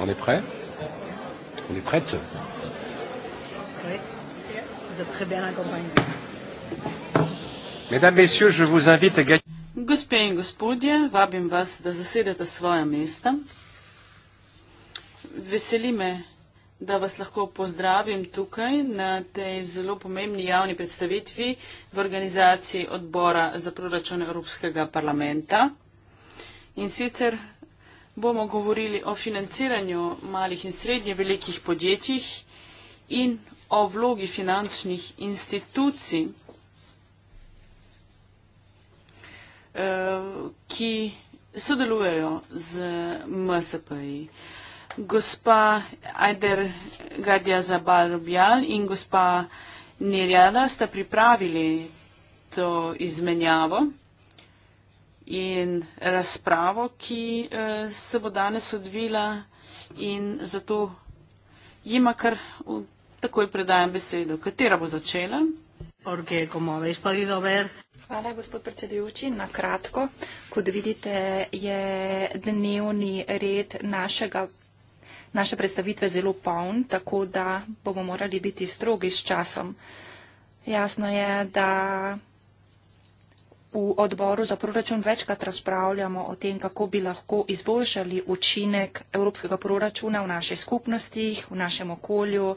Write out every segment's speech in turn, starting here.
On est prêt On est prête Oui, vous êtes très bien accompagné. Mesdames, Messieurs, je vous invite à gagner. Gospe in gospodje, vabim vas, da zasedete svoje mesta. Veseli me, da vas lahko pozdravim tukaj na tej zelo pomembni javni predstavitvi v organizaciji odbora za proračun Evropskega parlamenta. In sicer bomo govorili o financiranju malih in srednje velikih podjetjih in o vlogi finančnih institucij, eh, ki sodelujejo z MSP-ji. Gospa Ajder Gadja Zabal-Rubjal in gospa Nirjada sta pripravili to izmenjavo in razpravo, ki eh, se bo danes odvila in zato jima kar takoj predajam besedo. Katera bo začela? Hvala, gospod predsedujoči. Na kratko, kot vidite, je dnevni red našega, naše predstavitve zelo poln, tako da bomo morali biti strogi s časom. Jasno je, da v odboru za proračun večkrat razpravljamo o tem, kako bi lahko izboljšali učinek evropskega proračuna v naših skupnostih, v našem okolju,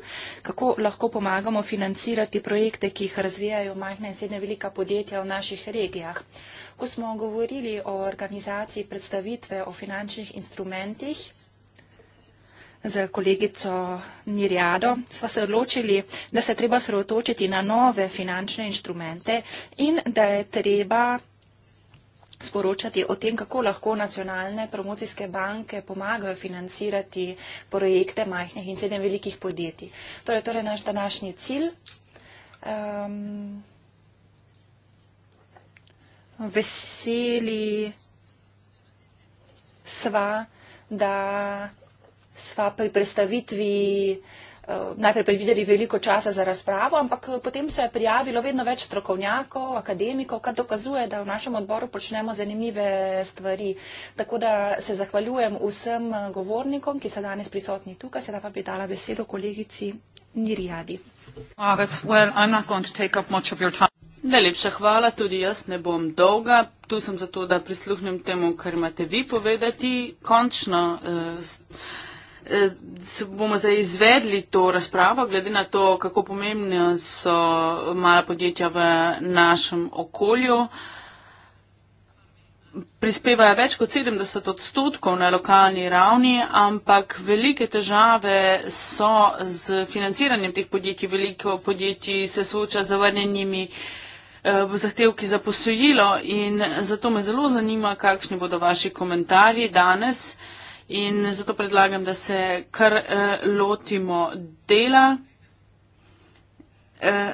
kako lahko pomagamo financirati projekte, ki jih razvijajo majhna in srednja velika podjetja v naših regijah. Ko smo govorili o organizaciji predstavitve o finančnih instrumentih, z kolegico Nirjado smo se odločili, da se je treba sredotočiti na nove finančne inštrumente in da je treba sporočati o tem, kako lahko nacionalne promocijske banke pomagajo financirati projekte majhnih in sedem velikih podjetij. Torej, torej naš današnji cilj. Um, veseli sva, da sva pri predstavitvi eh, najprej predvideli veliko časa za razpravo, ampak eh, potem se je prijavilo vedno več strokovnjakov, akademikov, kar dokazuje, da v našem odboru počnemo zanimive stvari. Tako da se zahvaljujem vsem eh, govornikom, ki so danes prisotni tukaj, sedaj pa bi dala besedo kolegici Nirjadi. Najlepša hvala, tudi jaz ne bom dolga. Tu sem zato, da prisluhnem temu, kar imate vi povedati. Končno. Uh, bomo zdaj izvedli to razpravo, glede na to, kako pomembne so mala podjetja v našem okolju. Prispevajo več kot 70 odstotkov na lokalni ravni, ampak velike težave so z financiranjem teh podjetij. Veliko podjetij se sooča z zavrnjenimi eh, zahtevki za posojilo in zato me zelo zanima, kakšni bodo vaši komentarji danes in zato predlagam, da se kar uh, lotimo dela. Uh,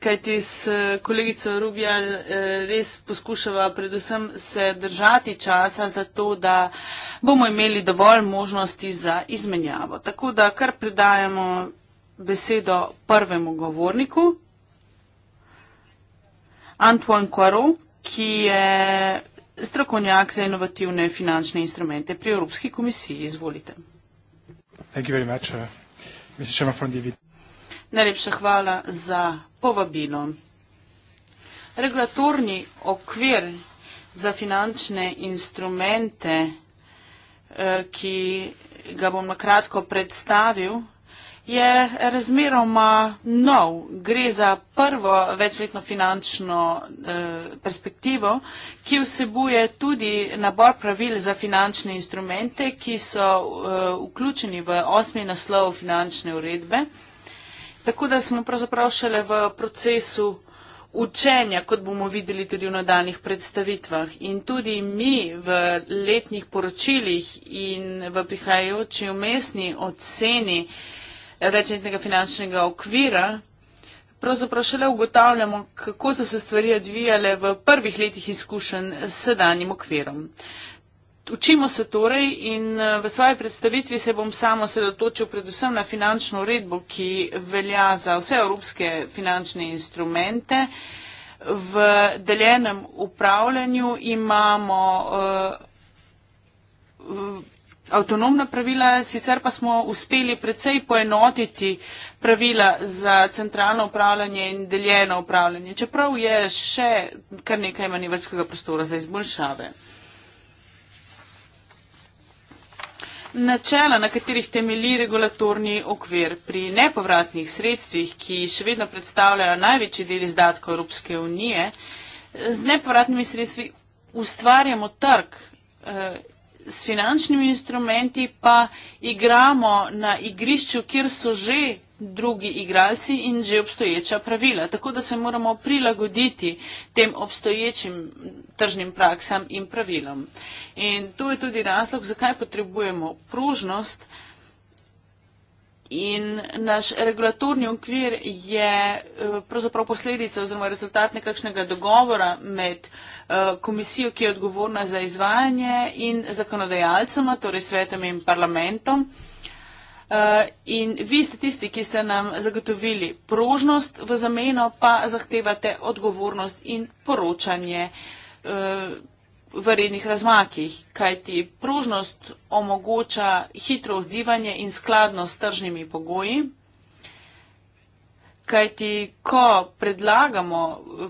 kajti s eh, kolegico Rubija uh, res poskušava predvsem se držati časa za to, da bomo imeli dovolj možnosti za izmenjavo. Tako da kar predajamo besedo prvemu govorniku, Antoine Quarot, ki je strokovnjak za inovativne finančne instrumente pri Evropski komisiji. Izvolite. Uh, Najlepša hvala za povabilo. Regulatorni okvir za finančne instrumente, eh, ki ga bom na kratko predstavil, je razmeroma nov. Gre za prvo večletno finančno eh, perspektivo, ki vsebuje tudi nabor pravil za finančne instrumente, ki so eh, vključeni v osmi naslov finančne uredbe. Tako da smo pravzaprav šele v procesu učenja, kot bomo videli tudi v nadaljnih predstavitvah. In tudi mi v letnih poročilih in v prihajajoči umestni oceni eh, recentnega finančnega okvira, pravzaprav šele ugotavljamo, kako so se stvari odvijale v prvih letih izkušenj s sedanjim okvirom. Učimo se torej in eh, v svoji predstavitvi se bom samo sredotočil predvsem na finančno uredbo, ki velja za vse evropske finančne instrumente. V deljenem upravljanju imamo uh, avtonomna pravila, sicer pa smo uspeli predvsej poenotiti pravila za centralno upravljanje in deljeno upravljanje, čeprav je še kar nekaj manjvrskega prostora za izboljšave. Načela, na katerih temeli regulatorni okvir pri nepovratnih sredstvih, ki še vedno predstavljajo največji del izdatkov Evropske unije, z nepovratnimi sredstvi ustvarjamo trg eh, s finančnimi instrumenti pa igramo na igrišču, kjer so že drugi igralci in že obstoječa pravila. Tako da se moramo prilagoditi tem obstoječim tržnim praksam in pravilom. In to je tudi razlog, zakaj potrebujemo pružnost, In naš regulatorni okvir je eh, pravzaprav posledica oziroma rezultat nekakšnega dogovora med eh, komisijo, ki je odgovorna za izvajanje in zakonodajalcema, torej svetom in parlamentom. Eh, in vi ste tisti, ki ste nam zagotovili prožnost, v zameno pa zahtevate odgovornost in poročanje v rednih razmakih, kajti pružnost omogoča hitro odzivanje in skladno s tržnimi pogoji, kajti ko predlagamo eh,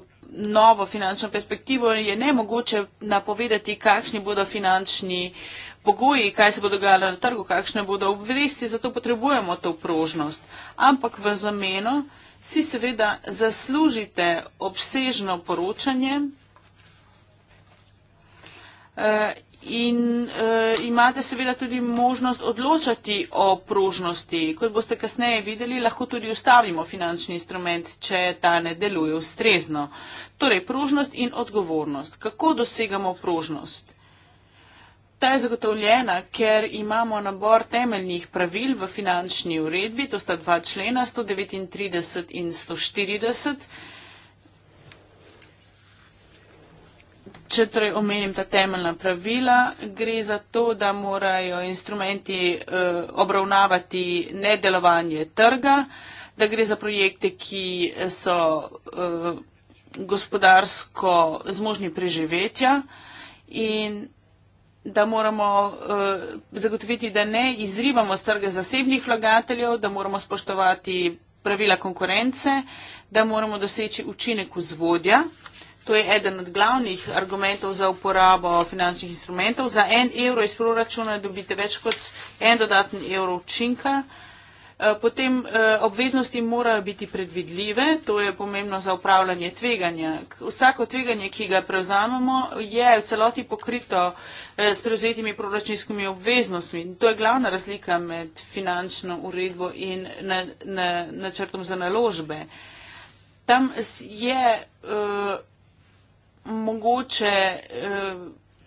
novo finančno perspektivo, je ne mogoče napovedati, kakšni bodo finančni pogoji, kaj se bo dogajalo na trgu, kakšne bodo obvesti, zato potrebujemo to pružnost. Ampak v zameno si seveda zaslužite obsežno poročanje, Eh, in uh, imate seveda tudi možnost odločati o prožnosti. Kot boste kasneje videli, lahko tudi ustavimo finančni instrument, če ta ne deluje ustrezno. Torej, prožnost in odgovornost. Kako dosegamo prožnost? Ta je zagotovljena, ker imamo nabor temeljnih pravil v finančni uredbi, to sta dva člena, 139 in 140. Če torej omenim ta temeljna pravila, gre za to, da morajo instrumenti uh, obravnavati nedelovanje trga, da gre za projekte, ki so uh, gospodarsko zmožni preživetja in da moramo uh, zagotoviti, da ne izribamo z trga zasebnih vlagateljev, da moramo spoštovati pravila konkurence, da moramo doseči učinek vzvodja. To je eden od glavnih argumentov za uporabo finančnih instrumentov. Za en evro iz proračuna dobite več kot en dodaten evro učinka. Eh, potem eh, obveznosti morajo biti predvidljive, to je pomembno za upravljanje tveganja. Vsako tveganje, ki ga prevzamemo, je v celoti pokrito eh, s prevzetimi proračunskimi obveznostmi. To je glavna razlika med finančno uredbo in načrtom na, na za naložbe. Tam je. Uh, mogoče eh,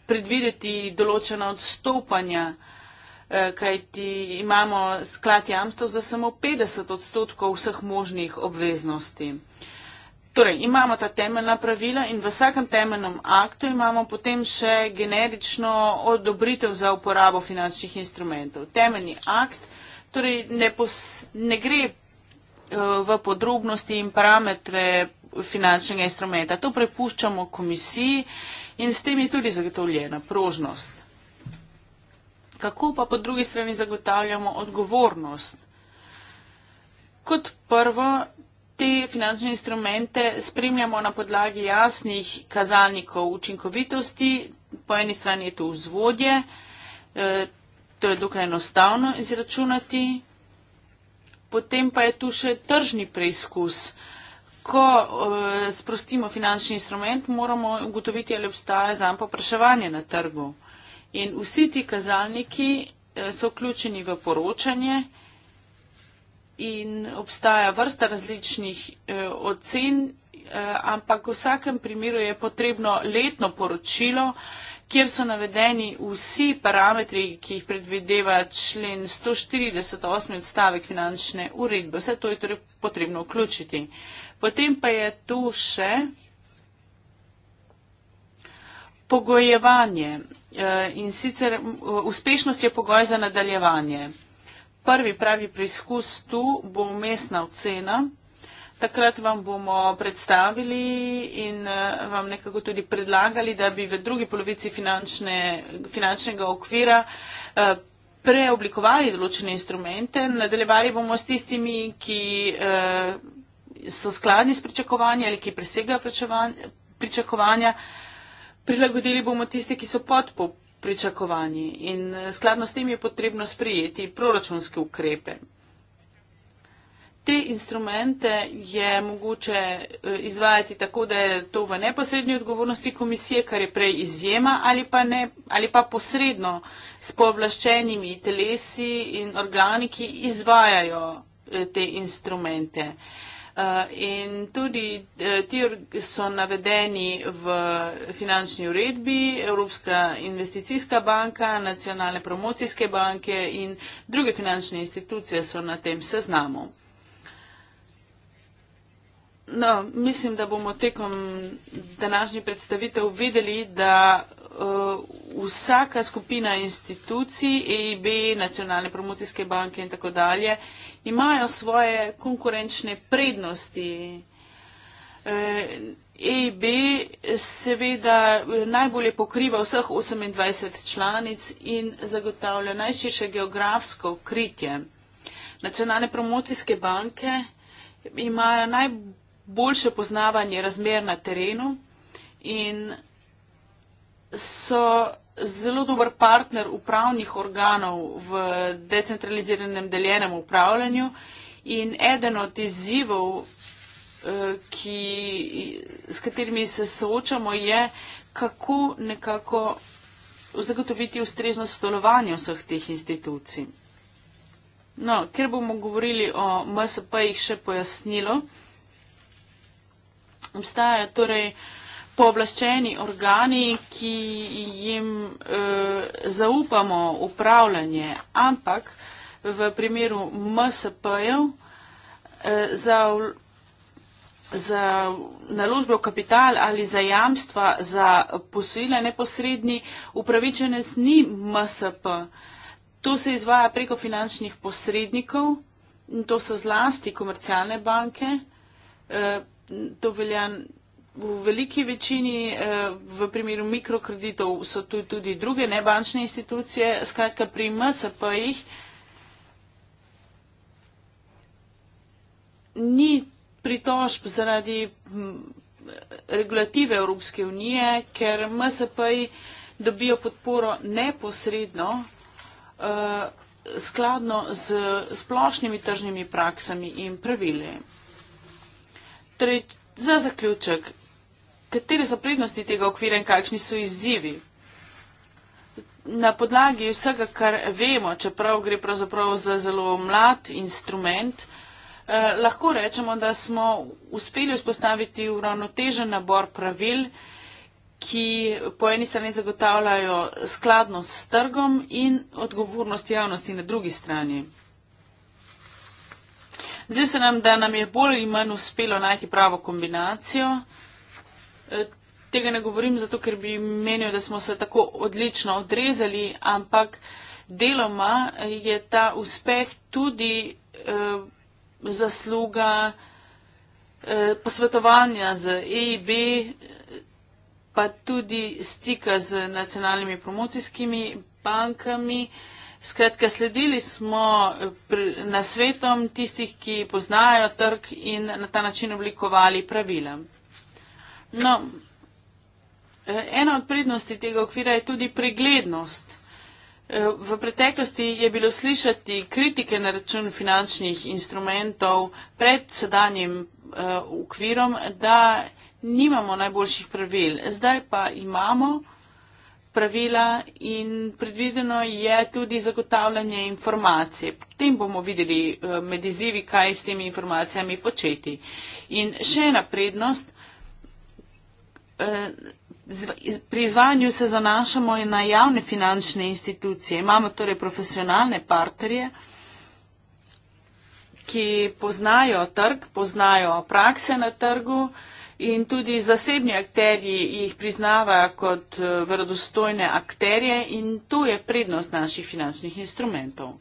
predvideti določena odstopanja, eh, kajti imamo sklad jamstv za samo 50 odstotkov vseh možnih obveznosti. Torej, imamo ta temeljna pravila in v vsakem temeljnem aktu imamo potem še generično odobritev za uporabo finančnih instrumentov. Temeljni akt torej ne, pos, ne gre uh, v podrobnosti in parametre finančnega instrumenta. To prepuščamo komisiji in s tem je tudi zagotovljena prožnost. Kako pa po drugi strani zagotavljamo odgovornost? Kot prvo, te finančne instrumente spremljamo na podlagi jasnih kazalnikov učinkovitosti. Po eni strani je to vzvodje, e, to je dokaj enostavno izračunati. Potem pa je tu še tržni preizkus ko uh, sprostimo finančni instrument, moramo ugotoviti, ali obstaja zanj popraševanje na trgu. In vsi ti kazalniki uh, so vključeni v poročanje in obstaja vrsta različnih uh, ocen Eh, ampak v vsakem primeru je potrebno letno poročilo, kjer so navedeni vsi parametri, ki jih predvideva člen 148 odstavek finančne uredbe. Vse to je torej potrebno vključiti. Potem pa je tu še pogojevanje eh, in sicer eh, uspešnost je pogoj za nadaljevanje. Prvi pravi preizkus tu bo mestna ocena. Takrat vam bomo predstavili in eh, vam nekako tudi predlagali, da bi v drugi polovici finančne, finančnega okvira eh, preoblikovali določene instrumente. Nadaljevali bomo s tistimi, ki eh, so skladni s pričakovanji ali ki presegajo pričakovanja. Prilagodili bomo tiste, ki so pod pričakovanji in skladno s tem je potrebno sprijeti proračunske ukrepe te instrumente je mogoče eh, izvajati tako, da je to v neposrednji odgovornosti komisije, kar je prej izjema, ali pa, ne, ali pa posredno s pooblaščenimi telesi in organi, ki izvajajo eh, te instrumente. Eh, in tudi ti so navedeni v finančni uredbi Evropska investicijska banka, nacionalne promocijske banke in druge finančne institucije so na tem seznamu. No, mislim, da bomo tekom današnje predstavitev videli, da uh, vsaka skupina institucij, EIB, Nacionalne promocijske banke in tako dalje, imajo svoje konkurenčne prednosti. Uh, EIB seveda najbolje pokriva vseh 28 članic in zagotavlja najširše geografsko kritje. Nacionalne promocijske banke imajo najbolje boljše poznavanje razmer na terenu in so zelo dober partner upravnih organov v decentraliziranem deljenem upravljanju in eden od izzivov, eh, ki, s katerimi se soočamo, je, kako nekako zagotoviti ustrezno sodelovanje vseh teh institucij. No, ker bomo govorili o MSP-jih še pojasnilo, obstajajo torej pooblaščeni organi, ki jim uh, zaupamo upravljanje, ampak v primeru MSP-jev uh, eh, za, za naložbo kapital ali za jamstva za posojila neposredni upravičenec ni MSP. To se izvaja preko finančnih posrednikov, to so zlasti komercialne banke, eh, to velja v veliki večini, eh, v primeru mikrokreditov so tu tudi druge nebančne institucije, skratka pri MSP-jih ni pritožb zaradi hm, regulative Evropske unije, ker MSP-ji dobijo podporo neposredno eh, skladno z splošnimi tržnimi praksami in pravili. Torej, za zaključek, kateri so prednosti tega okvira in kakšni so izzivi? Na podlagi vsega, kar vemo, čeprav gre pravzaprav za zelo mlad instrument, eh, lahko rečemo, da smo uspeli vzpostaviti uravnotežen nabor pravil, ki po eni strani zagotavljajo skladnost s trgom in odgovornost javnosti na drugi strani. Zdi se nam, da nam je bolj in manj uspelo najti pravo kombinacijo. E, tega ne govorim zato, ker bi menil, da smo se tako odlično odrezali, ampak deloma je ta uspeh tudi eh, zasluga eh, posvetovanja z EIB, pa tudi stika z nacionalnimi promocijskimi bankami. Eh, Skratka, sledili smo eh, na svetom tistih, ki poznajo trg in na ta način oblikovali pravila. No, eh, ena od prednosti tega okvira je tudi preglednost. Eh, v preteklosti je bilo slišati kritike na račun finančnih instrumentov pred sedanjim okvirom, da nimamo najboljših pravil. Zdaj pa imamo pravila in predvideno je tudi zagotavljanje informacije. Potem bomo videli eh, med izzivi, kaj s temi informacijami početi. In še ena prednost, eh, pri izvajanju se zanašamo in na javne finančne institucije. Imamo torej profesionalne partnerje, ki poznajo trg, poznajo prakse na trgu, in tudi zasebni akterji jih priznavajo kot eh, verodostojne akterje in to je prednost naših finančnih instrumentov.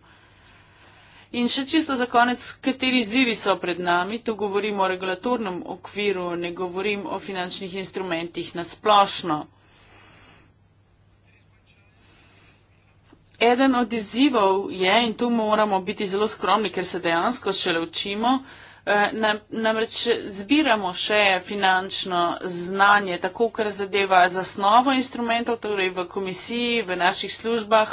In še čisto za konec, kateri zivi so pred nami, tu govorimo o regulatornem okviru, ne govorim o finančnih instrumentih nasplošno. Eden od izzivov je, in tu moramo biti zelo skromni, ker se dejansko šele učimo, uh, Eh, namreč zbiramo še finančno znanje, tako kar zadeva zasnovo instrumentov, torej v komisiji, v naših službah,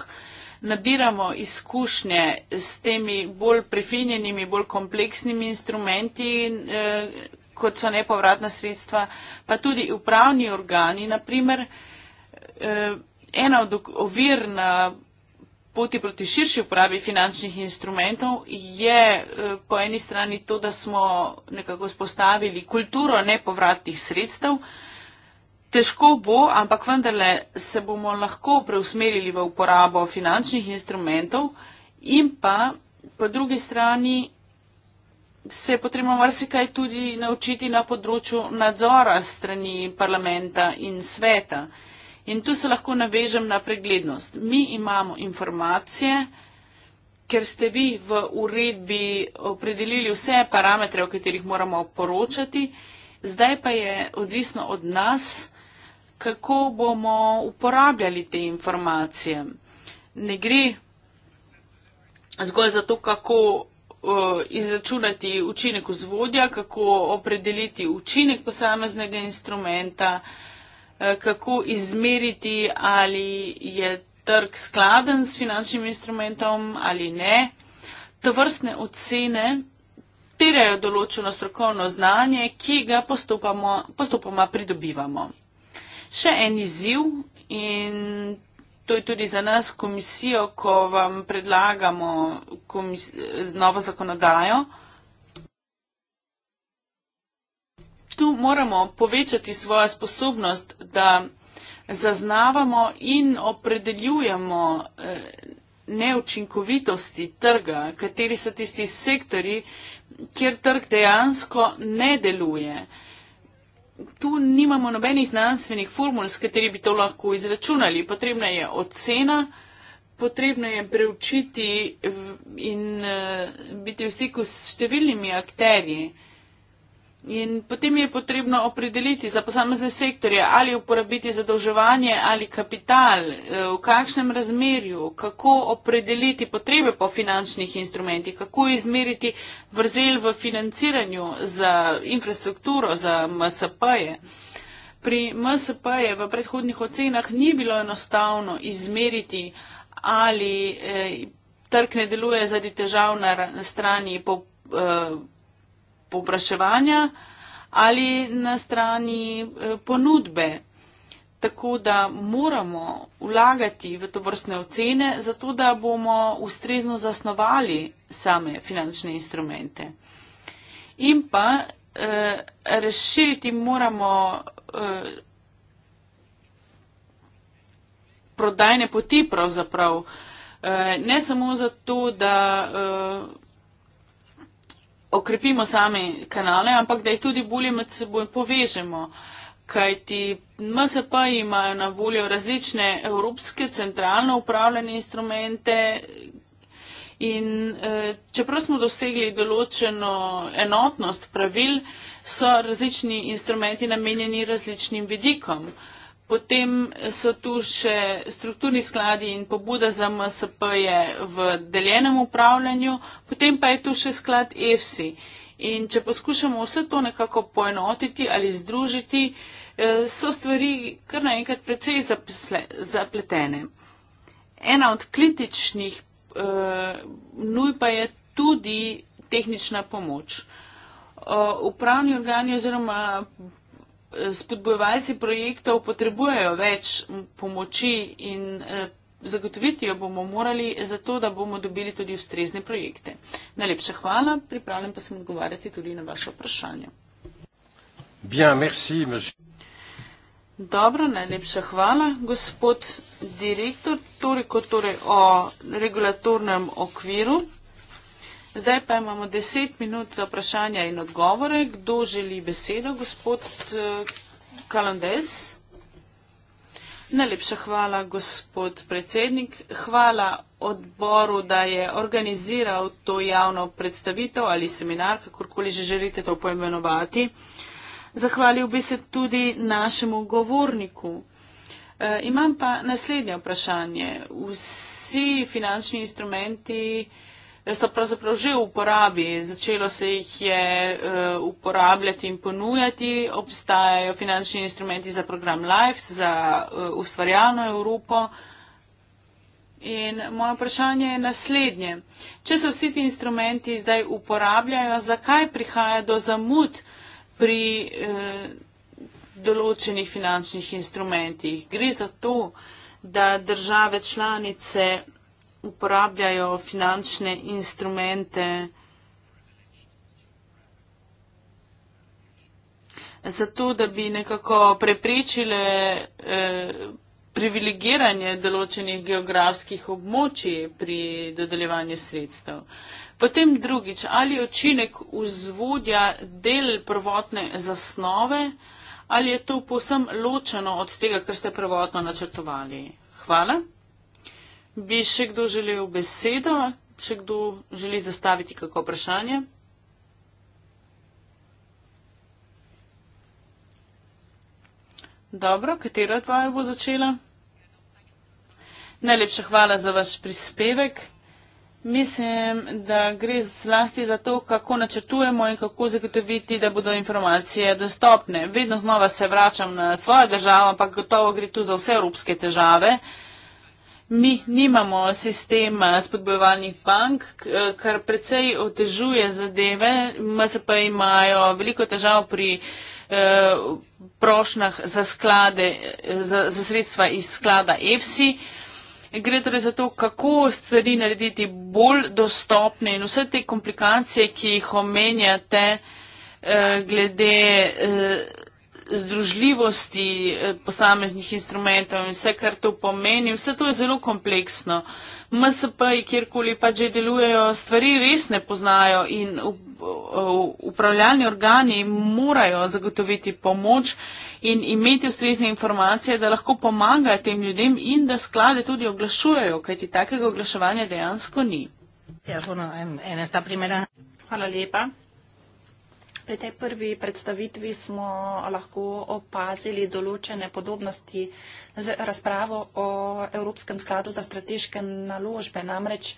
nabiramo izkušnje s temi bolj prefinjenimi, bolj kompleksnimi instrumenti, eh, kot so nepovratna sredstva, pa tudi upravni organi, naprimer, eh, ena od ovir na področju, poti proti širši uporabi finančnih instrumentov je eh, po eni strani to, da smo nekako spostavili kulturo nepovratnih sredstev. Težko bo, ampak vendarle se bomo lahko preusmerili v uporabo finančnih instrumentov in pa po drugi strani se je potrebno marsikaj tudi naučiti na področju nadzora strani parlamenta in sveta. In tu se lahko navežem na preglednost. Mi imamo informacije, ker ste vi v uredbi opredelili vse parametre, o katerih moramo poročati, zdaj pa je odvisno od nas, kako bomo uporabljali te informacije. Ne gre zgolj za to, kako izračunati učinek vzvodja, kako opredeliti učinek posameznega instrumenta, Eh, kako izmeriti, ali je trg skladen s finančnim instrumentom ali ne. To vrstne ocene terajo določeno strokovno znanje, ki ga postopoma pridobivamo. Še en izziv in to je tudi za nas komisijo, ko vam predlagamo komis novo zakonodajo. tu moramo povečati svojo sposobnost, da zaznavamo in opredeljujemo eh, neučinkovitosti trga, kateri so tisti sektori, kjer trg dejansko ne deluje. Tu nimamo nobenih znanstvenih formul, s kateri bi to lahko izračunali. Potrebna je ocena, potrebno je preučiti in eh, biti v stiku s številnimi akterji. In potem je potrebno opredeliti za posamezne sektorje, ali uporabiti zadolževanje ali kapital, eh, v kakšnem razmerju, kako opredeliti potrebe po finančnih instrumentih, kako izmeriti vrzel v financiranju za infrastrukturo, za MSP-je. Pri MSP-je v predhodnih ocenah ni bilo enostavno izmeriti ali eh, trg ne deluje zaradi težav na strani po. Eh, povpraševanja ali na strani eh, ponudbe. Tako da moramo vlagati v to vrstne ocene, zato da bomo ustrezno zasnovali same finančne instrumente. In pa eh, razširiti moramo eh, prodajne poti pravzaprav. Eh, ne samo zato, da. Eh, okrepimo sami kanale, ampak da jih tudi bolje med seboj povežemo. Kaj ti MSP imajo na voljo različne evropske centralno upravljene instrumente in eh, čeprav smo dosegli določeno enotnost pravil, so različni instrumenti namenjeni različnim vidikom. Eh, Potem so tu še strukturni skladi in pobuda za MSP je v deljenem upravljanju, potem pa je tu še sklad EFSI. In če poskušamo vse to nekako poenotiti ali združiti, eh, so stvari kar naenkrat precej zapletene. Ena od kritičnih eh, nuj pa je tudi tehnična pomoč. Eh, upravni organi oziroma spodbojevalci projektov potrebujejo več pomoči in eh, zagotoviti jo bomo morali zato, da bomo dobili tudi ustrezne projekte. Najlepša hvala, pripravljam pa sem odgovarjati tudi na vaše vprašanje. Bien, merci, Dobro, najlepša hvala. Gospod direktor, toliko torej o regulatornem okviru. Zdaj pa imamo deset minut za vprašanja in odgovore. Kdo želi besedo? Gospod eh, Kalandez. Najlepša hvala, gospod predsednik. Hvala odboru, da je organiziral to javno predstavitev ali seminar, kakorkoli že želite to poimenovati. Zahvalil bi se tudi našemu govorniku. E, imam pa naslednje vprašanje. Vsi finančni instrumenti, so pravzaprav že v uporabi, začelo se jih je uh, uporabljati in ponujati, obstajajo finančni instrumenti za program LIFE, za uh, ustvarjalno Evropo. In moje vprašanje je naslednje. Če se vsi ti instrumenti zdaj uporabljajo, zakaj prihaja do zamud pri eh, določenih finančnih instrumentih? Gre za to, da države članice uporabljajo finančne instrumente. Zato, da bi nekako preprečile eh, privilegiranje določenih geografskih območij pri dodeljevanju sredstev. Potem drugič, ali je učinek vzvodja del prvotne zasnove, ali je to povsem ločeno od tega, kar ste prvotno načrtovali. Hvala. Bi še kdo želel besedo? Še kdo želi zastaviti kako vprašanje? Dobro, katera tvoja bo začela? Najlepša hvala za vaš prispevek. Mislim, da gre zlasti za to, kako načrtujemo in kako zagotoviti, da bodo informacije dostopne. Vedno znova se vračam na svojo državo, ampak gotovo gre tu za vse evropske težave. Uh, mi nimamo sistema spodbojevalnih bank, kar precej otežuje zadeve, MSP imajo veliko težav pri eh, prošnjah za, sklade, eh, za, za sredstva iz sklada EFSI. Gre torej za to, kako stvari narediti bolj dostopne in vse te komplikacije, ki jih omenjate eh, glede združljivosti eh, posameznih instrumentov in vse, kar to pomeni, vse to je zelo kompleksno. MSP, kjerkoli pa že delujejo, stvari res ne poznajo in upravljalni organi morajo zagotoviti pomoč in imeti ustrezne informacije, da lahko pomagajo tem ljudem in da sklade tudi oglašujejo, kajti takega oglaševanja dejansko ni. Ja, Hvala lepa. Pri tej prvi predstavitvi smo lahko opazili določene podobnosti z razpravo o Evropskem skladu za strateške naložbe. Namreč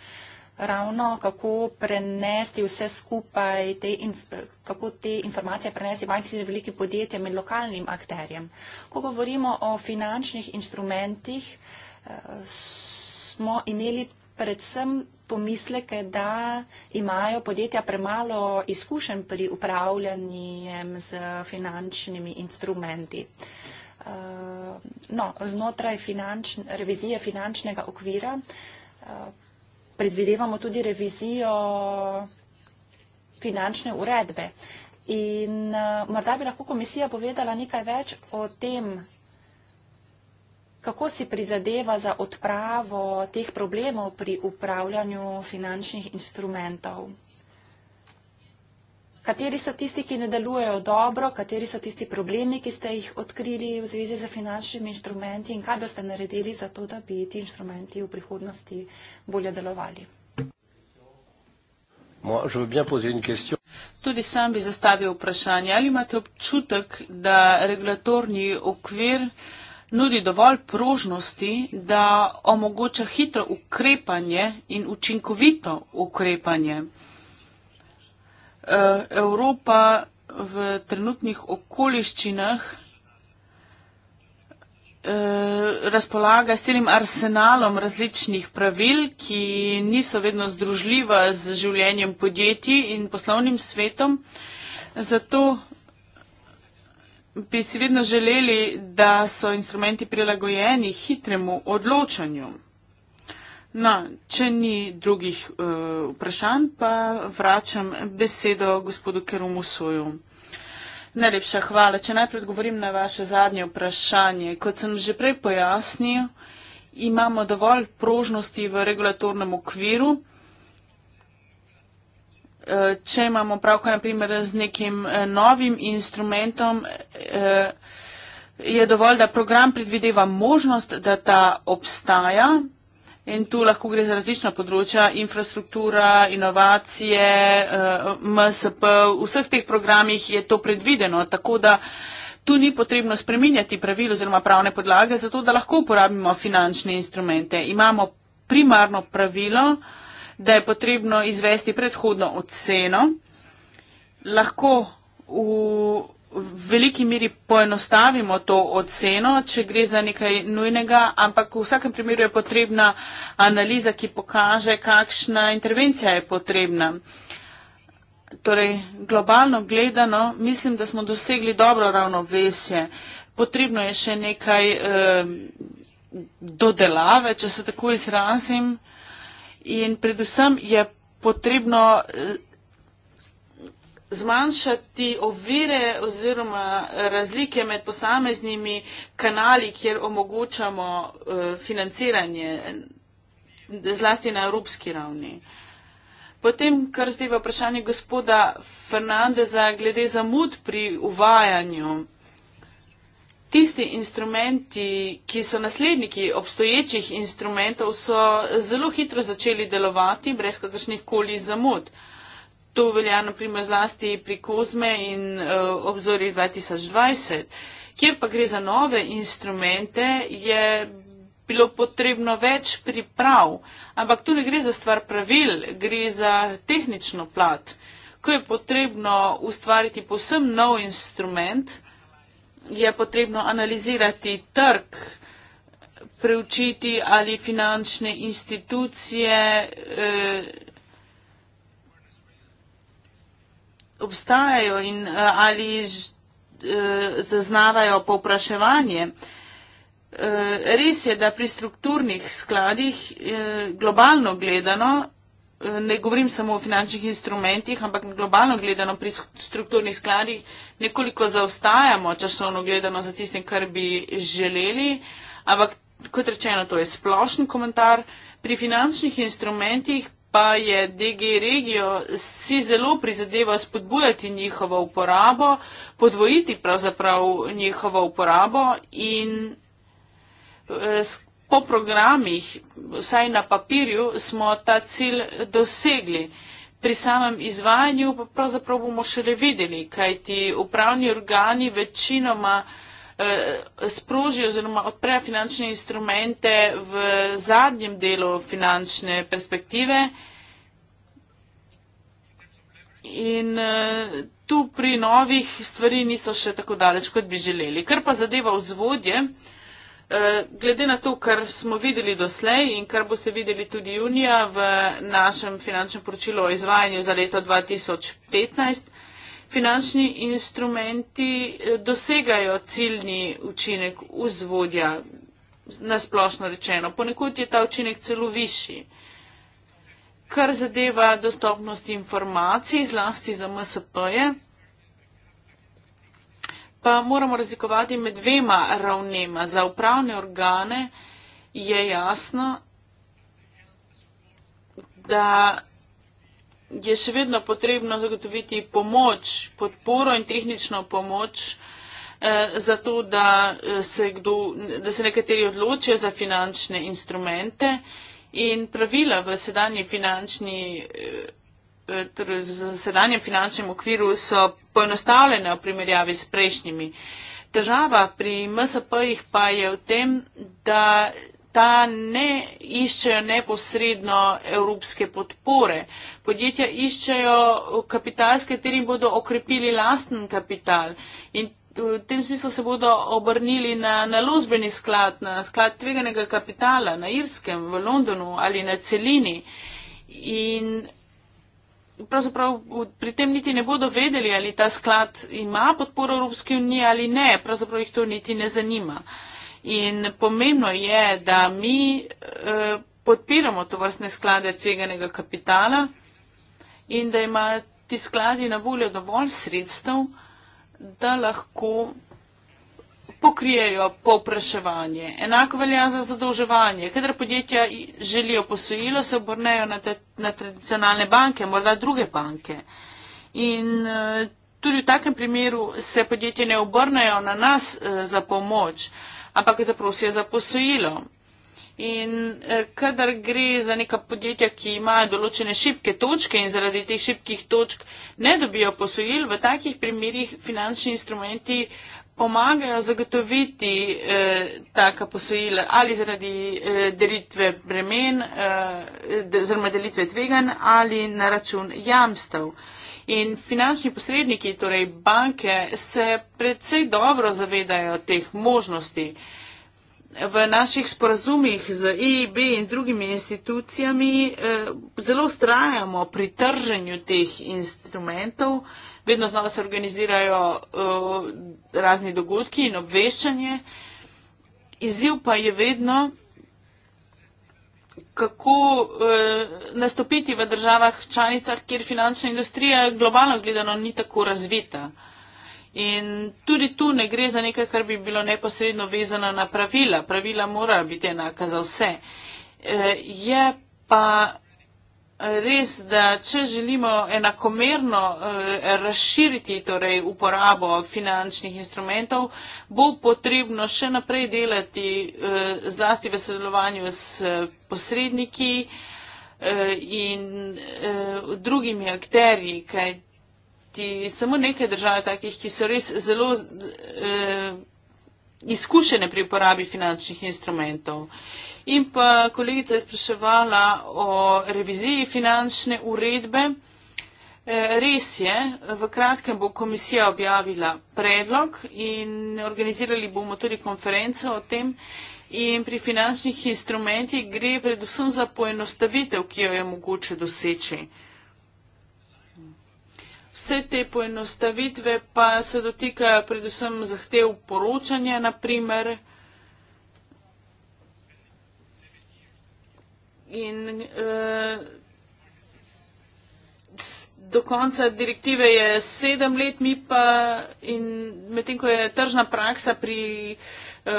ravno kako prenesti vse skupaj, te inf, kako te informacije prenesti manjšim velikim podjetjem in lokalnim akterjem. Ko govorimo o finančnih instrumentih, eh, smo imeli predvsem pomisleke, da imajo podjetja premalo izkušenj pri upravljanjem z finančnimi instrumenti. Eh, no, znotraj finančn, revizije finančnega okvira eh, predvidevamo tudi revizijo finančne uredbe. In eh, morda bi lahko komisija povedala nekaj več o tem, kako si prizadeva za odpravo teh problemov pri upravljanju finančnih instrumentov? Kateri so tisti, ki ne delujejo dobro, kateri so tisti problemi, ki ste jih odkrili v zvezi z finančnimi instrumenti in kaj boste naredili za to, da bi ti instrumenti v prihodnosti bolje delovali? Tudi sam bi zastavil vprašanje, ali imate občutek, da regulatorni okvir nudi dovolj prožnosti, da omogoča hitro ukrepanje in učinkovito ukrepanje. E, Evropa v trenutnih okoliščinah e, razpolaga s celim arsenalom različnih pravil, ki niso vedno združljiva z življenjem podjetij in poslovnim svetom. Zato bi si vedno želeli, da so instrumenti prilagojeni hitremu odločanju. No, če ni drugih e, vprašanj, pa vračam besedo gospodu Kerumusoju. Najlepša hvala. Če najprej odgovorim na vaše zadnje vprašanje. Kot sem že prej pojasnil, imamo dovolj prožnosti v regulatornem okviru. Eh, če imamo pravko naprimer z nekim eh, novim instrumentom, eh, je dovolj, da program predvideva možnost, da ta obstaja in tu lahko gre za različna področja, infrastruktura, inovacije, MSP, v vseh teh programih je to predvideno, tako da tu ni potrebno spreminjati pravil oziroma pravne podlage, zato da lahko uporabimo finančne instrumente. Imamo primarno pravilo, da je potrebno izvesti predhodno oceno, lahko v veliki miri poenostavimo to oceno, če gre za nekaj nujnega, ampak v vsakem primeru je potrebna analiza, ki pokaže, kakšna intervencija je potrebna. Torej, globalno gledano, mislim, da smo dosegli dobro ravnovesje. Potrebno je še nekaj eh, dodelave, če se tako izrazim. In predvsem je potrebno eh, zmanjšati ovire oziroma eh, razlike med posameznimi kanali, kjer omogočamo eh, financiranje zlasti na evropski ravni. Potem, kar zdaj v vprašanju gospoda Fernandeza glede zamud pri uvajanju tisti instrumenti, ki so nasledniki obstoječih instrumentov, so zelo hitro začeli delovati brez kakršnih koli zamud. To velja naprimer zlasti pri Kozme in uh, obzori 2020. Kjer pa gre za nove instrumente, je bilo potrebno več priprav, ampak tu ne gre za stvar pravil, gre za tehnično plat, ko je potrebno ustvariti posebno nov instrument, je potrebno analizirati trg, preučiti ali finančne institucije eh, obstajajo in eh, ali eh, zaznavajo popraševanje. Eh, res je, da pri strukturnih skladih eh, globalno gledano ne govorim samo o finančnih instrumentih, ampak globalno gledano pri strukturnih skladih nekoliko zaostajamo časovno gledano za tistim, kar bi želeli. Ampak, kot rečeno, to je splošen komentar. Pri finančnih instrumentih pa je DG regijo si zelo prizadeva spodbujati njihovo uporabo, podvojiti pravzaprav njihovo uporabo in eh, Po programih, vsaj na papirju, smo ta cilj dosegli. Pri samem izvajanju pa pravzaprav bomo šele videli, kaj ti upravni organi večinoma eh, sprožijo oziroma odprejo finančne instrumente v zadnjem delu finančne perspektive. In eh, tu pri novih stvari niso še tako daleč, kot bi želeli. Kar pa zadeva vzvodje, eh, Eh, glede na to, kar smo videli doslej in kar boste videli tudi junija v našem finančnem poročilu o izvajanju za leto 2015, finančni instrumenti eh, dosegajo ciljni učinek vzvodja, nasplošno rečeno. Ponekud je ta učinek celo višji. Kar zadeva dostopnost informacij, zlasti za MSP-je, pa moramo razlikovati med dvema ravnema. Za upravne organe je jasno, da je še vedno potrebno zagotoviti pomoč, podporo in tehnično pomoč eh, za to, da eh, se, kdo, da se nekateri odločijo za finančne instrumente in pravila v sedanji finančni eh, Eh, torej z sedanjem finančnem okviru so poenostavljene v primerjavi s prejšnjimi. Težava pri MSP-jih pa je v tem, da ta ne iščejo neposredno evropske podpore. Podjetja iščejo kapital, s katerim bodo okrepili lasten kapital. In v tem smislu se bodo obrnili na naložbeni sklad, na sklad tveganega kapitala na Irskem, v Londonu ali na celini. In pravzaprav pri tem niti ne bodo vedeli, ali ta sklad ima podporo Evropske unije ali ne, pravzaprav jih to niti ne zanima. In pomembno je, da mi eh, podpiramo to vrstne sklade tveganega kapitala in da ima ti skladi na voljo dovolj sredstev, da lahko pokrijejo povpraševanje. Enako velja za zadolževanje. Kadar podjetja želijo posojilo, se obrnejo na, te, na tradicionalne banke, morda druge banke. In eh, tudi v takem primeru se podjetje ne obrnejo na nas eh, za pomoč, ampak zaprosijo za posojilo. In eh, kadar gre za neka podjetja, ki imajo določene šibke točke in zaradi teh šibkih točk ne dobijo posojil, v takih primerjih finančni instrumenti uh, pomagajo zagotoviti eh, taka posojila ali zaradi eh, delitve bremen eh, oziroma eh, delitve tvegan ali na račun jamstev. In finančni posredniki, torej banke, se predvsej dobro zavedajo teh možnosti. Eh, v naših sporazumih z EIB in drugimi institucijami eh, zelo strajamo pri trženju teh instrumentov. Vedno znova se organizirajo eh, razni dogodki in obveščanje. Izziv pa je vedno, kako eh, nastopiti v državah članicah, kjer finančna industrija globalno gledano ni tako razvita. In tudi tu ne gre za nekaj, kar bi bilo neposredno vezano na pravila. Pravila morajo biti enaka za vse. E, je pa res, da če želimo enakomerno e, razširiti torej, uporabo finančnih instrumentov, bo potrebno še naprej delati e, zlasti v sodelovanju s posredniki in drugimi akterji, kajti omeniti samo nekaj držav takih, ki so res zelo eh, izkušene pri uporabi finančnih instrumentov. In pa kolegica je spraševala o reviziji finančne uredbe. Eh, res je, v kratkem bo komisija objavila predlog in organizirali bomo tudi konferenco o tem. In pri finančnih instrumentih gre predvsem za poenostavitev, ki jo je mogoče doseči. Vse te poenostavitve pa se dotikajo predvsem zahtev poročanja, naprimer. In eh, do konca direktive je sedem let, mi pa in medtem, ko je tržna praksa pri eh,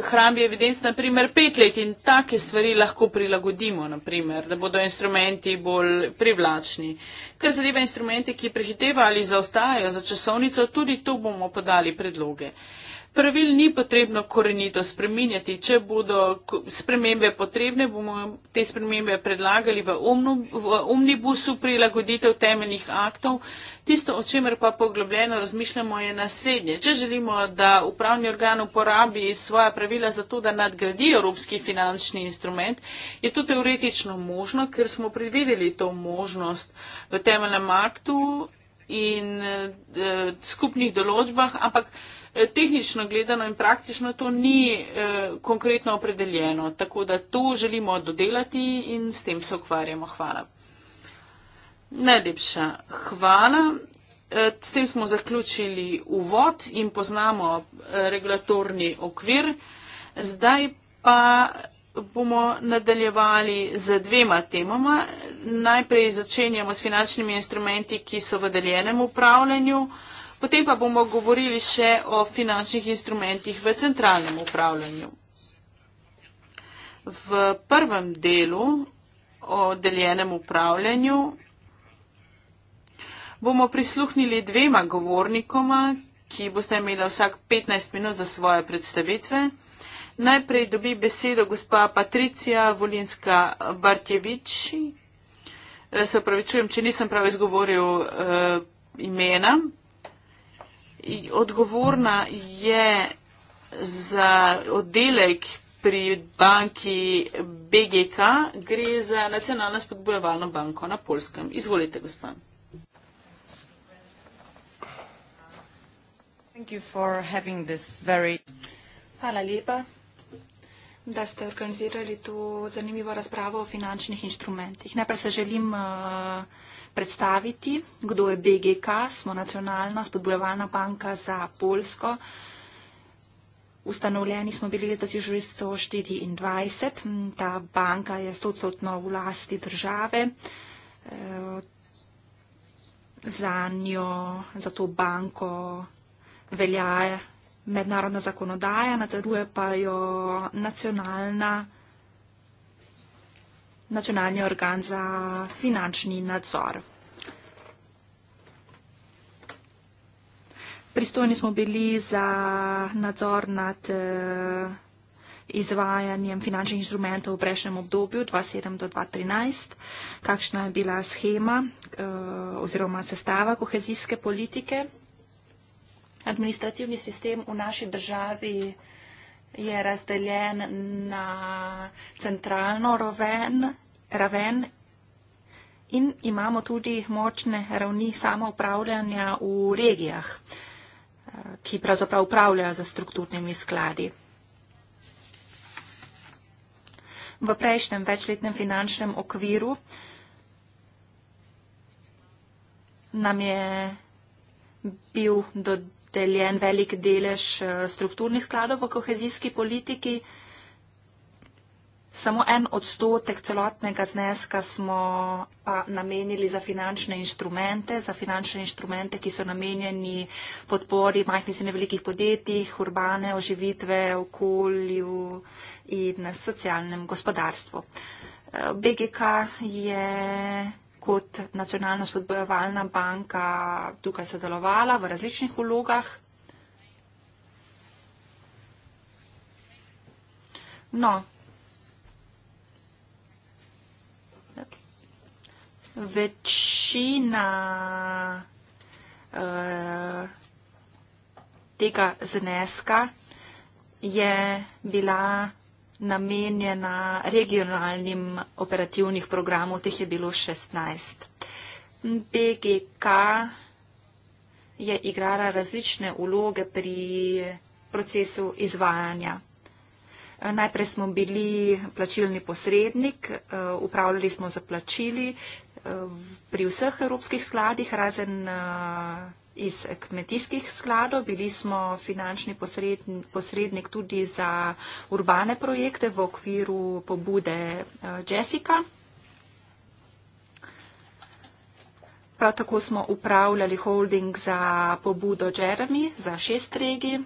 hrambi evidenc naprimer pet let in take stvari lahko prilagodimo, naprimer, da bodo instrumenti bolj privlačni. Ker zadeva instrumente, ki prehitevajo ali zaostajajo za časovnico, tudi tu bomo podali predloge. Pravil ni potrebno korenito spreminjati. Če bodo spremembe potrebne, bomo te spremembe predlagali v, omno, v omnibusu prilagoditev temeljnih aktov. Tisto, o čemer pa poglobljeno razmišljamo, je naslednje. Če želimo, da upravni organ uporabi svoja pravila za to, da nadgradi evropski finančni instrument, je to teoretično možno, ker smo predvideli to možnost v temeljnem aktu in eh, skupnih določbah, ampak Eh, tehnično gledano in praktično to ni eh, konkretno opredeljeno. Tako da to želimo dodelati in s tem se ukvarjamo. Hvala. Najlepša hvala. Eh, s tem smo zaključili uvod in poznamo eh, regulatorni okvir. Zdaj pa bomo nadaljevali z dvema temama. Najprej začenjamo s finančnimi instrumenti, ki so v deljenem upravljanju. Eh, Potem pa bomo govorili še o finančnih instrumentih v centralnem upravljanju. V prvem delu o deljenem upravljanju bomo prisluhnili dvema govornikoma, ki boste imeli vsak 15 minut za svoje predstavitve. Najprej dobi besedo gospa Patricija Volinska Bartjevič. Eh, se opravičujem, če nisem prav izgovoril eh, imena odgovorna je za oddelek pri banki BGK, gre za nacionalno spodbojevalno banko na Polskem. Izvolite, gospa. Hvala lepa, da ste organizirali to zanimivo razpravo o finančnih inštrumentih. Najprej se želim uh, predstaviti, kdo je BGK, smo nacionalna spodbojevalna banka za Polsko. Ustanovljeni smo bili leta 1924, ta banka je stotno v lasti države. Eh, za njo, za to banko velja mednarodna zakonodaja, nadzoruje pa jo nacionalna nacionalni organ za finančni nadzor. Pristojni smo bili za nadzor nad eh, izvajanjem finančnih instrumentov v prejšnjem obdobju 2007 do 2013, kakšna je bila schema eh, oziroma sestava kohezijske politike. Administrativni sistem v naši državi je je razdeljen na centralno roven, raven in imamo tudi močne ravni samoupravljanja v regijah, ki pravzaprav upravljajo za strukturnimi skladi. V prejšnjem večletnem finančnem okviru nam je bil dodatek opredeljen velik delež eh, strukturnih skladov v kohezijski politiki. Samo en odstotek celotnega zneska smo pa namenili za finančne inštrumente, za finančne inštrumente, ki so namenjeni podpori majhnih in velikih podjetjih, urbane oživitve, okolju in socialnem gospodarstvu. Eh, BGK je kot nacionalna spodbojevalna banka tukaj sodelovala v različnih vlogah. No, večina uh, tega zneska je bila namenjena regionalnim operativnih programov, teh je bilo 16. BGK je igrala različne vloge pri procesu izvajanja. Najprej smo bili plačilni posrednik, eh, upravljali smo za plačili eh, pri vseh evropskih skladih, razen eh, iz kmetijskih skladov, bili smo finančni posredn, posrednik tudi za urbane projekte v okviru pobude eh, Jessica. Prav tako smo upravljali holding za pobudo Jeremy za šest regij.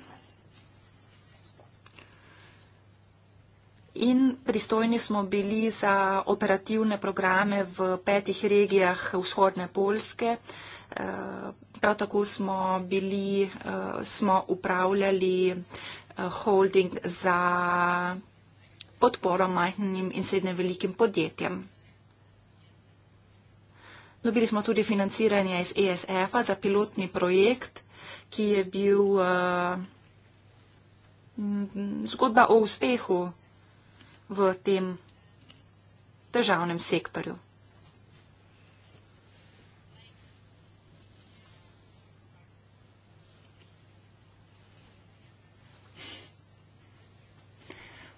In pristojni smo bili za operativne programe v petih regijah vzhodne Polske, eh, Prav tako smo, bili, eh, smo upravljali eh, holding za podporo majhnim in srednje velikim podjetjem. Dobili smo tudi financiranje iz ESF-a za pilotni projekt, ki je bil uh, zgodba o uspehu v tem državnem sektorju.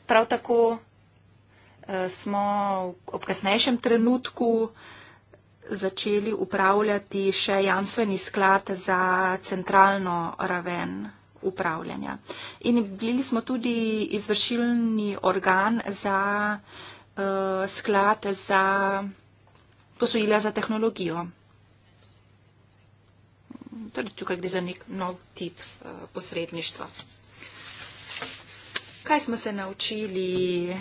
Prav tako eh, smo ob kasnejšem trenutku začeli upravljati še jansveni sklad za centralno raven upravljanja. In bili smo tudi izvršilni organ za uh, sklad za posojila za tehnologijo. Torej, tukaj gre za nek nov tip uh, posredništva kaj smo se naučili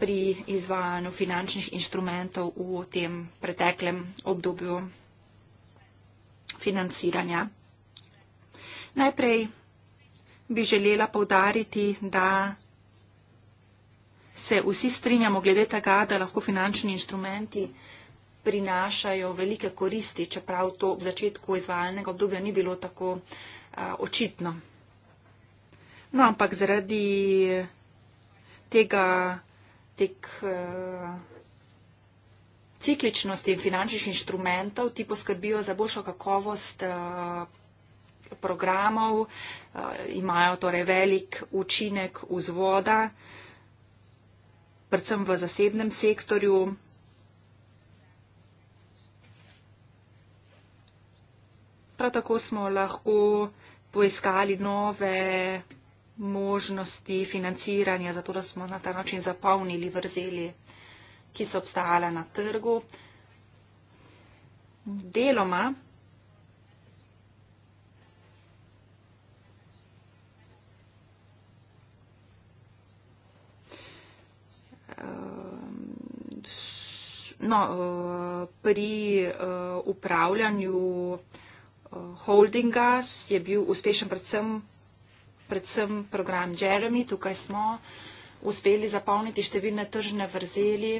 pri izvajanju finančnih inštrumentov v tem preteklem obdobju financiranja. Najprej bi želela povdariti, da se vsi strinjamo glede tega, da lahko finančni inštrumenti prinašajo velike koristi, čeprav to v začetku izvajalnega obdobja ni bilo tako a, očitno. No, ampak zaradi tega tek uh, cikličnosti finančnih inštrumentov ti poskrbijo za boljšo kakovost uh, programov, uh, imajo torej velik učinek vzvoda, predvsem v zasebnem sektorju. Prav tako smo lahko poiskali nove možnosti financiranja, zato da smo na ta način zapolnili vrzeli, ki so obstajale na trgu. Deloma No, pri eh, upravljanju eh, holdinga je bil uspešen predvsem predvsem program Jeremy. Tukaj smo uspeli zapolniti številne tržne vrzeli.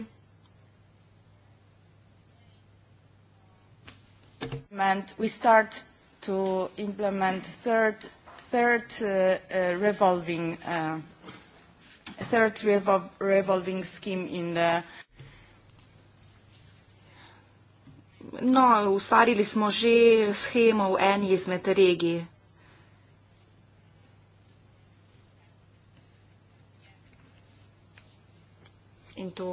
Third uh, uh, uh, revolving scheme in the... No, ustvarili smo že schemo v eni izmed regij. in to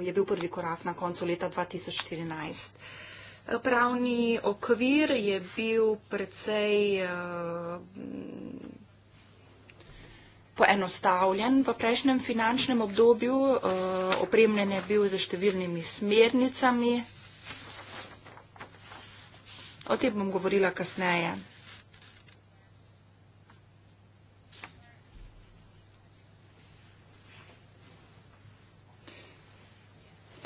je bil prvi korak na koncu leta 2014. Pravni okvir je bil precej eh, poenostavljen v prejšnjem finančnem obdobju, eh, opremljen je bil za številnimi smernicami. O tem bom govorila kasneje.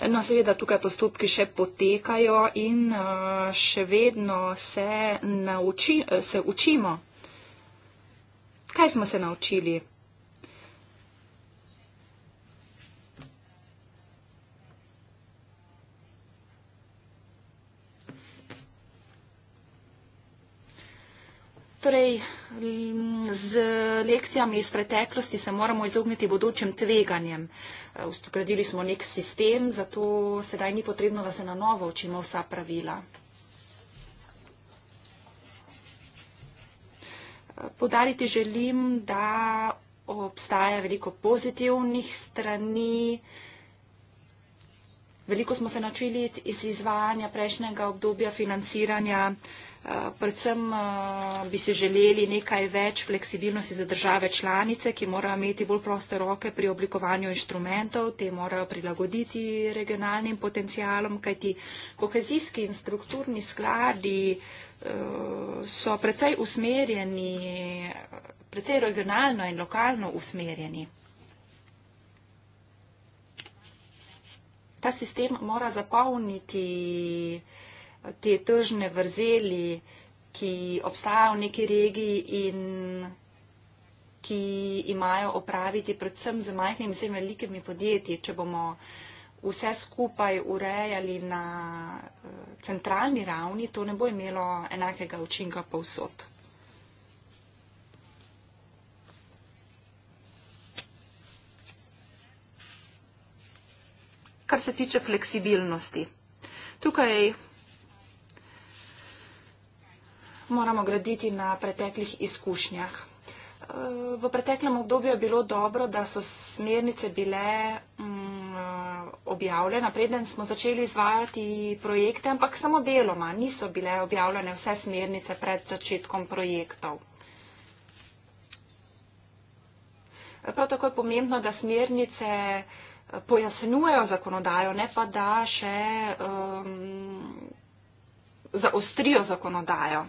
No, seveda tukaj postopki še potekajo in uh, še vedno se, nauči, eh, se učimo. Kaj smo se naučili? Torej, z lekcijami iz preteklosti se moramo izogniti bodočim tveganjem. Ustogradili eh, smo nek sistem, zato sedaj ni potrebno, da se na novo učimo vsa pravila. Eh, Podariti želim, da obstaja veliko pozitivnih strani. Veliko smo se načeli iz izvajanja prejšnjega obdobja financiranja. Eh, predvsem eh, bi si želeli nekaj več fleksibilnosti za države članice, ki morajo imeti bolj proste roke pri oblikovanju inštrumentov, te morajo prilagoditi regionalnim potencijalom, kajti kohezijski in strukturni skladi eh, so precej usmerjeni, precej regionalno in lokalno usmerjeni. Ta sistem mora zapolniti uh, te tržne vrzeli, ki obstajajo v neki regiji in ki imajo opraviti predvsem z majhnimi in velikimi podjetji, če bomo vse skupaj urejali na eh, centralni ravni, to ne bo imelo enakega učinka povsod. Kar se tiče fleksibilnosti. Tukaj moramo graditi na preteklih izkušnjah. Eh, v preteklem obdobju je bilo dobro, da so smernice bile mm, eh, objavljene. Napreden smo začeli izvajati projekte, ampak samo deloma niso bile objavljene vse smernice pred začetkom projektov. Prav tako je pomembno, da smernice eh, pojasnjujejo zakonodajo, ne pa da še um, zaostrijo zakonodajo.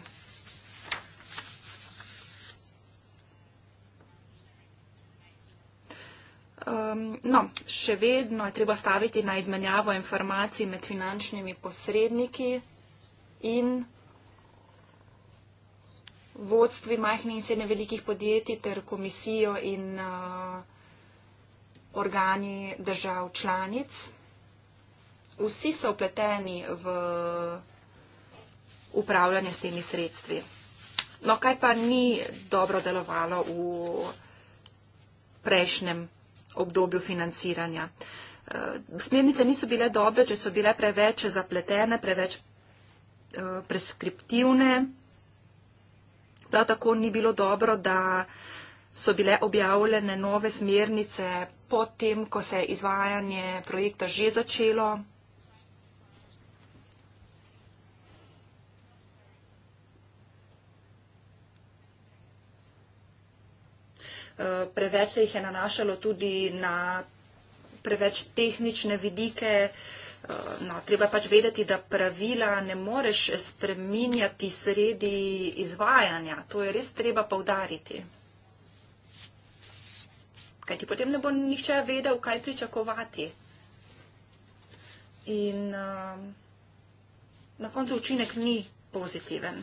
Um, no, še vedno je treba staviti na izmenjavo informacij med finančnimi posredniki in vodstvi majhnih in srednje velikih podjetij ter komisijo in uh, organi držav članic. Vsi so upleteni v upravljanje s temi sredstvi. No, kaj pa ni dobro delovalo v prejšnjem obdobju financiranja. Eh, smernice niso bile dobre, če so bile preveč zapletene, preveč eh, preskriptivne. Prav tako ni bilo dobro, da so bile objavljene nove smernice potem, ko se je izvajanje projekta že začelo, Eh, preveč se jih je nanašalo tudi na preveč tehnične vidike. Eh, no, treba pač vedeti, da pravila ne moreš spreminjati sredi izvajanja. To je res treba povdariti. Kaj ti potem ne bo nihče vedel, kaj pričakovati. In uh, na koncu učinek ni pozitiven.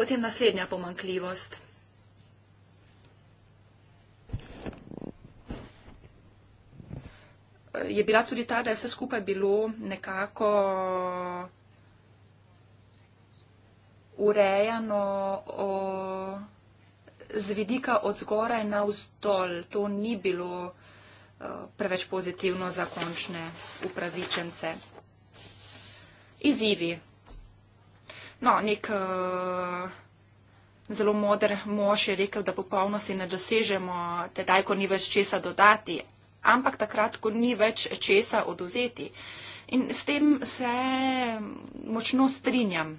Potem naslednja pomankljivost. Je bila tudi ta, da je vse skupaj bilo nekako urejeno o, z vidika od zgoraj na vzdolj. To ni bilo eh, preveč pozitivno za končne upravičence. Izzivi. No, nek uh, zelo moder mož je rekel, da popolnosti ne dosežemo, tedaj, ko ni več česa dodati, ampak takrat, ko ni več česa oduzeti. In s tem se močno strinjam.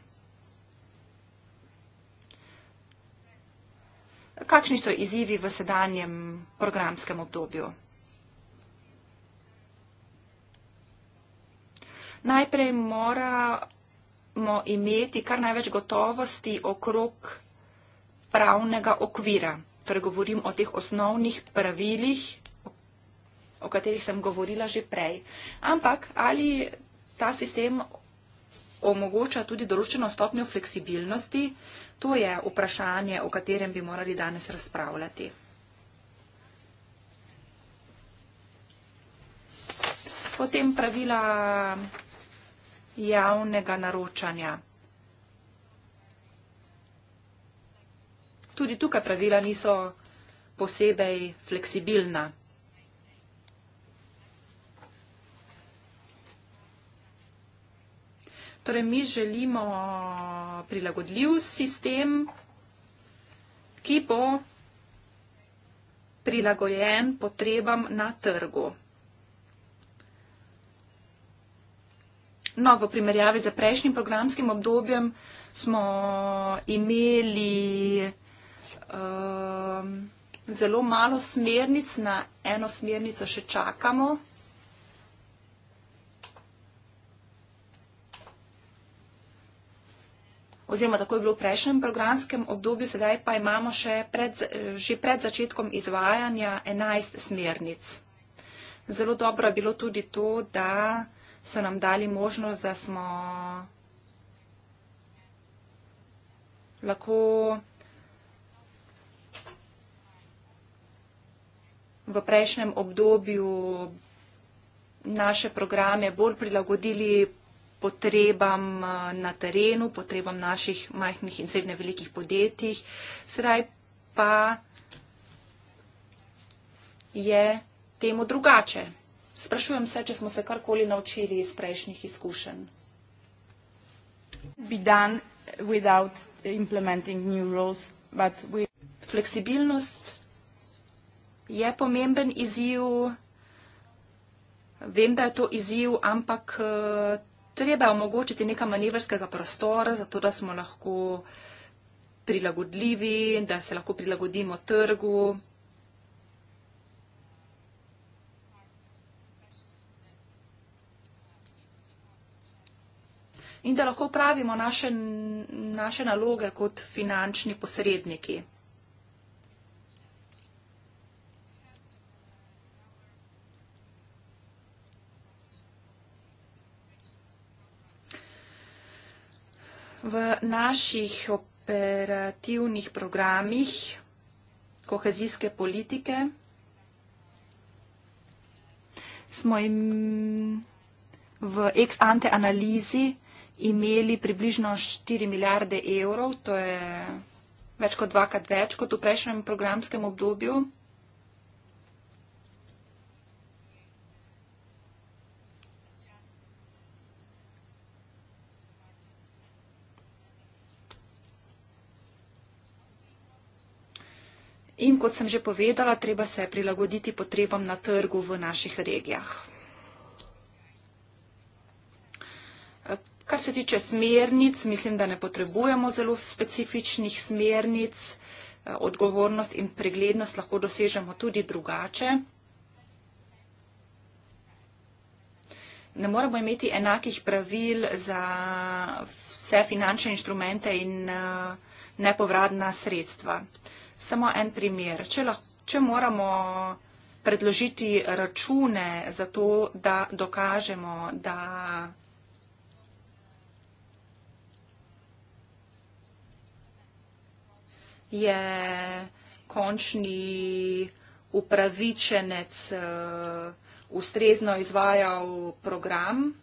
Kakšni so izzivi v sedanjem programskem obdobju? Najprej mora moramo imeti kar največ gotovosti okrog pravnega okvira. Torej govorim o teh osnovnih pravilih, o katerih sem govorila že prej. Ampak ali ta sistem omogoča tudi določeno stopnjo fleksibilnosti, to je vprašanje, o katerem bi morali danes razpravljati. Potem pravila javnega naročanja. Tudi tukaj pravila niso posebej fleksibilna. Torej, mi želimo prilagodljiv sistem, ki bo prilagojen potrebam na trgu. No, v primerjavi z prejšnjim programskim obdobjem smo imeli um, zelo malo smernic, na eno smernico še čakamo. Oziroma, tako je bilo v prejšnjem programskem obdobju, sedaj pa imamo še pred, že pred začetkom izvajanja 11 smernic. Zelo dobro je bilo tudi to, da so nam dali možnost, da smo lahko v prejšnjem obdobju naše programe bolj prilagodili potrebam eh, na terenu, potrebam naših majhnih in srednje velikih podjetij. Sedaj pa je temu drugače. Sprašujem se, če smo se karkoli naučili iz prejšnjih izkušenj. Bi dan without implementing new rules, but we... Fleksibilnost je pomemben izziv, vem, da je to izziv, ampak eh, treba omogočiti neka manevrskega prostora, zato da smo lahko prilagodljivi, da se lahko prilagodimo trgu. in da lahko pravimo naše, naše naloge kot finančni posredniki. V naših operativnih programih kohezijske politike smo jim v ex-ante analizi imeli približno 4 milijarde evrov, to je več kot dvakrat več kot v prejšnjem programskem obdobju. In kot sem že povedala, treba se prilagoditi potrebam na trgu v naših regijah. Kar se tiče smernic, mislim, da ne potrebujemo zelo specifičnih smernic. Eh, odgovornost in preglednost lahko dosežemo tudi drugače. Ne moramo imeti enakih pravil za vse finančne inštrumente in eh, nepovratna sredstva. Samo en primer. Če, lahko, če moramo predložiti račune za to, da dokažemo, da je končni upravičenec uh, ustrezno izvajal program.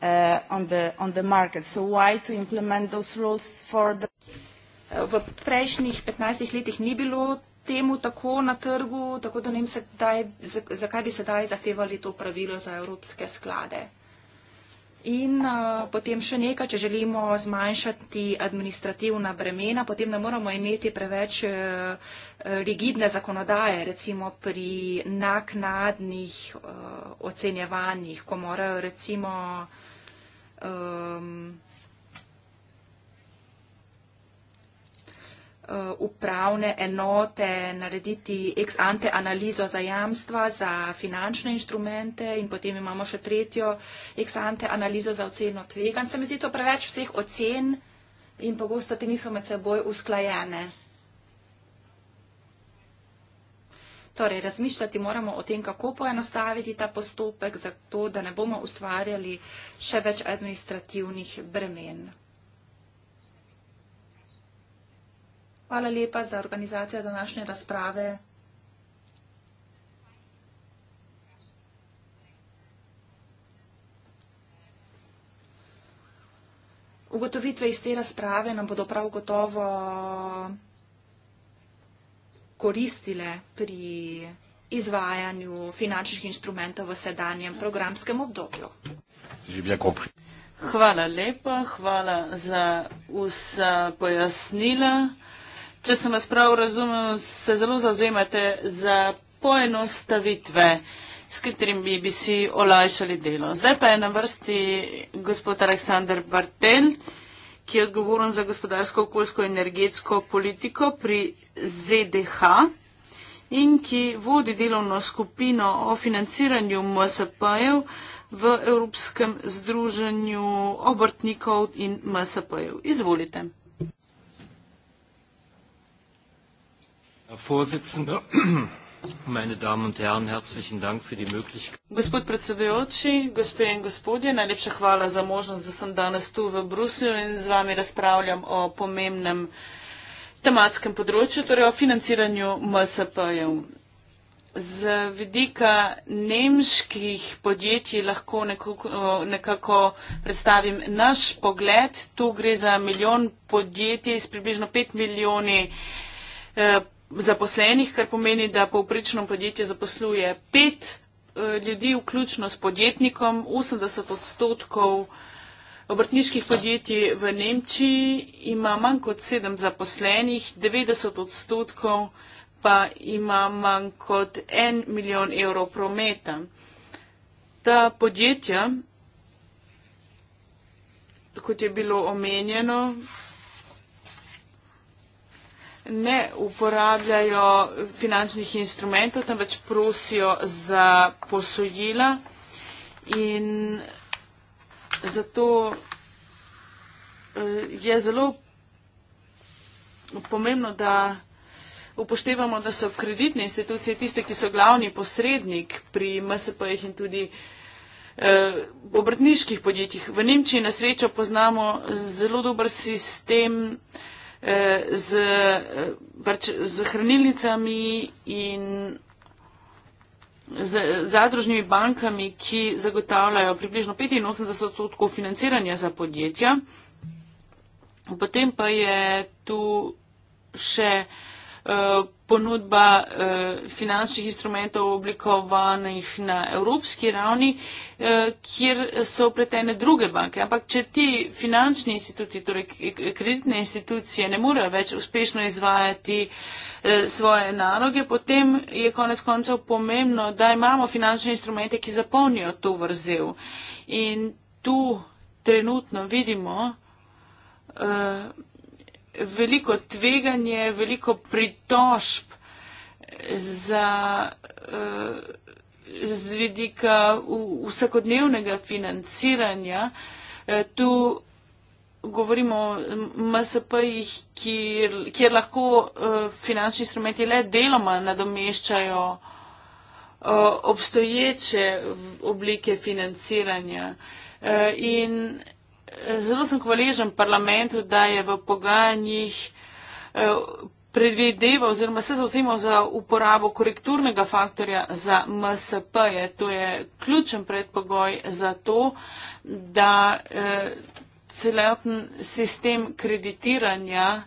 Uh, on, the, on the market. So why to implement those rules for the... Eh, v prejšnjih 15 letih ni bilo temu tako na trgu, tako da ne vem, sedaj, zakaj bi sedaj zahtevali to pravilo za evropske sklade. In uh, potem še nekaj, če želimo zmanjšati administrativna bremena, potem ne moramo imeti preveč uh, uh rigidne zakonodaje, recimo pri naknadnih uh, ocenjevanjih, ko morajo recimo. Um, Eh, upravne enote narediti ex ante analizo za jamstva, za finančne inštrumente in potem imamo še tretjo ex ante analizo za oceno tvegan. Se mi zdi to preveč vseh ocen in pogosto te niso med seboj usklajene. Torej, razmišljati moramo o tem, kako poenostaviti ta postopek, zato da ne bomo ustvarjali še več administrativnih bremen. Hvala lepa za organizacijo današnje razprave. Ugotovitve iz te razprave nam bodo prav gotovo koristile pri izvajanju finančnih instrumentov v sedanjem programskem obdobju. Hvala lepa, hvala za vsa pojasnila če sem vas prav razumel, se zelo zauzemate za poenostavitve, s katerimi bi si olajšali delo. Zdaj pa je na vrsti gospod Aleksandr Bartel, ki je odgovoren za gospodarsko, okoljsko in energetsko politiko pri ZDH in ki vodi delovno skupino o financiranju MSP-jev v Evropskem združenju obrtnikov in MSP-jev. Izvolite. Herr Vorsitzender, meine Damen und Herren, herzlichen Dank für die Möglichkeit. Gospod predsedujoči, gospe in gospodje, najlepša hvala za možnost, da sem danes tu v Bruslju in z vami razpravljam o pomembnem tematskem področju, torej o financiranju MSP-jev. Z vidika nemških podjetij lahko nekako, nekako predstavim naš pogled. Tu gre za milijon podjetij s približno pet milijoni eh, zaposlenih, kar pomeni, da povprečno podjetje zaposluje pet eh, ljudi, vključno s podjetnikom, 80 odstotkov obrtniških podjetij v Nemčiji ima manj kot sedem zaposlenih, 90 odstotkov pa ima manj kot en milijon evrov prometa. Ta podjetja, kot je bilo omenjeno, ne uporabljajo finančnih instrumentov, temveč prosijo za posojila in zato eh, je zelo pomembno, da upoštevamo, da so kreditne institucije tiste, ki so glavni posrednik pri MSP-jih in tudi v eh, obrtniških podjetjih. V Nemčiji na srečo poznamo zelo dober sistem, Eh, z, eh, pač, z hranilnicami in z zadružnimi bankami, ki zagotavljajo približno 85 odstotkov financiranja za podjetja. Potem pa je tu še Eh, ponudba eh, finančnih instrumentov oblikovanih na evropski ravni, eh, kjer so upletene druge banke. Ampak če ti finančni instituti, torej kreditne institucije, ne morejo več uspešno izvajati svoje naloge, potem je konec koncev pomembno, da imamo finančne instrumente, ki zapolnijo to vrzel. In tu trenutno vidimo, veliko tveganje, veliko pritožb za, eh, z vidika vsakodnevnega financiranja. Eh, tu govorimo o MSP-jih, kjer, kjer lahko eh, finančni instrumenti le deloma nadomeščajo obstoječe oblike financiranja. In zelo sem hvaležen parlamentu, da je v pogajanjih eh, predvideva oziroma se zauzima za uporabo korekturnega faktorja za MSP. -je. To je ključen predpogoj za to, da eh, celoten sistem kreditiranja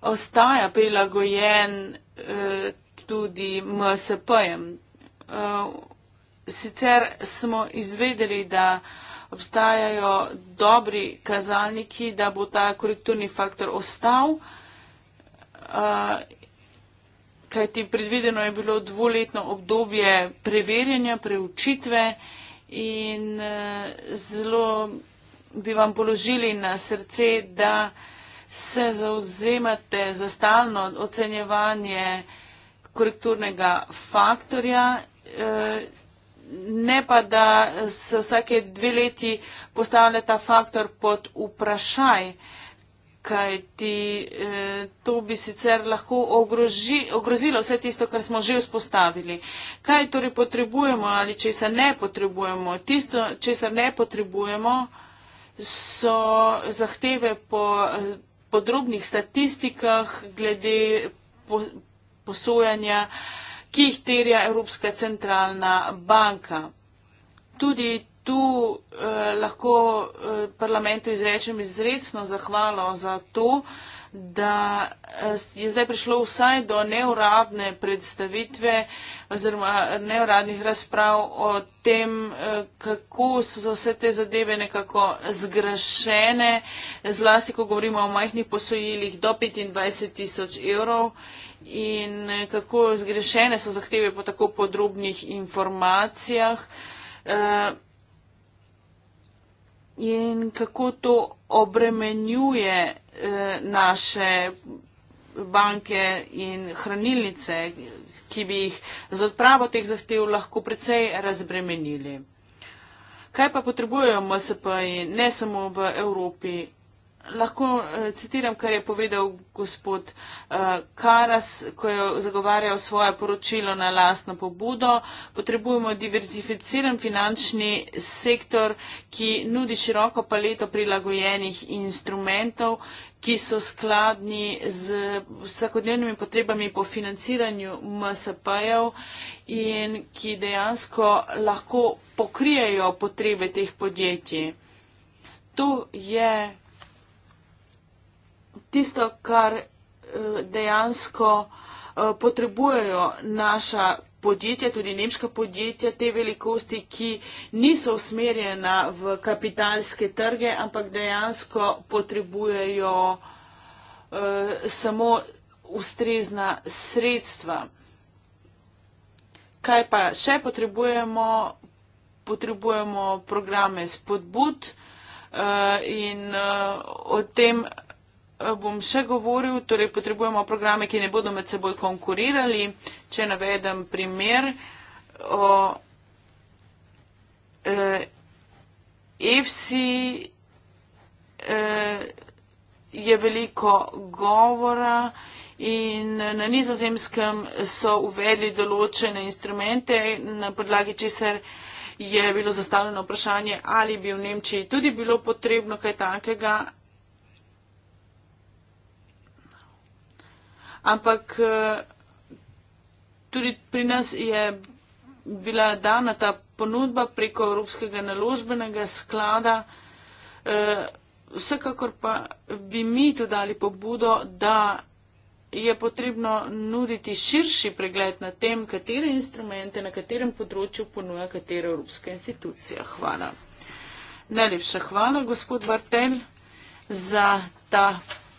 ostaja prilagojen eh, tudi MSP-jem. Sicer smo izvedeli, da uh, obstajajo dobri kazalniki, da bo ta korekturni faktor ostal. Eh, Kaj ti predvideno je bilo dvoletno obdobje preverjanja, preučitve in eh, zelo bi vam položili na srce, da se zauzemate za stalno ocenjevanje korekturnega faktorja. Eh, ne pa, da se vsake dve leti postavlja ta faktor pod vprašaj, kaj ti eh, to bi sicer lahko ogroži, ogrozilo vse tisto, kar smo že vzpostavili. Kaj torej potrebujemo ali če se ne potrebujemo? Tisto, če se ne potrebujemo, so zahteve po eh, podrobnih statistikah glede po, posojanja. Eh, ki jih terja Evropska centralna banka. Tudi tu eh, lahko eh, parlamentu izrečem izredno zahvalo za to, eh, da eh, je zdaj prišlo vsaj do neuradne predstavitve oziroma neuradnih razprav o tem, eh, kako so vse te zadeve nekako zgrašene, zlasti, ko govorimo o majhnih posojilih do 25 tisoč evrov in eh, kako zgrešene so zahteve po tako podrobnih informacijah in kako to obremenjuje eh, naše banke in hranilnice, ki bi jih z odpravo teh zahtev lahko precej razbremenili. Kaj pa potrebujejo MSP-ji ne samo v Evropi, lahko uh, citiram, kar je povedal gospod uh, Karas, ko je zagovarjal svoje poročilo na lastno pobudo. Potrebujemo diverzificiran finančni sektor, ki nudi široko paleto prilagojenih instrumentov, ki so skladni z vsakodnevnimi potrebami po financiranju MSP-jev in ki dejansko lahko pokrijejo potrebe teh podjetij. To je tisto, kar eh, dejansko eh, potrebujejo naša podjetja, tudi nemška podjetja, te velikosti, ki niso usmerjena v kapitalske trge, ampak dejansko potrebujejo eh, samo ustrezna sredstva. Kaj pa še potrebujemo? Potrebujemo programe spodbud in o tem bom še govoril, torej potrebujemo programe, ki ne bodo med seboj konkurirali. Če navedem primer, o, e, EFSI e, je veliko govora in na nizozemskem so uvedli določene instrumente, na podlagi česar je bilo zastavljeno vprašanje, ali bi v Nemčiji tudi bilo potrebno kaj takega. Ampak eh, tudi pri nas je bila dana ta ponudba preko Evropskega naložbenega sklada. Eh, vsekakor pa bi mi to dali pobudo, da je potrebno nuditi širši pregled na tem, katere instrumente na katerem področju ponuja katera evropska institucija. Hvala. Najlepša hvala, gospod Bartel, za ta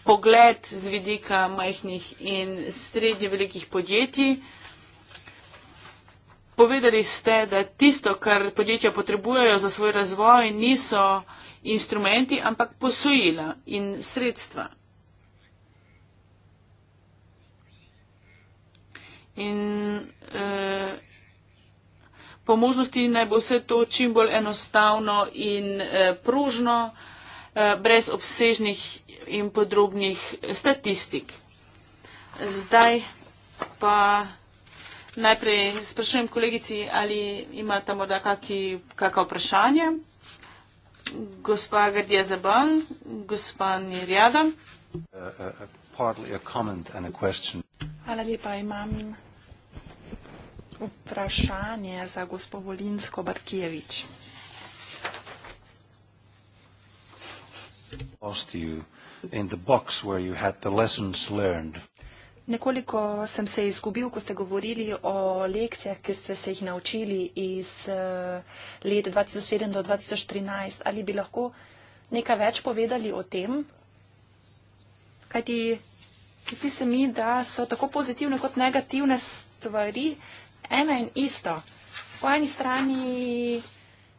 pogled z vidika majhnih in srednje velikih podjetij. Povedali ste, da tisto, kar podjetja potrebujejo za svoj razvoj, niso instrumenti, ampak posojila in sredstva. In eh, po možnosti naj bo vse to čim bolj enostavno in eh, pružno, eh, brez obsežnih in podrobnih statistik. Zdaj pa najprej sprašujem kolegici, ali imate morda kaki, kaka vprašanja. Gospa Gardija Zaban, gospa Nirjada. Hvala lepa, imam vprašanje za gospo Volinsko Barkijevič in the box where you had the lessons learned. Nekoliko sem se izgubil, ko ste govorili o lekcijah, ki ste se jih naučili iz uh, let 2007 do 2013. Ali bi lahko nekaj več povedali o tem? Kajti, zdi se mi, da so tako pozitivne kot negativne stvari ena in isto. Po eni strani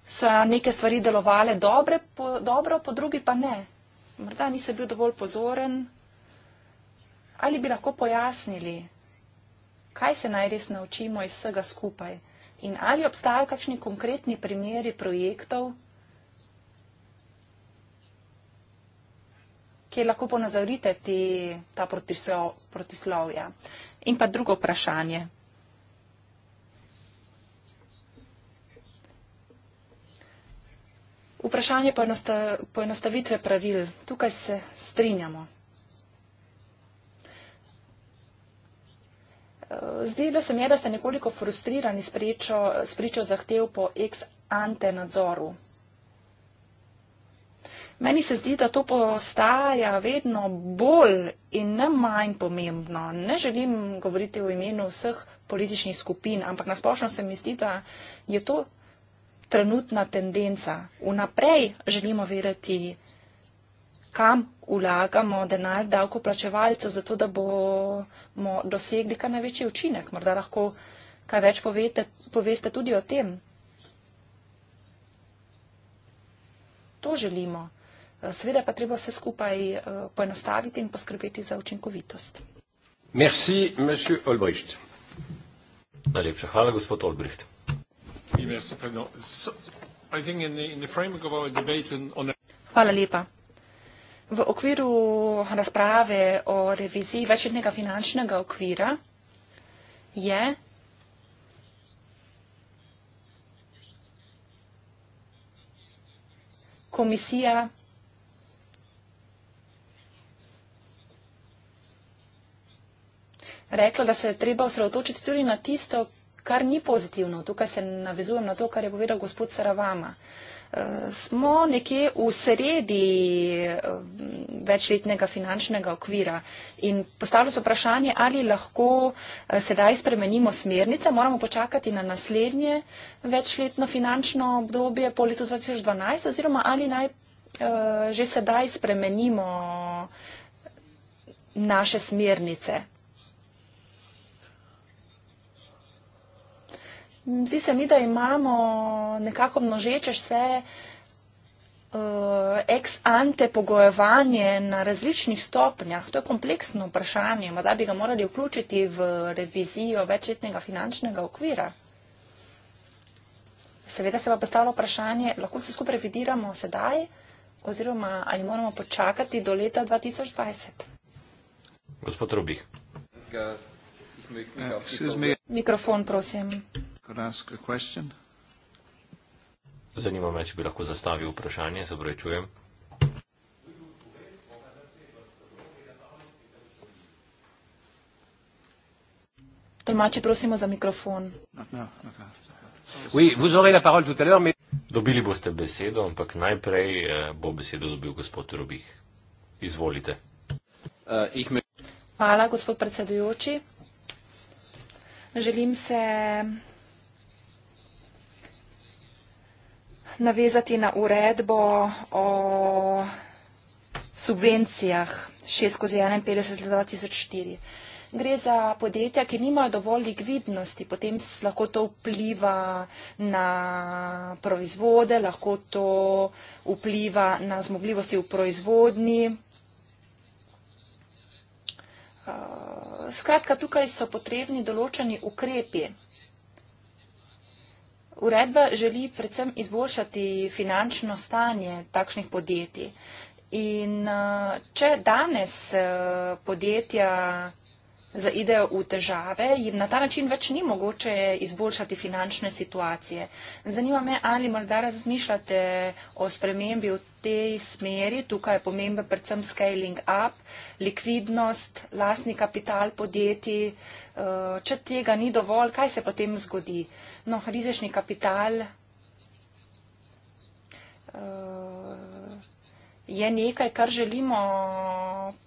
so neke stvari delovale dobre, po, dobro, po drugi pa ne morda nisem bil dovolj pozoren, ali bi lahko pojasnili, kaj se najres naučimo iz vsega skupaj in ali obstajajo kakšni konkretni primeri projektov, kjer lahko ponazorite ti, ta protislovja. In pa drugo vprašanje. Vprašanje poenostavitve pravil. Tukaj se strinjamo. Zdelo se mi je, da ste nekoliko frustrirani s pričo zahtev po ex ante nadzoru. Meni se zdi, da to postaja vedno bolj in ne manj pomembno. Ne želim govoriti v imenu vseh političnih skupin, ampak nasplošno se mi zdi, da je to trenutna tendenca. Vnaprej želimo vedeti, kam vlagamo denar davkoplačevalcev, zato da bomo dosegli kar največji učinek. Morda lahko kaj več povete, poveste tudi o tem. To želimo. Seveda pa treba vse skupaj eh, poenostaviti in poskrbeti za učinkovitost. Merci, monsieur Olbricht. Najlepša hvala, gospod Olbricht. Hvala lepa. V okviru razprave o reviziji večletnega finančnega okvira je komisija rekla, da se je treba osredotočiti tudi na tisto, kar ni pozitivno. Tukaj se navezujem na to, kar je povedal gospod Saravama. Eh, smo nekje v sredi eh, večletnega finančnega okvira in postavljamo se vprašanje, ali lahko eh, sedaj spremenimo smernice, moramo počakati na naslednje večletno finančno obdobje po letu 2012 oziroma ali naj že sedaj spremenimo naše smernice. Ti se mi, da imamo nekako množeče vse uh, eh, ex ante pogojevanje na različnih stopnjah. To je kompleksno vprašanje, morda bi ga morali vključiti v revizijo večletnega finančnega okvira. Seveda se pa postavlja vprašanje, lahko se skupaj revidiramo sedaj oziroma ali moramo počakati do leta 2020. Gospod Rubih. Ja, Mikrofon, prosim could ask a question. Zanima me, če bi lahko zastavil vprašanje, se obrečujem. Tolmače prosimo za mikrofon. Dobili boste besedo, ampak najprej eh, bo besedo dobil gospod Rubih. Izvolite. Eh, Hvala, gospod predsedujoči. Želim se navezati na uredbo o subvencijah 6 skozi 51 leta 2004. Gre za podjetja, ki nimajo dovolj likvidnosti, potem lahko to vpliva na proizvode, lahko to vpliva na zmogljivosti v proizvodni. Skratka, tukaj so potrebni določeni ukrepi. Uredba želi predvsem izboljšati finančno stanje takšnih podjetij. In eh, če danes eh, podjetja zaidejo v težave, jim na ta način več ni mogoče izboljšati finančne situacije. Zanima me, ali morda razmišljate o spremembi v tej smeri, tukaj je pomembe predvsem scaling up, likvidnost, lastni kapital podjetij. Eh, če tega ni dovolj, kaj se potem zgodi? No, rizični kapital eh, je nekaj, kar želimo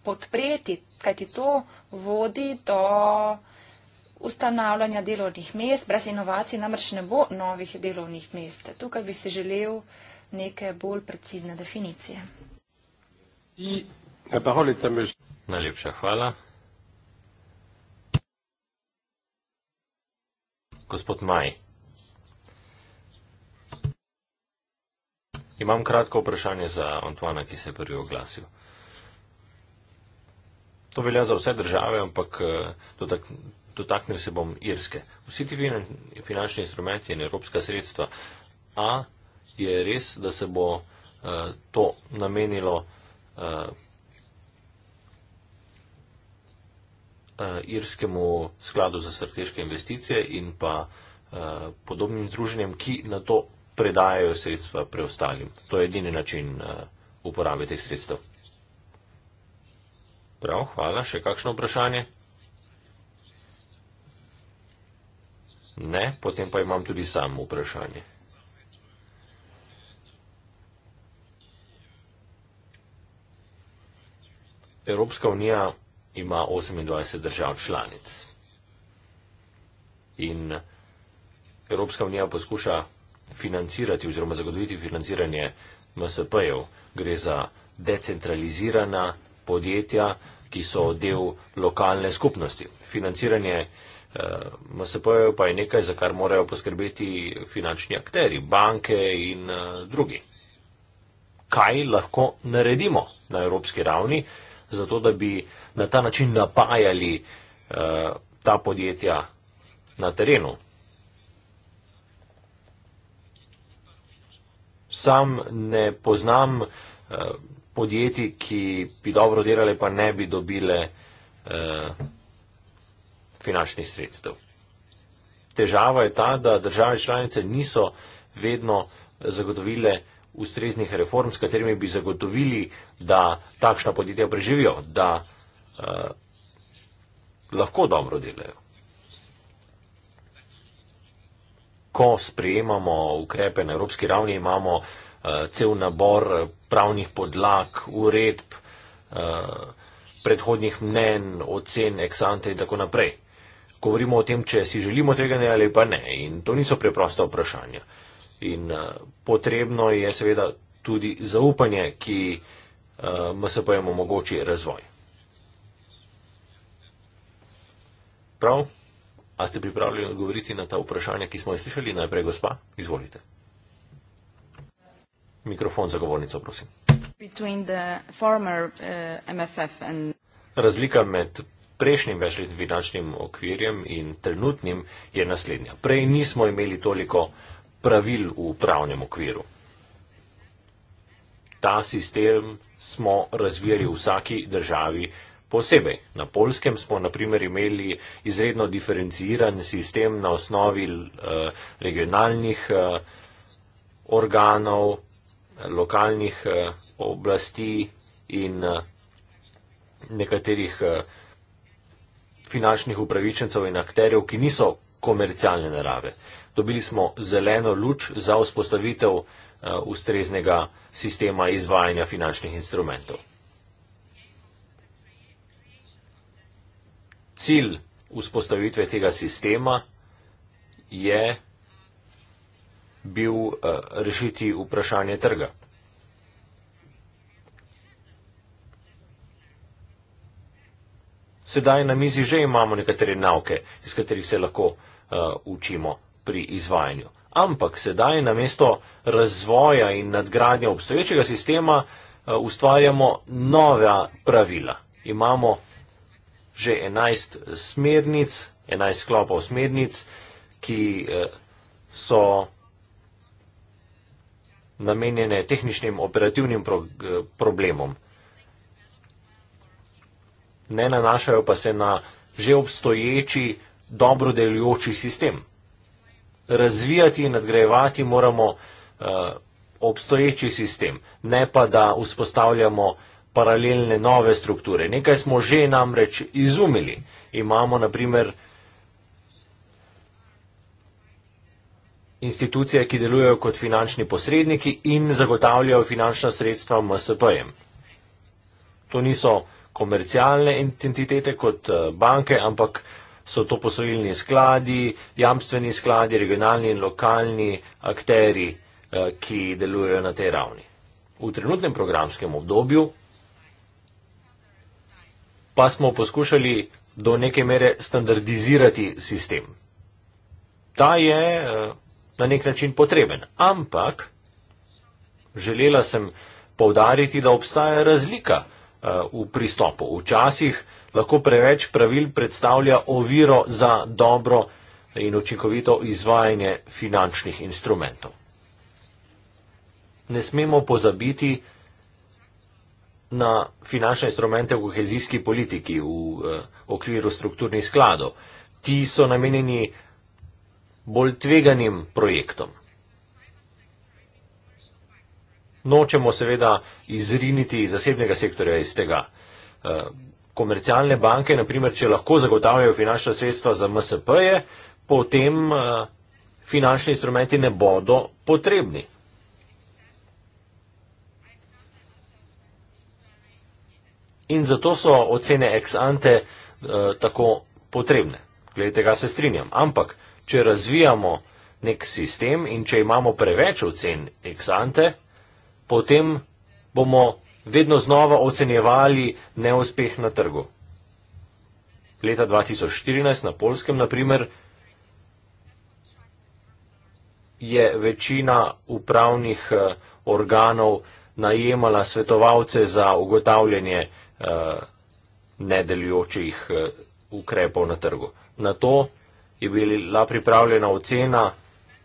podpreti, kajti to vodi do ustanavljanja delovnih mest. Brez inovacij namreč ne bo novih delovnih mest. Tukaj bi se želel neke bolj precizne definicije. Najlepša hvala. Gospod Maj. Imam kratko vprašanje za Antoana, ki se je prvi oglasil. To velja za vse države, ampak eh, dotak, dotaknil se bom Irske. Vsi ti finančni instrumenti in evropska sredstva. A je res, da se bo uh, to namenilo uh, uh, Irskemu skladu za strateške investicije in pa uh, podobnim združenjem, ki na to predajajo sredstva preostalim. To je edini način uh, uporabe teh sredstev. Prav, hvala. Še kakšno vprašanje? Ne, potem pa imam tudi samo vprašanje. Evropska unija ima 28 držav članic. In Evropska unija poskuša financirati oziroma zagotoviti financiranje MSP-jev. Gre za decentralizirana podjetja, ki so del lokalne skupnosti. Financiranje eh, MSP-jev pa je nekaj, za kar morajo poskrbeti finančni akteri, banke in eh, drugi. Kaj lahko naredimo na evropski ravni, zato da bi na ta način napajali eh, ta podjetja na terenu? Sam ne poznam podjetij, ki bi dobro delali, pa ne bi dobile eh, finančnih sredstev. Težava je ta, da države članice niso vedno zagotovile ustreznih reform, s katerimi bi zagotovili, da takšna podjetja preživijo, da eh, lahko dobro delajo. Ko sprejemamo ukrepe na evropski ravni, imamo eh, Eh, cel nabor eh, pravnih podlag, uredb, eh, predhodnih mnen, ocen, eksante in tako naprej. Govorimo o tem, če si želimo tveganje ali pa ne. In to niso preprosta vprašanja. In potrebno je seveda tudi zaupanje, ki MSP-jem omogoči razvoj. Prav? A ste pripravljeni odgovoriti na ta vprašanja, ki smo jih slišali? Najprej gospa, izvolite. Mikrofon za govornico, prosim. Uh, Razlika med prejšnjim večletnim finančnim okvirjem in trenutnim je naslednja. Prej nismo imeli toliko pravil v pravnem okviru. Ta sistem smo razvijali v vsaki državi posebej. Na polskem smo naprimer imeli izredno diferenciran sistem na osnovi eh, regionalnih eh, organov, lokalnih eh, oblasti in eh, nekaterih eh, finančnih upravičencev in akterjev, ki niso komercialne narave. Dobili smo zeleno luč za vzpostavitev ustreznega sistema izvajanja finančnih instrumentov. Cilj vzpostavitve tega sistema je bil eh, rešiti vprašanje trga. Sedaj na mizi že imamo nekatere nauke, iz katerih se lahko uh, učimo pri izvajanju. Ampak sedaj namesto razvoja in nadgradnja obstoječega sistema uh, ustvarjamo nova pravila. Imamo že 11 smernic, 11 sklopov smernic, ki uh, so namenjene tehničnim operativnim pro, eh, problemom. Ne nanašajo pa se na že obstoječi dobro delujoči sistem. Razvijati in nadgrajevati moramo uh, obstoječi sistem, ne pa da vzpostavljamo paralelne nove strukture. Nekaj smo že namreč izumili. Imamo naprimer institucije, ki delujejo kot finančni posredniki in zagotavljajo finančna sredstva MSP-jem. To niso komercialne entitete kot eh, banke, ampak so to posojilni skladi, jamstveni skladi, regionalni in lokalni akteri, eh, ki delujejo na tej ravni. V trenutnem programskem obdobju pa smo poskušali do neke mere standardizirati sistem. Ta je eh, na nek način potreben. Ampak želela sem povdariti, da obstaja razlika eh, v pristopu. Včasih lahko preveč pravil predstavlja oviro za dobro in učinkovito izvajanje finančnih instrumentov. Ne smemo pozabiti na finančne instrumente v kohezijski politiki v eh, okviru strukturnih skladov. Ti so namenjeni bolj tveganim projektom. Nočemo seveda izriniti zasebnega sektorja iz tega. Eh, komercialne banke, naprimer, če lahko zagotavljajo finančna sredstva za MSP-je, potem eh, finančni instrumenti ne bodo potrebni. In zato so ocene ex ante eh, tako potrebne. Glede tega se strinjam. Ampak če razvijamo nek sistem in če imamo preveč ocen eksante, potem bomo vedno znova ocenjevali neuspeh na trgu. Leta 2014 na Polskem, naprimer, je večina upravnih eh, organov najemala svetovalce za ugotavljanje eh, nedeljočih eh, ukrepov na trgu. Na to je bila pripravljena ocena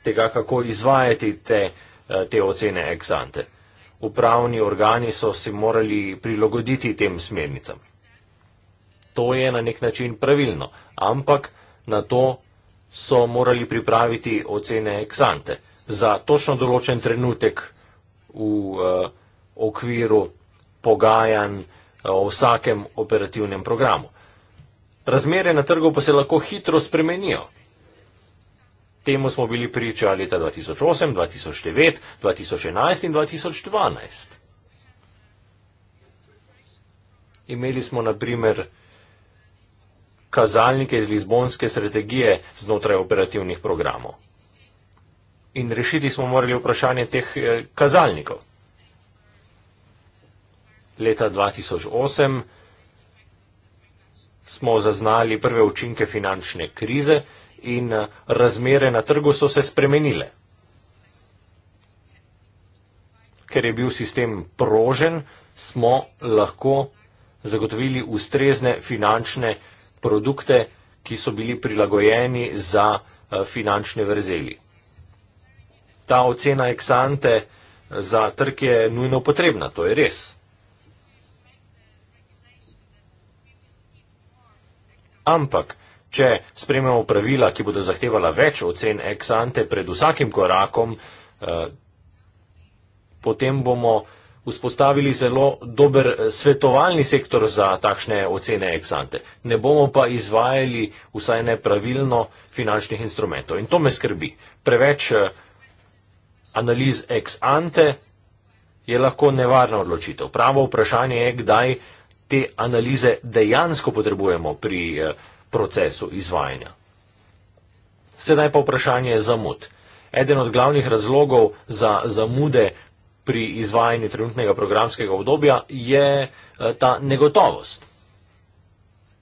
tega, kako izvajati te, eh, te ocene eksante. Upravni organi so se morali prilagoditi tem smernicam. To je na nek način pravilno, ampak na to so morali pripraviti ocene eksante za točno določen trenutek v uh, okviru pogajanj eh, o vsakem operativnem programu. Razmere na trgu pa se lahko hitro spremenijo. Temu smo bili priča leta 2008, 2009, 2011 in 2012. Imeli smo na primer kazalnike iz Lizbonske strategije znotraj operativnih programov. In rešiti smo morali vprašanje teh eh, kazalnikov. Leta 2008 smo zaznali prve učinke finančne krize in eh, razmere na trgu so se spremenile. Ker je bil sistem prožen, smo lahko zagotovili ustrezne finančne produkte, ki so bili prilagojeni za eh, finančne vrzeli. Ta ocena eksante eh, za trg je nujno potrebna, to je res. Ampak, če sprememo pravila, ki bodo zahtevala več ocen ex ante pred vsakim korakom, eh, potem bomo vzpostavili zelo dober eh, svetovalni sektor za takšne ocene ex ante. Ne bomo pa izvajali vsaj nepravilno finančnih instrumentov. In to me skrbi. Preveč eh, analiz ex ante je lahko nevarna odločitev. Pravo vprašanje je, kdaj te analize dejansko potrebujemo pri eh, procesu izvajanja. Sedaj pa vprašanje zamud. Eden od glavnih razlogov za zamude pri izvajanju trenutnega programskega obdobja je eh, ta negotovost.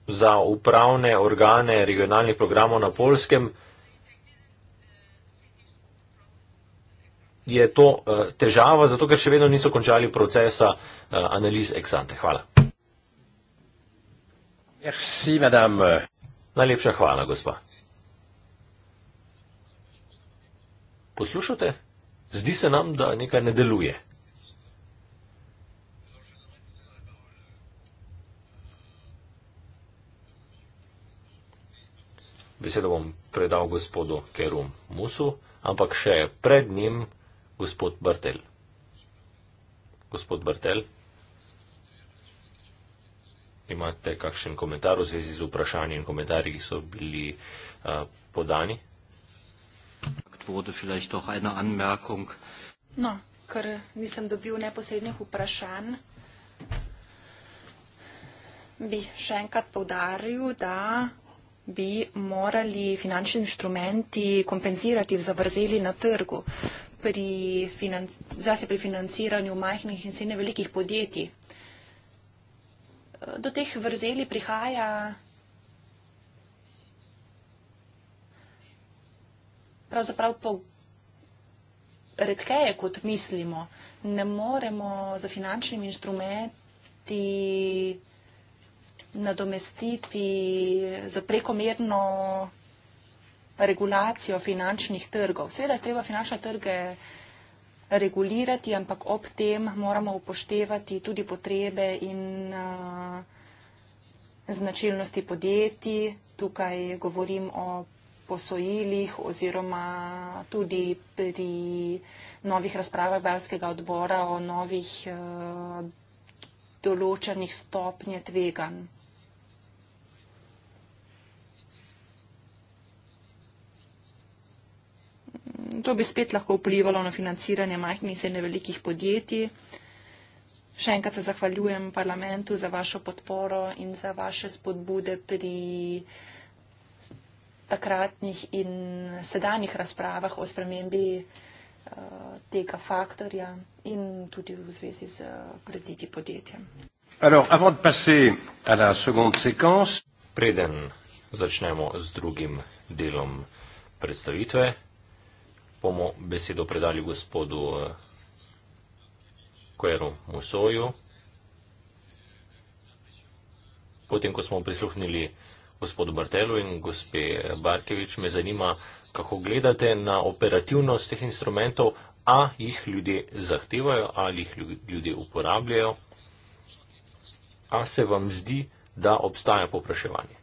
Za upravne organe regionalnih programov na Polskem je to eh, težava, zato ker še vedno niso končali procesa analiz eksante. Hvala. Merci, madame. Najlepša hvala, gospa. Poslušate? Zdi se nam, da nekaj ne deluje. Besedo bom predal gospodu Kerum Musu, ampak še pred njim gospod Bartel. Gospod Bartel imate kakšen komentar v zvezi z vprašanji in komentarji, ki so bili uh, podani? No, ker nisem dobil neposrednih vprašanj, bi še enkrat povdaril, da bi morali finančni inštrumenti kompenzirati v zavrzeli na trgu, pri financ, zase pri financiranju majhnih in srednje velikih podjetij. Uh, do teh vrzeli prihaja. Pravzaprav pa redkeje, kot mislimo, ne moremo za finančnimi instrumenti nadomestiti za prekomerno regulacijo finančnih trgov. Sveda je treba finančne trge uh, regulirati, ampak ob tem moramo upoštevati tudi potrebe in eh, značilnosti podjetij. Tukaj govorim o posojilih oziroma tudi pri novih razpravah Belskega odbora o novih eh, določenih stopnje tveganj. To bi spet lahko vplivalo na financiranje majhnih in srednje velikih podjetij. Še enkrat se zahvaljujem parlamentu za vašo podporo in za vaše spodbude pri takratnih in sedanjih razpravah o spremembi eh, tega faktorja in tudi v zvezi z eh, krediti podjetjem. Preden začnemo z drugim delom predstavitve, bomo besedo predali gospodu Kueru eh, Musoju. Potem, ko smo prisluhnili gospodu Bartelu in gospe Barkevič, me zanima, kako gledate na operativnost teh instrumentov, a jih ljudje zahtevajo ali jih ljudje uporabljajo, a se vam zdi, da obstaja popraševanje.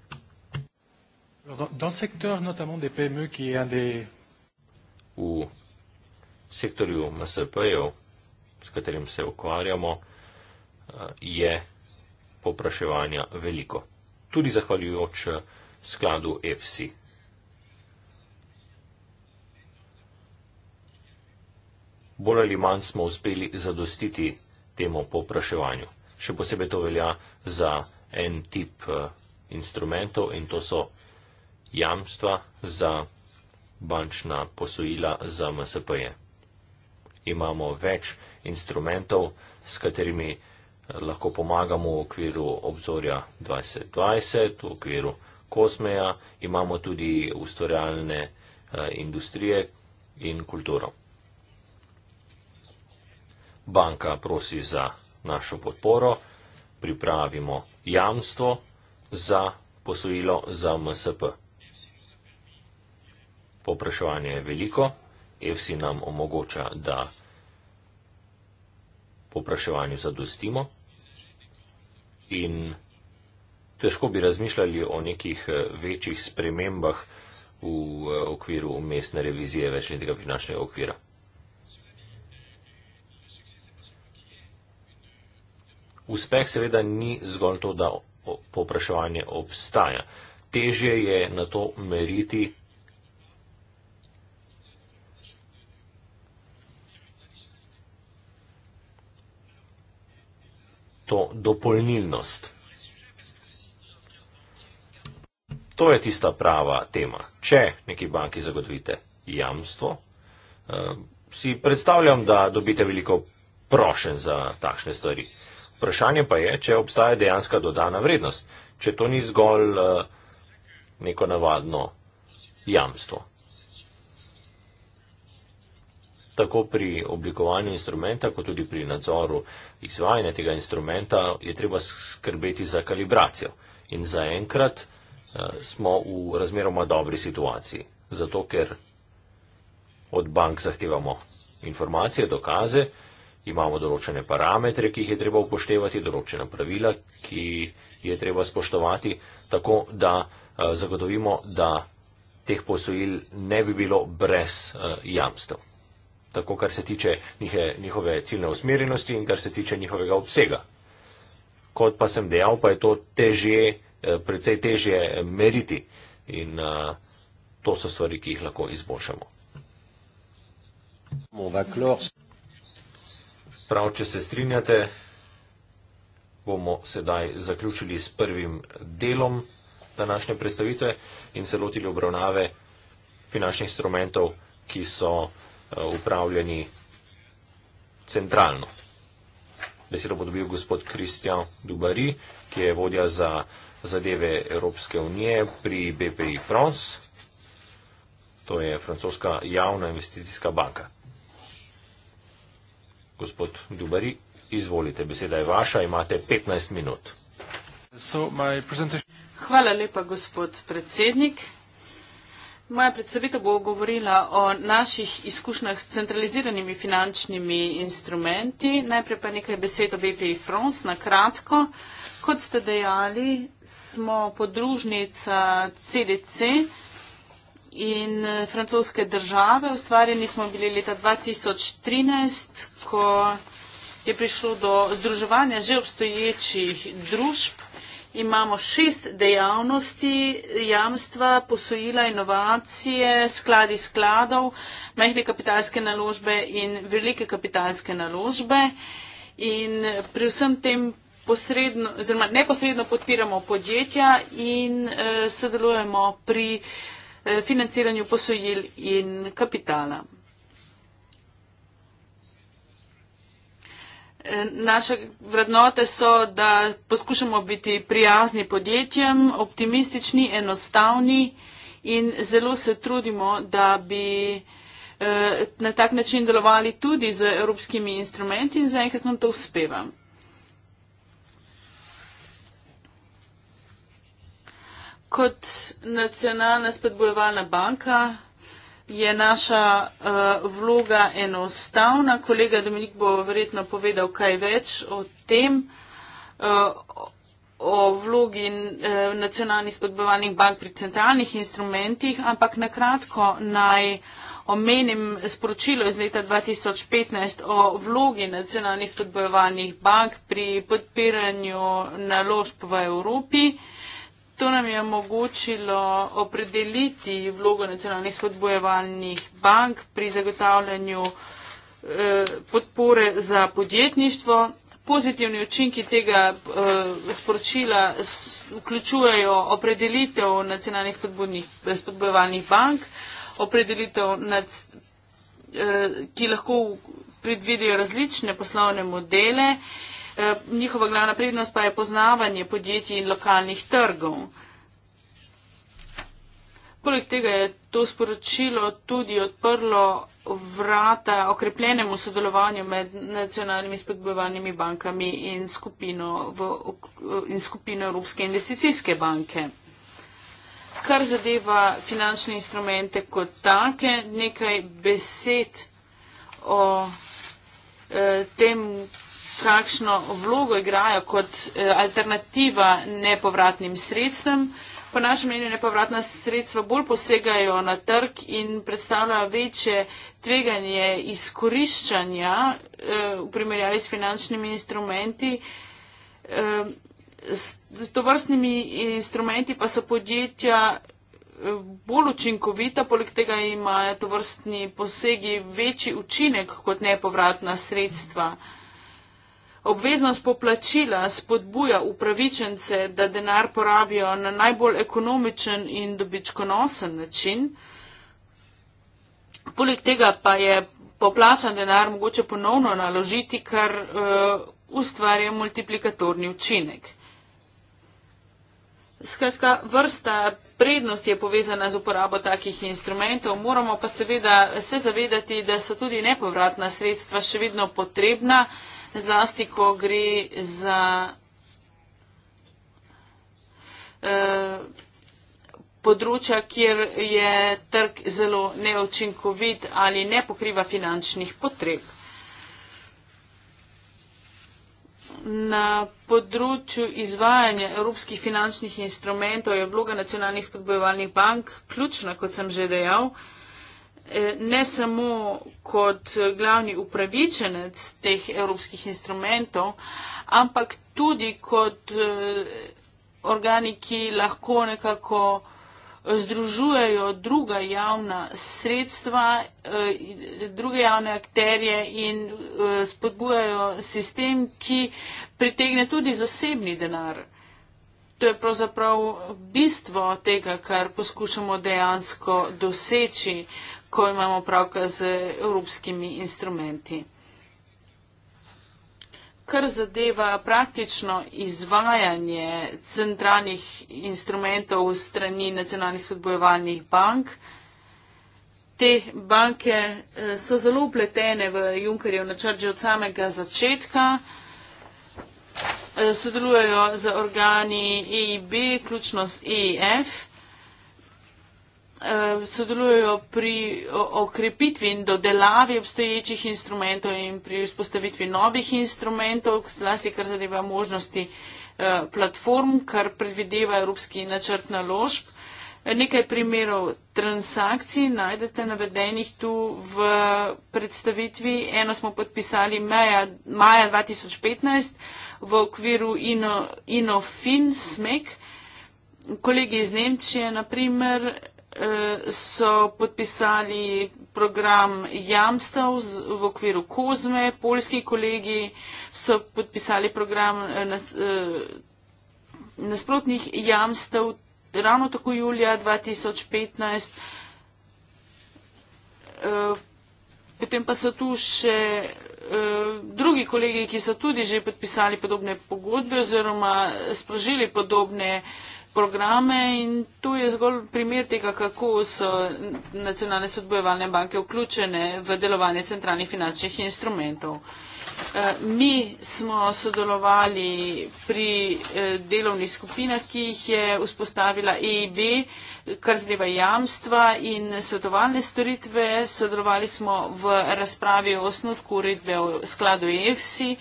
Dans le secteur notamment des PME qui est un des v sektorju MSP-jev, s katerim se ukvarjamo, eh, je popraševanja veliko. Tudi zahvaljujoč eh, skladu EFSI. Bolj ali manj smo uspeli zadostiti temu popraševanju. Še posebej to velja za en tip eh, instrumentov in to so jamstva za bančna posojila za MSP-je. Imamo več instrumentov, s katerimi eh, lahko pomagamo v okviru obzorja 2020, v okviru Kosmeja, imamo tudi ustvarjalne eh, industrije in kulturo. Banka prosi za našo podporo, pripravimo jamstvo za posojilo za MSP. Popraševanje je veliko, EFSI nam omogoča, da popraševanju zadostimo in težko bi razmišljali o nekih eh, večjih spremembah v eh, okviru mestne revizije večletnega finančnega okvira. Uspeh seveda ni zgolj to, da popraševanje obstaja. Težje je na to meriti vsega. to dopolnilnost. To je tista prava tema. Če neki banki zagotovite jamstvo, eh, si predstavljam, da dobite veliko prošen za takšne stvari. Vprašanje pa je, če obstaja dejanska dodana vrednost, če to ni zgolj eh, neko navadno jamstvo tako pri oblikovanju instrumenta, kot tudi pri nadzoru izvajanja tega instrumenta, je treba skrbeti za kalibracijo. In zaenkrat uh, smo v razmeroma dobri situaciji, zato ker od bank zahtevamo informacije, dokaze, imamo določene parametre, ki jih je treba upoštevati, določena pravila, ki je treba spoštovati, tako da uh, zagotovimo, da teh posojil ne bi bilo brez uh, eh, jamstva tako kar se tiče njihe, njihove ciljne usmerjenosti in kar se tiče njihovega obsega. Kot pa sem dejal, pa je to težje, eh, precej težje eh, meriti in a, eh, to so stvari, ki jih lahko izboljšamo. Prav, če se strinjate, bomo sedaj zaključili s prvim delom današnje predstavitve in se lotili obravnave finančnih instrumentov, ki so Eh, upravljeni centralno. Besedo bo dobil gospod Kristjan Dubari, ki je vodja za zadeve Evropske unije pri BPI France. To je francoska javna investicijska banka. Gospod Dubari, izvolite, beseda je vaša, imate 15 minut. Hvala lepa, gospod predsednik. Moja predstavitev bo govorila o naših izkušnjah s centraliziranimi finančnimi instrumenti. Najprej pa nekaj besed o BPI France na kratko. Kot ste dejali, smo podružnica CDC in eh, francoske države. Ustvarjeni smo bili leta 2013, ko je prišlo do združevanja že obstoječih družb imamo šest dejavnosti, jamstva, posojila, inovacije, skladi skladov, mehne kapitalske naložbe in velike kapitalske naložbe. In pri vsem tem posredno, oziroma neposredno podpiramo podjetja in eh, sodelujemo pri eh, financiranju posojil in kapitala. Naše vrednote so, da poskušamo biti prijazni podjetjem, optimistični, enostavni in zelo se trudimo, da bi eh, na tak način delovali tudi z evropskimi instrumenti in zaenkrat nam to uspeva. Kot nacionalna spodbojevalna banka je naša uh, vloga enostavna. Kolega Dominik bo verjetno povedal kaj več o tem, uh, o vlogi uh, nacionalnih spodbovalnih bank pri centralnih instrumentih, ampak nakratko naj omenim sporočilo iz leta 2015 o vlogi nacionalnih spodbovalnih bank pri podpiranju naložb v Evropi. Uh, To nam je omogočilo opredeliti vlogo nacionalnih spodbojevalnih bank pri zagotavljanju eh, podpore za podjetništvo. Pozitivni učinki tega eh, sporočila vključujejo opredelitev nacionalnih spodbojevalnih bank, opredelitev, nad, eh, ki lahko predvidijo različne poslovne modele. Eh, njihova glavna prednost pa je poznavanje podjetij in lokalnih trgov. Poleg tega je to sporočilo tudi odprlo vrata okrepljenemu sodelovanju med nacionalnimi spodbojevalnimi bankami in skupino, v, in skupino Evropske investicijske banke. Kar zadeva finančne instrumente kot take, nekaj besed o eh, tem, kakšno vlogo igrajo kot eh, alternativa nepovratnim sredstvem. Po našem mnenju nepovratna sredstva bolj posegajo na trg in predstavljajo večje tveganje izkoriščanja eh, v primerjavi s finančnimi instrumenti. Eh, s tovrstnimi instrumenti pa so podjetja bolj učinkovita, poleg tega imajo tovrstni posegi večji učinek kot nepovratna sredstva. Mhm. Obveznost poplačila spodbuja upravičence, da denar porabijo na najbolj ekonomičen in dobičkonosen način. Poleg tega pa je poplačan denar mogoče ponovno naložiti, kar uh, ustvarja multiplikatorni učinek. Skratka, vrsta prednosti je povezana z uporabo takih instrumentov. Moramo pa seveda se zavedati, da so tudi nepovratna sredstva še vedno potrebna. Uh, zlasti, ko gre za uh, področja, kjer je trg zelo neočinkovit ali ne pokriva finančnih potreb. Na področju izvajanja evropskih finančnih instrumentov je vloga nacionalnih spodbojevalnih bank ključna, kot sem že dejal. Uh, Eh, ne samo kot glavni upravičenec teh evropskih instrumentov, ampak tudi kot eh, organi, ki lahko nekako eh, združujejo druga javna sredstva, druge javne akterje in spodbujajo sistem, ki pritegne tudi zasebni denar. To je pravzaprav bistvo tega, kar poskušamo dejansko doseči, ko imamo pravka z evropskimi instrumenti. Kar zadeva praktično izvajanje centralnih instrumentov strani nacionalnih spodbojevalnih bank, te banke eh, so zelo upletene v Junkerjev načrt že od samega začetka. Eh, sodelujejo z organi EIB, ključno z EIF. Eh, sodelujejo pri okrepitvi in dodelavi obstoječih instrumentov in pri vzpostavitvi novih instrumentov, zlasti kar zadeva možnosti eh, platform, kar predvideva Evropski načrt naložb. Eh, nekaj primerov transakcij najdete navedenih tu v predstavitvi. Eno smo podpisali maja, maja 2015 v okviru Inofin Ino SMEC. Kolegi iz Nemčije, na primer, Eh, so podpisali program jamstav v okviru Kozme, polski kolegi so podpisali program eh, eh, nasprotnih jamstav ravno tako julija 2015. Potem pa so tu še drugi kolegi, ki so tudi že podpisali podobne pogodbe oziroma sprožili podobne programe in tu je zgolj primer tega, kako so nacionalne spodbojevalne banke vključene v delovanje centralnih finančnih instrumentov. Eh, mi smo sodelovali pri eh, delovnih skupinah, ki jih je vzpostavila EIB, kar zadeva jamstva in svetovalne storitve. Sodelovali smo v razpravi o osnutku uredbe v skladu EFSI,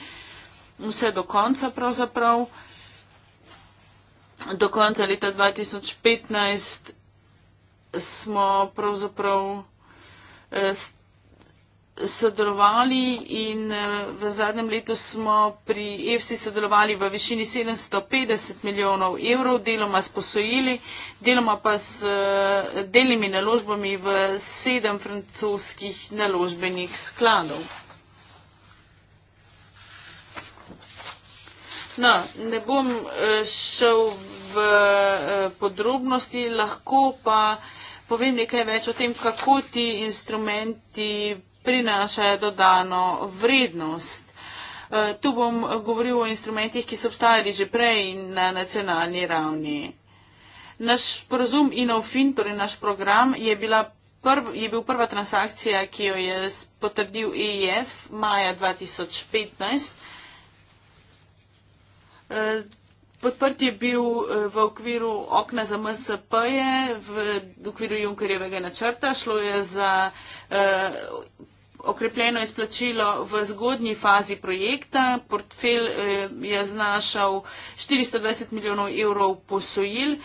vse do konca pravzaprav do konca leta 2015 smo pravzaprav eh, sodelovali in eh, v zadnjem letu smo pri EFSI sodelovali v višini 750 milijonov evrov, deloma s posojili, deloma pa s eh, delnimi naložbami v sedem francoskih naložbenih skladov. No, ne bom eh, šel v eh, podrobnosti, lahko pa povem nekaj več o tem, kako ti instrumenti prinašajo dodano vrednost. Eh, tu bom govoril o instrumentih, ki so obstajali že prej na nacionalni ravni. Naš sporozum InnoFin, torej naš program, je, bila prv, je bil prva transakcija, ki jo je potrdil EIF maja 2015. Podprt je bil eh, v okviru okna za MSP-je, v okviru Junkerjevega načrta. Šlo je za eh, okrepljeno izplačilo v zgodnji fazi projekta. Portfel eh, je znašal 420 milijonov evrov posojil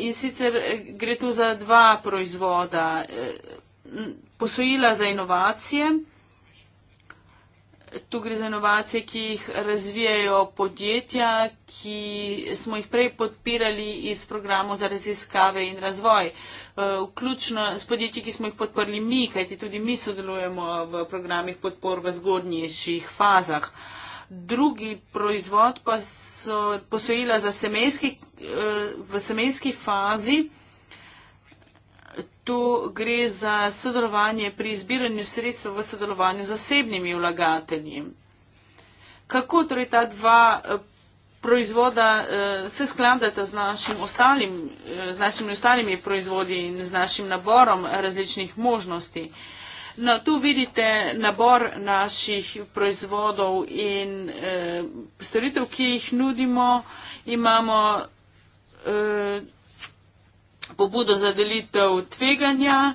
in sicer gre tu za dva proizvoda. Posojila za inovacije tu gre za inovacije, ki jih razvijajo podjetja, ki smo jih prej podpirali iz programov za raziskave in razvoj. Eh, vključno s podjetji, ki smo jih podprli mi, kajti tudi mi sodelujemo v programih podpor v zgodnjiših fazah. Drugi proizvod pa so posojila za semenski, eh, v semenski fazi tu gre za sodelovanje pri izbiranju sredstva v sodelovanju z zasebnimi vlagatelji. Kako torej ta dva eh, proizvoda eh, se skladata z, našim ostalim, eh, z našimi ostalimi proizvodi in z našim naborom različnih možnosti? No, tu vidite nabor naših proizvodov in e, storitev, ki jih nudimo. Imamo e, pobudo za delitev tveganja.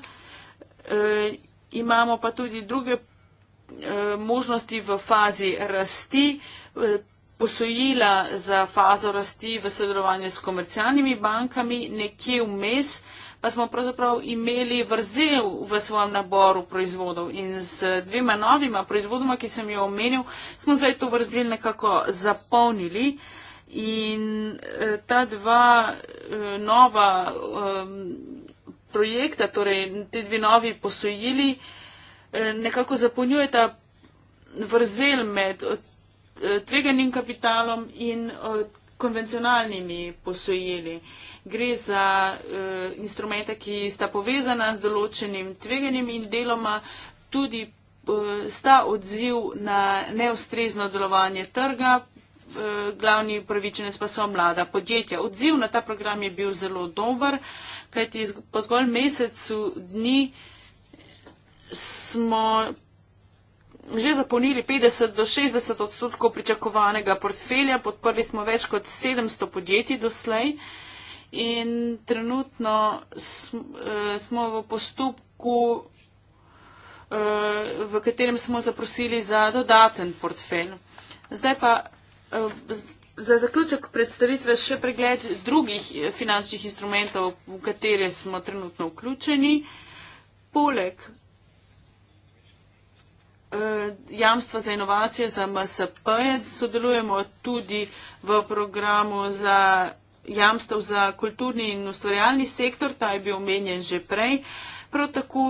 E, imamo pa tudi druge e, možnosti v fazi rasti, e, posojila za fazo rasti v sodelovanju s komercialnimi bankami nekje vmes, pa smo pravzaprav imeli vrzel v svojem naboru proizvodov in z dvema novima proizvodoma, ki sem jo omenil, smo zdaj to vrzel nekako zapolnili. E, In eh, ta dva eh, nova eh, projekta, torej te dve novi posojili, nekako zapolnjujeta vrzel med tveganim kapitalom in konvencionalnimi posojili. Gre za instrumente, ki sta povezana z določenim tveganjem in deloma tudi sta odziv na neustrezno delovanje trga, Eh, glavni upravičenec pa so mlada podjetja. Odziv na ta program je bil zelo dober, kajti po zgolj mesecu dni smo že zapolnili 50 do 60 odstotkov pričakovanega portfelja, podprli smo več kot 700 podjetij doslej in trenutno eh, smo v postopku eh, v katerem smo zaprosili za dodaten portfelj. Zdaj pa Eh, za zaključek predstavitve še pregled drugih eh, finančnih instrumentov, v katere smo trenutno vključeni. Poleg eh, jamstva za inovacije za MSP sodelujemo tudi v programu za jamstv za kulturni in ustvarjalni sektor, ta je bil omenjen že prej. Prav tako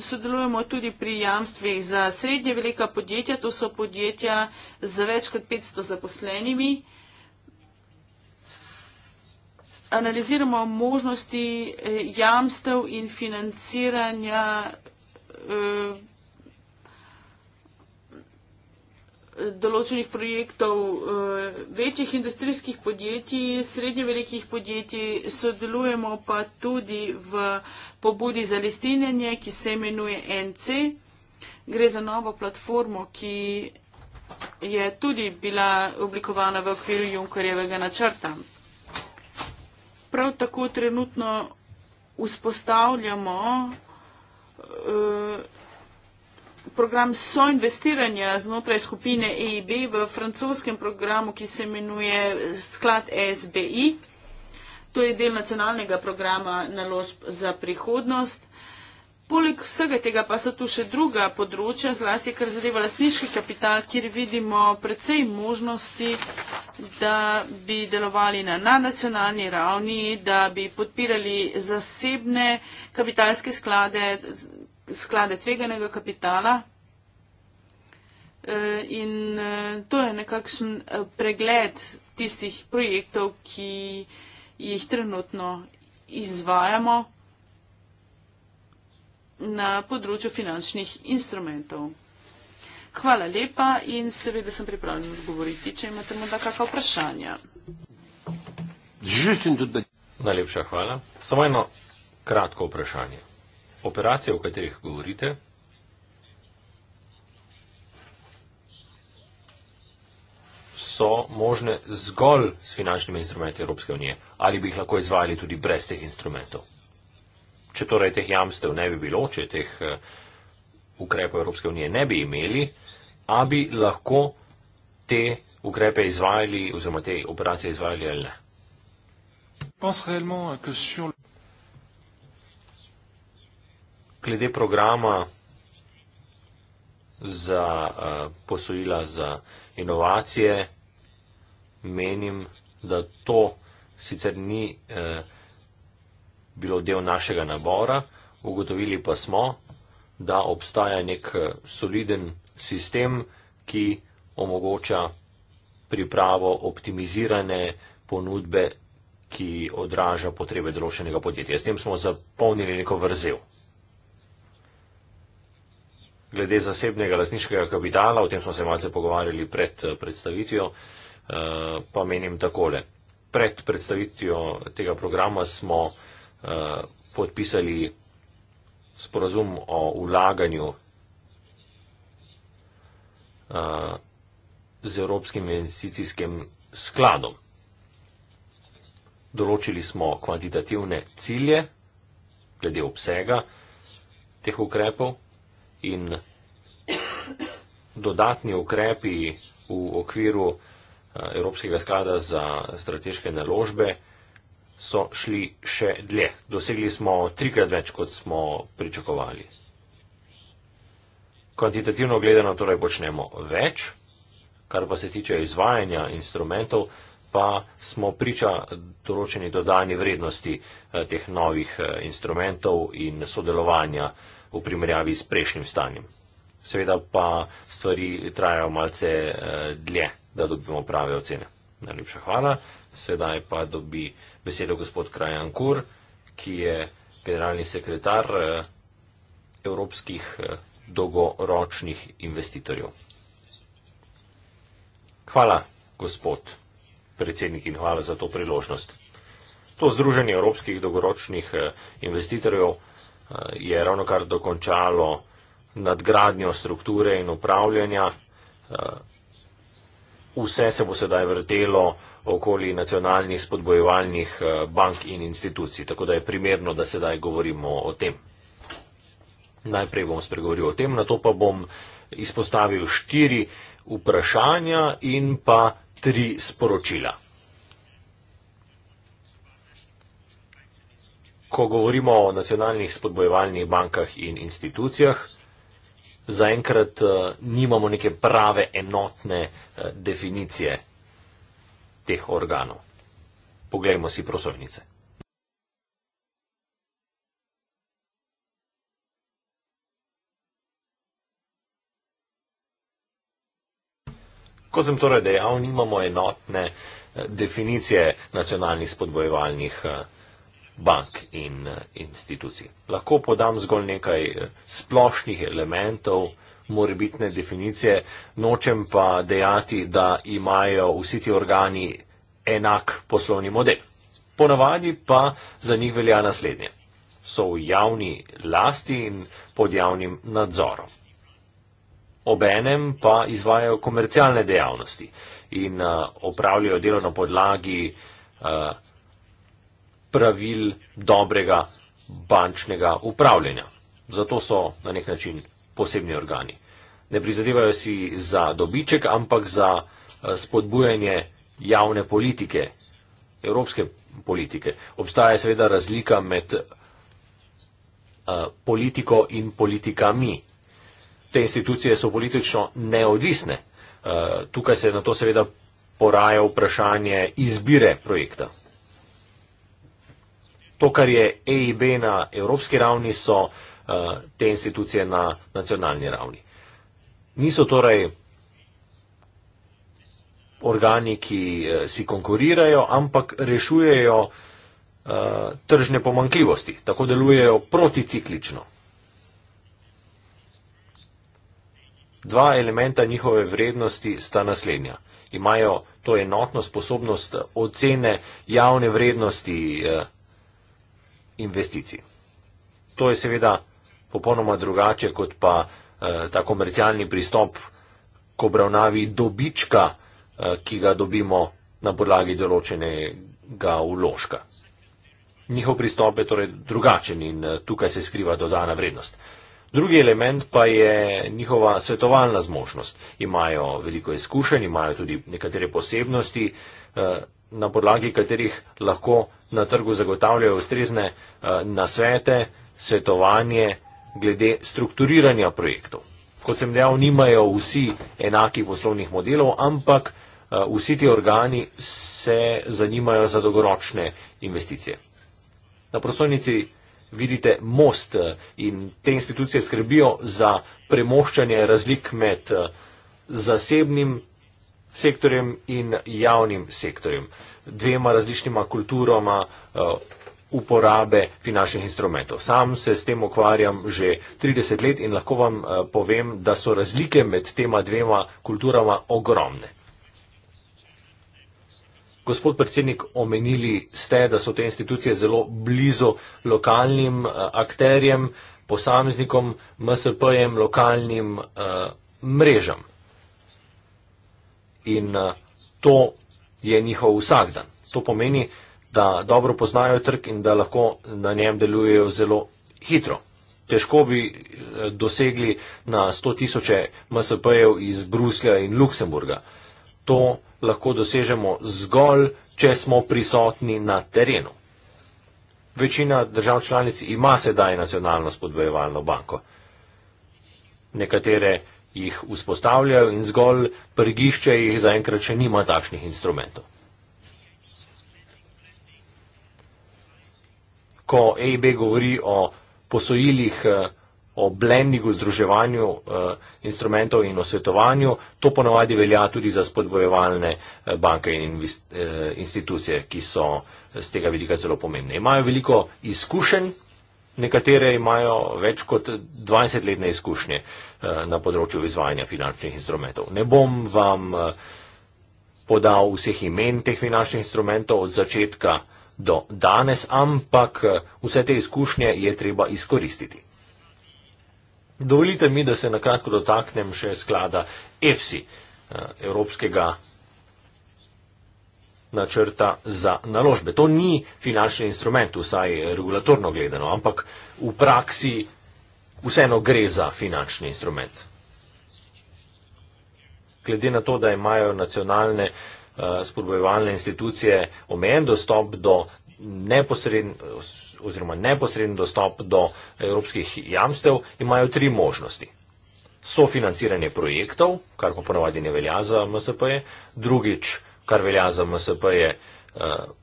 sodelujemo tudi pri jamstvih za srednje velika podjetja, to so podjetja z več kot 500 zaposlenimi. Analiziramo možnosti eh, jamstev in financiranja. Eh, določenih projektov eh, večjih industrijskih podjetij, srednje velikih podjetij, sodelujemo pa tudi v pobudi za listinjanje, ki se imenuje NC. Gre za novo platformo, ki je tudi bila oblikovana v okviru Junkarjevega načrta. Prav tako trenutno vzpostavljamo eh, program soinvestiranja znotraj skupine EIB v francoskem programu, ki se imenuje sklad SBI. To je del nacionalnega programa naložb za prihodnost. Poleg vsega tega pa so tu še druga področja, zlasti kar zadeva lastniški kapital, kjer vidimo precej možnosti, da bi delovali na nacionalni ravni, da bi podpirali zasebne kapitalske sklade, sklade tveganega kapitala. Eh, in eh, to je nekakšen eh, pregled tistih projektov, ki jih trenutno izvajamo na področju finančnih instrumentov. Hvala lepa in seveda sem pripravljen odgovoriti, če imate morda kakšna vprašanja. Najlepša hvala. Samo eno kratko vprašanje operacije, o katerih govorite, so možne zgolj s finančnimi instrumenti Evropske unije ali bi jih lahko izvajali tudi brez teh instrumentov. Če torej teh jamstev ne bi bilo, če teh eh, ukrepov Evropske unije ne bi imeli, a bi lahko te ukrepe izvajali oziroma te operacije izvajali ali ne. Pense réellement que sur le... glede programa za uh, posojila za inovacije, menim, da to sicer ni uh, bilo del našega nabora, ugotovili pa smo, da obstaja nek eh, soliden sistem, ki omogoča pripravo optimizirane ponudbe, ki odraža potrebe določenega podjetja. S tem smo zapolnili neko vrzel glede zasebnega lasniškega kapitala, o tem smo se malce pogovarjali pred eh, predstavitvijo, eh, pa menim takole. Pred predstavitvijo tega programa smo eh, podpisali sporazum o vlaganju z Evropskim investicijskim skladom. Določili smo kvantitativne cilje glede obsega teh ukrepov in dodatni ukrepi v okviru eh, Evropskega sklada za strateške naložbe so šli še dlje. Dosegli smo trikrat več, kot smo pričakovali. Kvantitativno gledano torej počnemo več, kar pa se tiče izvajanja instrumentov, pa smo priča določeni dodani vrednosti eh, teh novih eh, instrumentov in sodelovanja v primerjavi s prejšnjim stanjem. Seveda pa stvari trajajo malce uh, dlje, da dobimo prave ocene. Najlepša hvala. Sedaj pa dobi besedo gospod Krajan Kur, ki je generalni sekretar uh, evropskih uh, dolgoročnih investitorjev. Hvala, gospod predsednik, in hvala za to priložnost. To Združenje evropskih dolgoročnih uh, investitorjev je ravno kar dokončalo nadgradnjo strukture in upravljanja. Eh, vse se bo sedaj vrtelo okoli nacionalnih spodbojevalnih eh, bank in institucij, tako da je primerno, da sedaj govorimo o tem. Najprej bom spregovoril o tem, na to pa bom izpostavil štiri vprašanja in pa tri sporočila. Ko govorimo o nacionalnih spodbojevalnih bankah in institucijah, zaenkrat eh, nimamo neke prave enotne eh, definicije teh organov. Poglejmo si prosojnice. Ko sem torej dejal, nimamo enotne eh, definicije nacionalnih spodbojevalnih bank in eh, institucij. Lahko podam zgolj nekaj eh, splošnih elementov, morebitne definicije, nočem pa dejati, da imajo vsi ti organi enak poslovni model. Ponavadi pa za njih velja naslednje. So v javni lasti in pod javnim nadzorom. Obenem pa izvajajo komercialne dejavnosti in eh, opravljajo delo na podlagi pravil dobrega bančnega upravljanja. Zato so na nek način posebni organi. Ne prizadevajo si za dobiček, ampak za eh, spodbujanje javne politike, evropske politike. Obstaja seveda razlika med eh, politiko in politikami. Te institucije so politično neodvisne. Eh, tukaj se na to seveda poraja vprašanje izbire projekta to, kar je EIB na evropski ravni, so uh, te institucije na nacionalni ravni. Niso torej organi, ki uh, si konkurirajo, ampak rešujejo uh, tržne pomankljivosti, tako delujejo proticiklično. Dva elementa njihove vrednosti sta naslednja. Imajo to enotno sposobnost ocene javne vrednosti investicij. To je seveda popolnoma drugače kot pa eh, ta komercialni pristop k obravnavi dobička, eh, ki ga dobimo na podlagi določenega uložka. Njihov pristop je torej drugačen in eh, tukaj se skriva dodana vrednost. Drugi element pa je njihova svetovalna zmožnost. Imajo veliko izkušenj, imajo tudi nekatere posebnosti, na podlagi katerih lahko na trgu zagotavljajo ustrezne eh, nasvete, svetovanje glede strukturiranja projektov. Kot sem dejal, nimajo vsi enakih poslovnih modelov, ampak eh, vsi ti organi se zanimajo za dolgoročne investicije. Na prosojnici vidite most eh, in te institucije skrbijo za premoščanje razlik med zasebnim sektorjem in javnim sektorjem, dvema različnima kulturama eh, uporabe finančnih instrumentov. Sam se s tem ukvarjam že 30 let in lahko vam eh, povem, da so razlike med tema dvema kulturama ogromne. Gospod predsednik, omenili ste, da so te institucije zelo blizu lokalnim eh, akterjem, posameznikom, MSP-jem, lokalnim uh, mrežam in eh, to je njihov vsakdan. To pomeni, da dobro poznajo trg in da lahko na njem delujejo zelo hitro. Težko bi eh, dosegli na 100 tisoče MSP-jev iz Bruslja in Luksemburga. To lahko dosežemo zgolj, če smo prisotni na terenu. Večina držav članic ima sedaj nacionalno spodbojevalno banko. Nekatere jih vzpostavljajo in zgolj prigišče jih zaenkrat še nima takšnih instrumentov. Ko AB e govori o posojilih, eh, o blendingu, združevanju eh, instrumentov in o svetovanju, to ponavadi velja tudi za spodbojevalne eh, banke in institucije, ki so z tega vidika zelo pomembne. Imajo veliko izkušenj nekatere imajo več kot 20-letne izkušnje eh, na področju izvajanja finančnih instrumentov. Ne bom vam eh, podal vseh imen teh finančnih instrumentov od začetka do danes, ampak eh, vse te izkušnje je treba izkoristiti. Dovolite mi, da se nakratko dotaknem še sklada EFSI, Evropskega načrta za naložbe. To ni finančni instrument, vsaj regulatorno gledano, ampak v praksi vseeno gre za finančni instrument. Glede na to, da imajo nacionalne uh, eh, spodbojevalne institucije omejen dostop do neposreden oziroma neposreden dostop do evropskih jamstev, imajo tri možnosti. Sofinanciranje projektov, kar pa ponovadi ne velja za MSP, drugič uh, kar velja za MSP, je eh,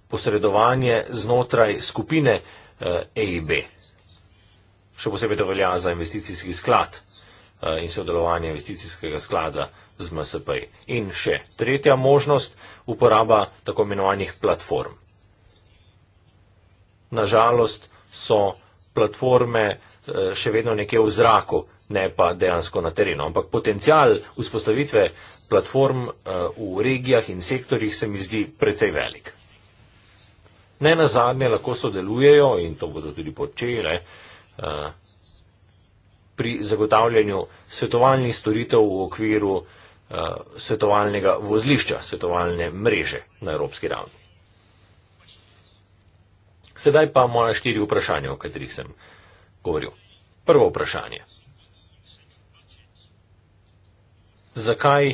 posredovanje znotraj skupine EIB. Eh, e še posebej to velja za investicijski sklad eh, in sodelovanje investicijskega sklada z MSP. In še tretja možnost uporaba tako imenovanih platform. Nažalost so platforme še vedno nekje v zraku, ne pa dejansko na terenu. Ampak potencial vzpostavitve platform eh, v regijah in sektorjih se mi zdi precej velik. Ne na zadnje lahko sodelujejo in to bodo tudi počele eh, pri zagotavljanju svetovalnih storitev v okviru eh, svetovalnega vozlišča, svetovalne mreže na evropski ravni. Sedaj pa moja štiri vprašanja, o katerih sem govoril. Prvo vprašanje. Zakaj?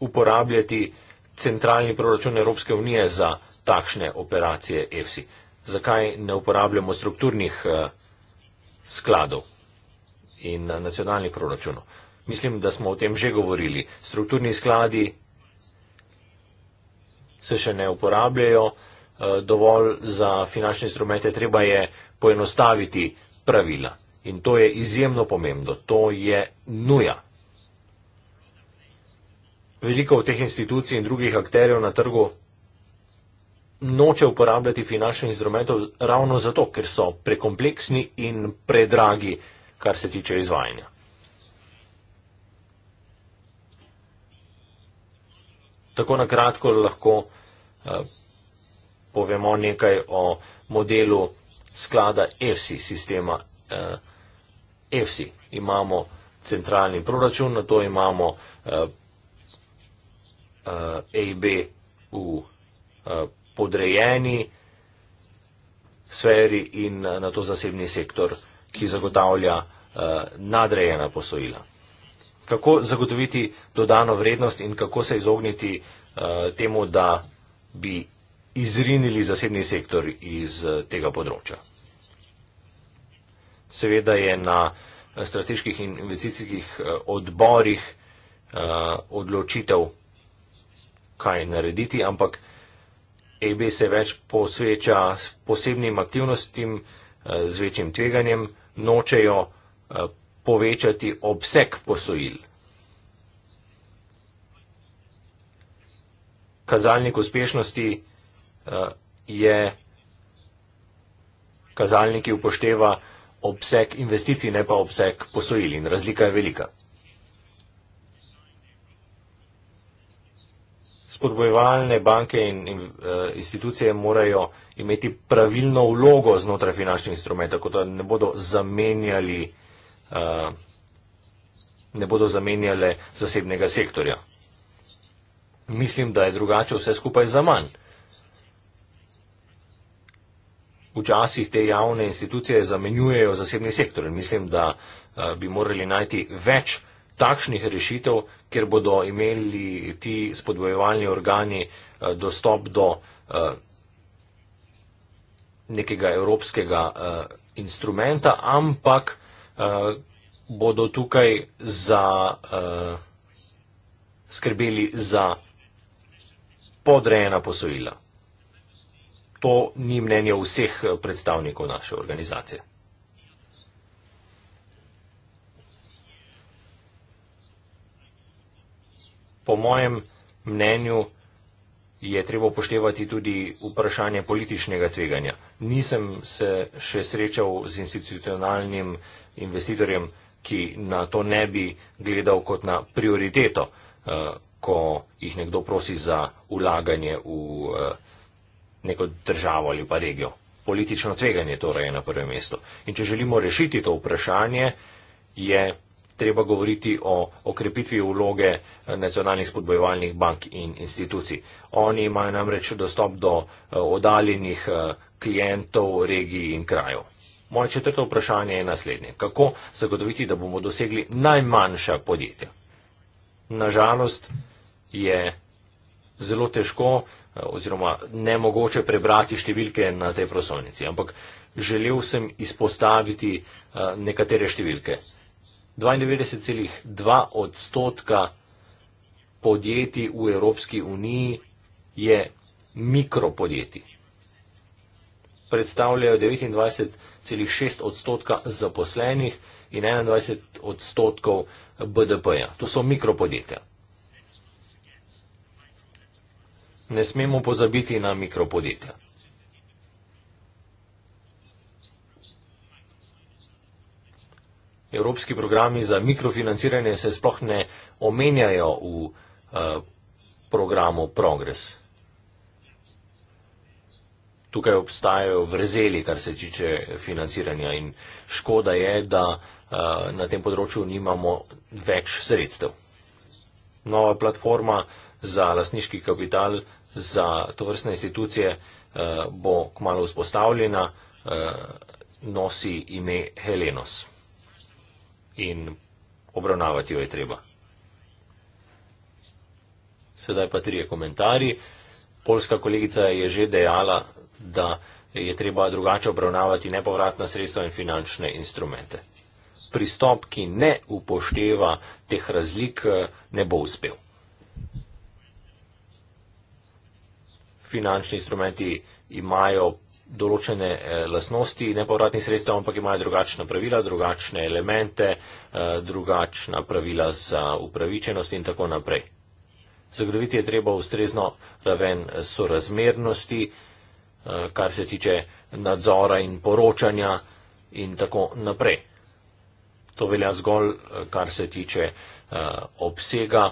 uporabljati centralni proračun Evropske unije za takšne operacije EFSI? Zakaj ne uporabljamo strukturnih eh, skladov in eh, nacionalnih proračunov? Mislim, da smo o tem že govorili. Strukturni skladi se še ne uporabljajo eh, dovolj za finančne instrumente, treba je poenostaviti pravila. In to je izjemno pomembno, to je nuja veliko teh institucij in drugih akterjev na trgu noče uporabljati finančnih instrumentov ravno zato, ker so prekompleksni in predragi, kar se tiče izvajanja. Tako na kratko lahko eh, povemo nekaj o modelu sklada EFSI, sistema EFSI. Eh, imamo centralni proračun, na to imamo eh, uh, eh, AB v uh, eh, podrejeni sferi in eh, na to zasebni sektor, ki zagotavlja uh, nadrejena posojila. Kako zagotoviti dodano vrednost in kako se izogniti uh, temu, da bi izrinili zasebni sektor iz uh, tega področja? Seveda je na strateških in investicijskih odborih odločitev kaj narediti, ampak EB se več posveča posebnim aktivnostim eh, z večjim tveganjem, nočejo eh, povečati obseg posojil. Kazalnik uspešnosti eh, je, kazalnik upošteva obseg investicij, ne pa obseg posojil in razlika je velika. spodbojevalne banke in, in uh, institucije morajo imeti pravilno vlogo znotraj finančnih instrumentov, tako da ne bodo zamenjali, uh, ne bodo zamenjale zasebnega sektorja. Mislim, da je drugače vse skupaj za manj. Včasih te javne institucije zamenjujejo zasebni sektor in mislim, da uh, bi morali najti več takšnih rešitev, kjer bodo imeli ti spodbojevalni organi eh, dostop do eh, nekega evropskega eh, instrumenta, ampak bodo tukaj za, skrbeli za podrejena posojila. To ni mnenje vseh predstavnikov naše organizacije. po mojem mnenju je treba upoštevati tudi vprašanje političnega tveganja. Nisem se še srečal z institucionalnim investitorjem, ki na to ne bi gledal kot na prioriteto, eh, ko jih nekdo prosi za ulaganje v eh, neko državo ali pa regijo. Politično tveganje torej je na prvem mestu. In če želimo rešiti to vprašanje, je treba govoriti o okrepitvi vloge eh, nacionalnih spodbojevalnih bank in institucij. Oni imajo namreč dostop do eh, oddaljenih eh, klientov, regij in krajev. Moje četrto vprašanje je naslednje. Kako zagotoviti, da bomo dosegli najmanjša podjetja? Nažalost je zelo težko oziroma nemogoče prebrati številke na tej prosovnici, ampak želel sem izpostaviti nekatere številke. 92,2 odstotka podjetij v Evropski uniji je mikropodjetij. Predstavljajo 29,6 odstotka zaposlenih in 21 odstotkov BDP-ja. To so mikropodjetja. Ne smemo pozabiti na mikropodjetja. evropski programi za mikrofinanciranje se sploh ne omenjajo v uh, programu Progress. Tukaj obstajajo vrzeli, kar se tiče financiranja in škoda je, da uh, na tem področju nimamo več sredstev. Nova platforma za lasniški kapital za to vrstne institucije uh, bo kmalo vzpostavljena, uh, nosi ime Helenos in obravnavati jo je treba. Sedaj pa trije komentarji. Polska kolegica je že dejala, da je treba drugače obravnavati nepovratna sredstva in finančne instrumente. Pristop, ki ne upošteva teh razlik, ne bo uspel. Finančni instrumenti imajo določene eh, lasnosti nepovratnih sredstev, ampak imajo drugačna pravila, drugačne elemente, eh, drugačna pravila za upravičenost in tako naprej. Zagotoviti je treba ustrezno raven eh, sorazmernosti, kar se tiče nadzora in poročanja in tako naprej. To velja zgolj, kar se tiče obsega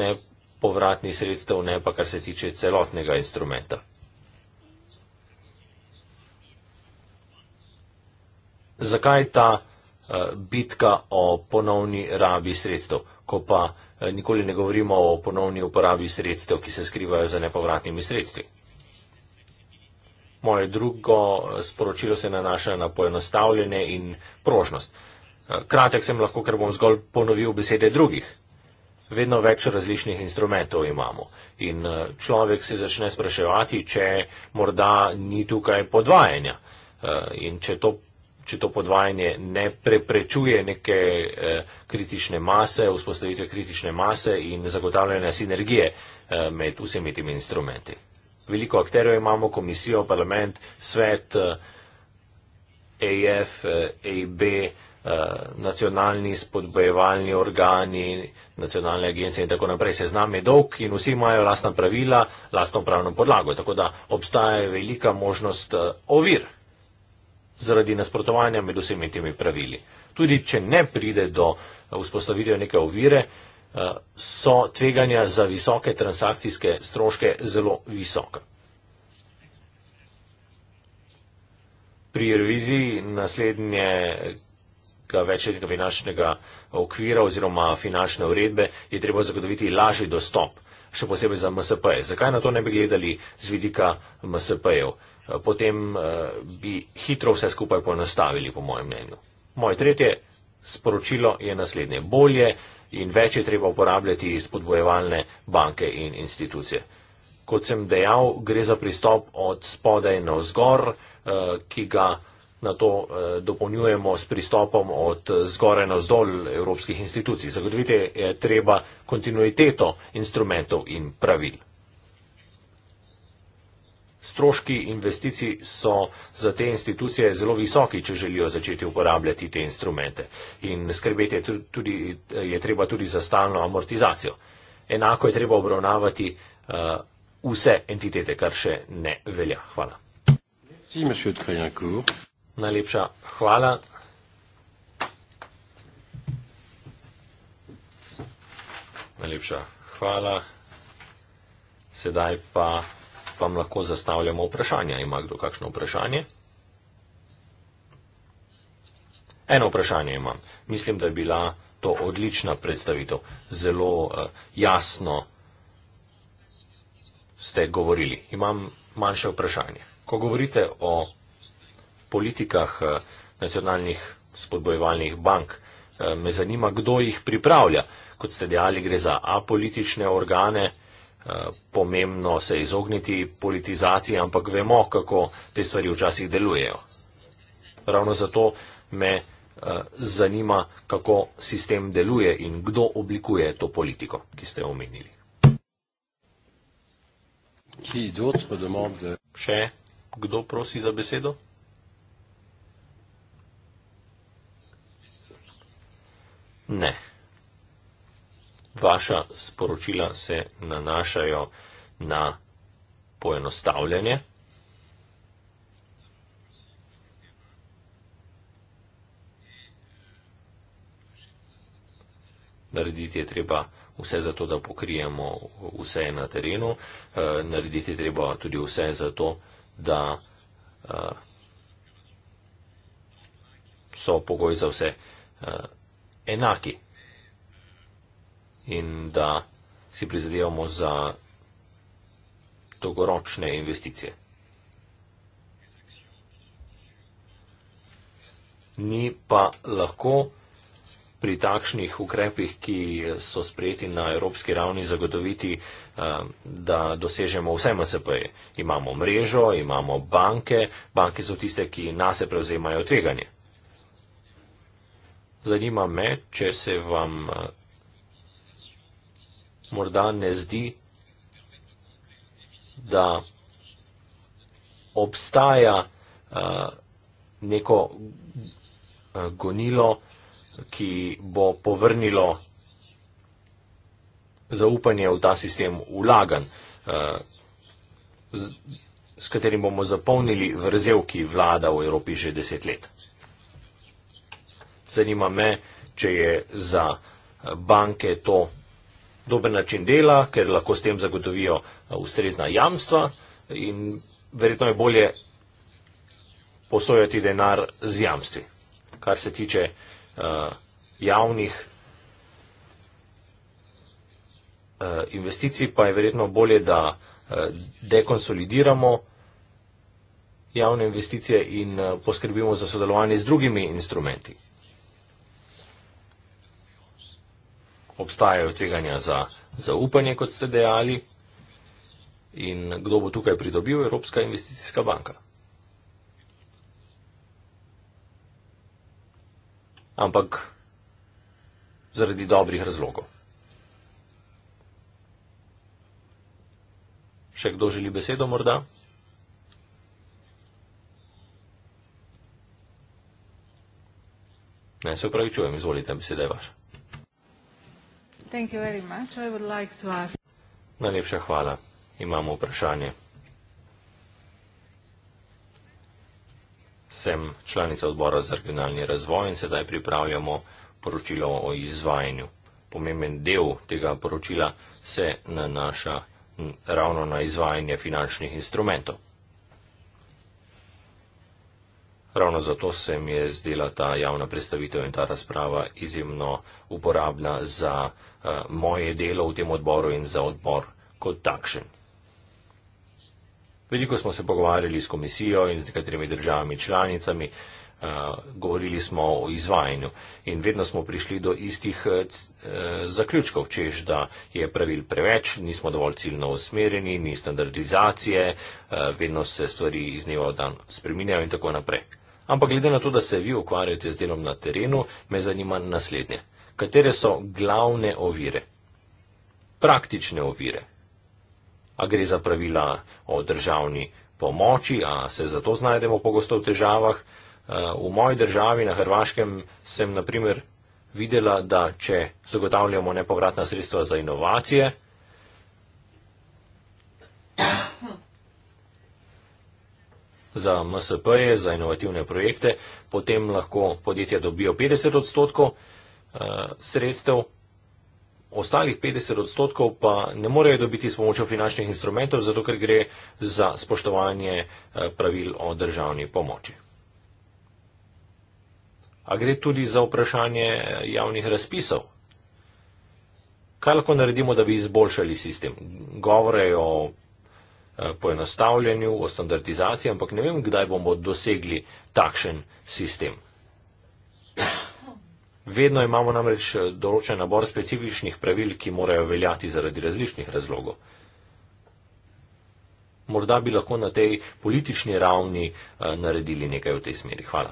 nepovratnih sredstev, ne pa kar se tiče celotnega instrumenta. zakaj ta eh, bitka o ponovni rabi sredstev, ko pa eh, nikoli ne govorimo o ponovni uporabi sredstev, ki se skrivajo za nepovratnimi sredstvi. Moje drugo eh, sporočilo se nanaša na poenostavljene in prožnost. Kratek sem lahko, ker bom zgolj ponovil besede drugih. Vedno več različnih instrumentov imamo in človek se začne spraševati, če morda ni tukaj podvajanja. In če to če to podvajanje ne preprečuje neke eh, kritične mase, vzpostavitve kritične mase in zagotavljanja sinergije eh, med vsemi temi instrumenti. Veliko akterjev imamo, komisijo, parlament, svet, eh, AF, AB, nacionalni spodbojevalni organi, nacionalne agencije in tako naprej. Se znam je dolg in vsi imajo lastna pravila, lastno pravno podlago. Tako da obstaja velika možnost ovir zaradi nasprotovanja med vsemi temi pravili. Tudi če ne pride do eh, vzpostavitve neke ovire, eh, so tveganja za visoke transakcijske stroške zelo visoka. Pri reviziji naslednjega večletnega finančnega okvira oziroma finančne uredbe je treba zagotoviti lažji dostop, še posebej za MSP. -je. Zakaj na to ne bi gledali z vidika MSP-jev? potem eh, bi hitro vse skupaj poenostavili, po mojem mnenju. Moje tretje sporočilo je naslednje. Bolje in več je treba uporabljati spodbojevalne banke in institucije. Kot sem dejal, gre za pristop od spodaj na vzgor, eh, ki ga na to eh, dopolnjujemo s pristopom od zgoraj na vzdolj evropskih institucij. Zagotoviti je treba kontinuiteto instrumentov in pravil stroški investicij so za te institucije zelo visoki, če želijo začeti uporabljati te instrumente. In skrbeti je, tudi, je treba tudi za stalno amortizacijo. Enako je treba obravnavati uh, vse entitete, kar še ne velja. Hvala. Najlepša hvala. Najlepša hvala. Sedaj pa vam lahko zastavljamo vprašanja. Ima kdo kakšno vprašanje? Eno vprašanje imam. Mislim, da je bila to odlična predstavitev. Zelo uh, jasno ste govorili. Imam manjše vprašanje. Ko govorite o politikah uh, nacionalnih spodbojevalnih bank, uh, me zanima, kdo jih pripravlja. Kot ste dejali, gre za apolitične organe, uh, pomembno se izogniti politizaciji, ampak vemo, kako te stvari včasih delujejo. Ravno zato me eh, zanima, kako sistem deluje in kdo oblikuje to politiko, ki ste omenili. Še kdo prosi za besedo? Ne vaša sporočila se nanašajo na poenostavljanje. Narediti je treba vse za to, da pokrijemo vse na terenu, eh, narediti je treba tudi vse za to, da eh, so pogoji za vse eh, enaki in da si prizadevamo za dolgoročne investicije. Ni pa lahko pri takšnih ukrepih, ki so sprejeti na evropski ravni, zagotoviti, eh, da dosežemo vse MSP-je. Imamo mrežo, imamo banke, banke so tiste, ki nase prevzemajo tveganje. Zanima me, če se vam eh, morda ne zdi, da obstaja uh, neko uh, gonilo, ki bo povrnilo zaupanje v ta sistem vlagan, uh, eh, z, s katerim bomo zapolnili vrzel, ki vlada v Evropi že deset let. Zanima me, če je za banke to dober način dela, ker lahko s tem zagotovijo uh, ustrezna jamstva in verjetno je bolje posojati denar z jamstvi. Kar se tiče uh, javnih uh, investicij, pa je verjetno bolje, da uh, dekonsolidiramo javne investicije in uh, poskrbimo za sodelovanje z drugimi instrumenti. obstajajo tveganja za zaupanje, kot ste dejali, in kdo bo tukaj pridobil Evropska investicijska banka. Ampak zaradi dobrih razlogov. Še kdo želi besedo morda? Ne se upravičujem, izvolite, beseda je vaša. Najlepša hvala. Imamo vprašanje. Sem članica odbora za regionalni razvoj in sedaj pripravljamo poročilo o izvajanju. Pomemben del tega poročila se nanaša ravno na izvajanje finančnih instrumentov. Ravno zato se mi je zdela ta javna predstavitev in ta razprava izjemno uporabna za uh, moje delo v tem odboru in za odbor kot takšen. Veliko smo se pogovarjali s komisijo in z nekaterimi državami članicami, uh, govorili smo o izvajanju in vedno smo prišli do istih uh, zaključkov, čež da je pravil preveč, nismo dovolj ciljno usmerjeni, ni standardizacije, uh, vedno se stvari iz dneva v dan spreminjajo in tako naprej. Ampak glede na to, da se vi ukvarjate z delom na terenu, me zanima naslednje. Katere so glavne ovire? Praktične ovire. A gre za pravila o državni pomoči, a se zato znajdemo pogosto v težavah. Eh, v moji državi na Hrvaškem sem naprimer videla, da če zagotavljamo nepovratna sredstva za inovacije, za MSP-je, za inovativne projekte, potem lahko podjetja dobijo 50 odstotkov eh, sredstev, ostalih 50 odstotkov pa ne morejo dobiti s pomočjo finančnih instrumentov, zato ker gre za spoštovanje eh, pravil o državni pomoči. A gre tudi za vprašanje eh, javnih razpisov? Kaj lahko naredimo, da bi izboljšali sistem? Govore o Eh, poenostavljanju, o standardizaciji, ampak ne vem, kdaj bomo dosegli takšen sistem. Vedno imamo namreč eh, določen nabor specifičnih pravil, ki morajo veljati zaradi različnih razlogov. Morda bi lahko na tej politični ravni eh, naredili nekaj v tej smeri. Hvala.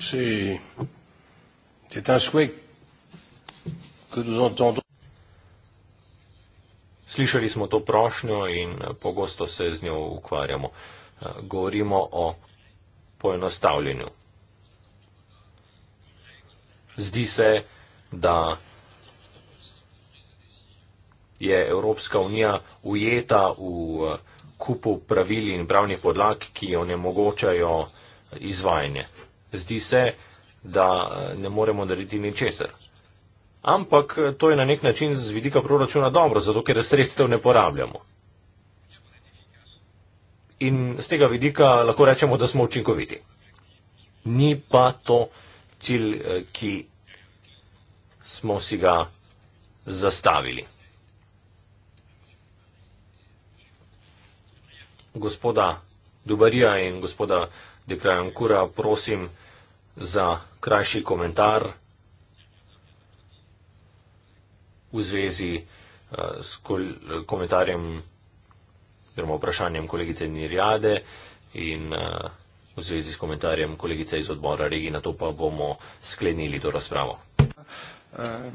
Si, Slišali smo to prošnjo in eh, pogosto se z njo ukvarjamo. Eh, govorimo o poenostavljenju. Zdi se, da je Evropska unija ujeta v eh, kupu pravil in pravnih podlag, ki onemogočajo izvajanje. Zdi se, da ne moremo narediti ničesar ampak eh, to je na nek način z vidika proračuna dobro, zato ker sredstev ne porabljamo. In z tega vidika lahko rečemo, da smo učinkoviti. Ni pa to cilj, eh, ki smo si ga zastavili. Gospoda Dubarija in gospoda Dekrajankura, prosim za krajši komentar v zvezi eh, s komentarjem oziroma vprašanjem kolegice Nirjade in eh, v zvezi s komentarjem kolegice iz odbora regi, na to pa bomo sklenili to razpravo. Eh,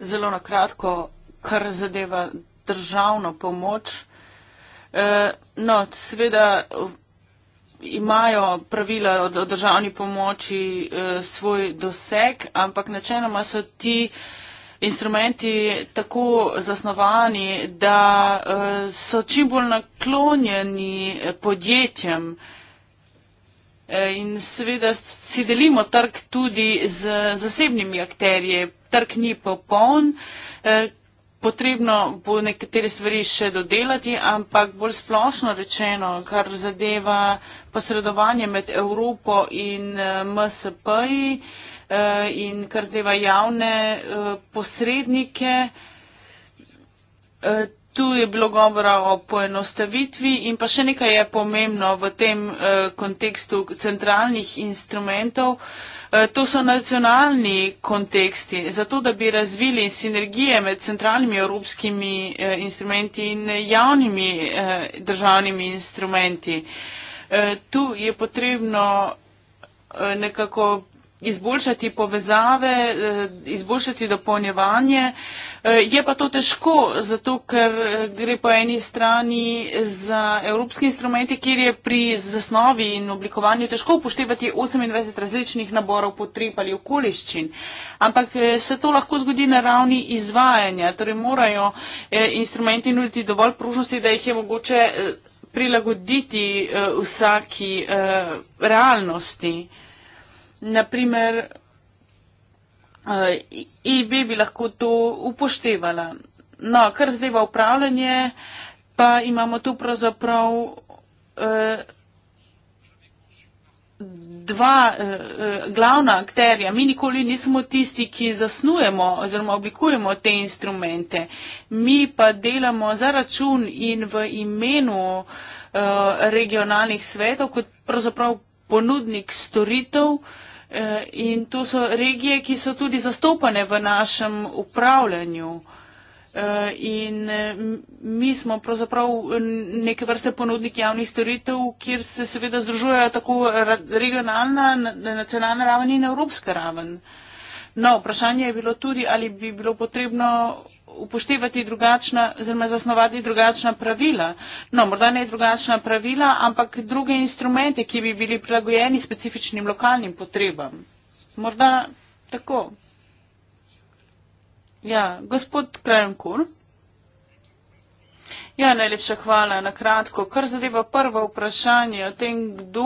Zelo na kratko, kar zadeva državno pomoč. No, sveda imajo pravila o, o državni pomoči eh, svoj doseg, ampak načeloma so ti instrumenti tako zasnovani, da eh, so čim bolj naklonjeni eh, podjetjem. Eh, in seveda si delimo trg tudi z zasebnimi akterji. Trg ni popoln, eh, Potrebno bo nekatere stvari še dodelati, ampak bolj splošno rečeno, kar zadeva posredovanje med Evropo in eh, MSP-ji eh, in kar zadeva javne eh, posrednike, tu je bilo govora o poenostavitvi in pa še nekaj je pomembno v tem kontekstu centralnih instrumentov. Eh, to so nacionalni konteksti, zato da bi razvili sinergije med centralnimi evropskimi eh, instrumenti in javnimi eh, državnimi instrumenti. Tu je potrebno nekako izboljšati povezave, izboljšati dopolnjevanje. Eh, je pa to težko, zato ker eh, gre po eni strani za evropske instrumente, kjer je pri zasnovi in oblikovanju težko upoštevati 28 različnih naborov potreb ali okoliščin. Ampak eh, se to lahko zgodi na ravni izvajanja, torej morajo instrumenti nuditi dovolj pružnosti, da jih je mogoče prilagoditi vsaki realnosti. Naprimer, uh, in bi, bi lahko to upoštevala. No, kar zdaj v upravljanje, pa imamo tu pravzaprav uh, dva uh, glavna akterja. Mi nikoli nismo tisti, ki zasnujemo oziroma oblikujemo te instrumente. Mi pa delamo za račun in v imenu uh, regionalnih svetov kot pravzaprav ponudnik storitev. Uh, Eh, in to so regije, ki so tudi zastopane v našem upravljanju. Eh, in eh, mi smo pravzaprav neke vrste ponudnik javnih storitev, kjer se seveda združujejo tako regionalna, nacionalna raven in evropska raven. No, vprašanje je bilo tudi, ali bi bilo potrebno upoštevati drugačna, oziroma zasnovati drugačna pravila. No, morda ne drugačna pravila, ampak druge instrumente, ki bi bili prilagojeni specifičnim lokalnim potrebam. Morda tako. Ja, gospod Krajankur. Ja, najlepša hvala na kratko. Kar zadeva prvo vprašanje o tem, kdo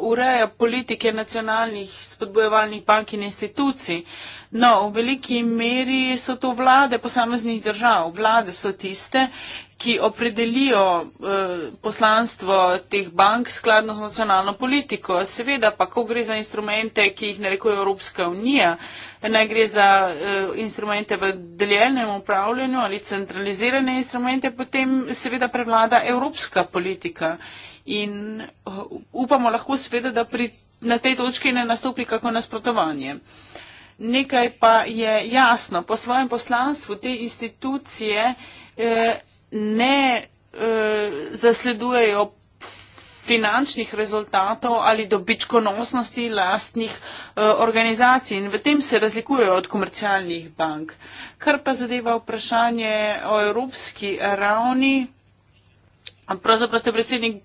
ureja politike nacionalnih spodbojevalnih bank in institucij. No, v veliki meri so to vlade posameznih držav. Vlade so tiste, ki opredelijo eh, poslanstvo teh bank skladno z nacionalno politiko. Seveda pa, ko gre za instrumente, ki jih narekuje Evropska unija, naj gre za eh, instrumente v deljenem upravljanju ali centralizirane instrumente, potem seveda prevlada evropska politika in uh, upamo lahko seveda, da pri, na tej točki ne nastopi kako nasprotovanje. Nekaj pa je jasno, po svojem poslanstvu te institucije eh, ne eh, zasledujejo finančnih rezultatov ali dobičkonosnosti lastnih eh, organizacij in v tem se razlikujejo od komercialnih bank. Kar pa zadeva vprašanje o evropski ravni, pravzaprav ste predsednik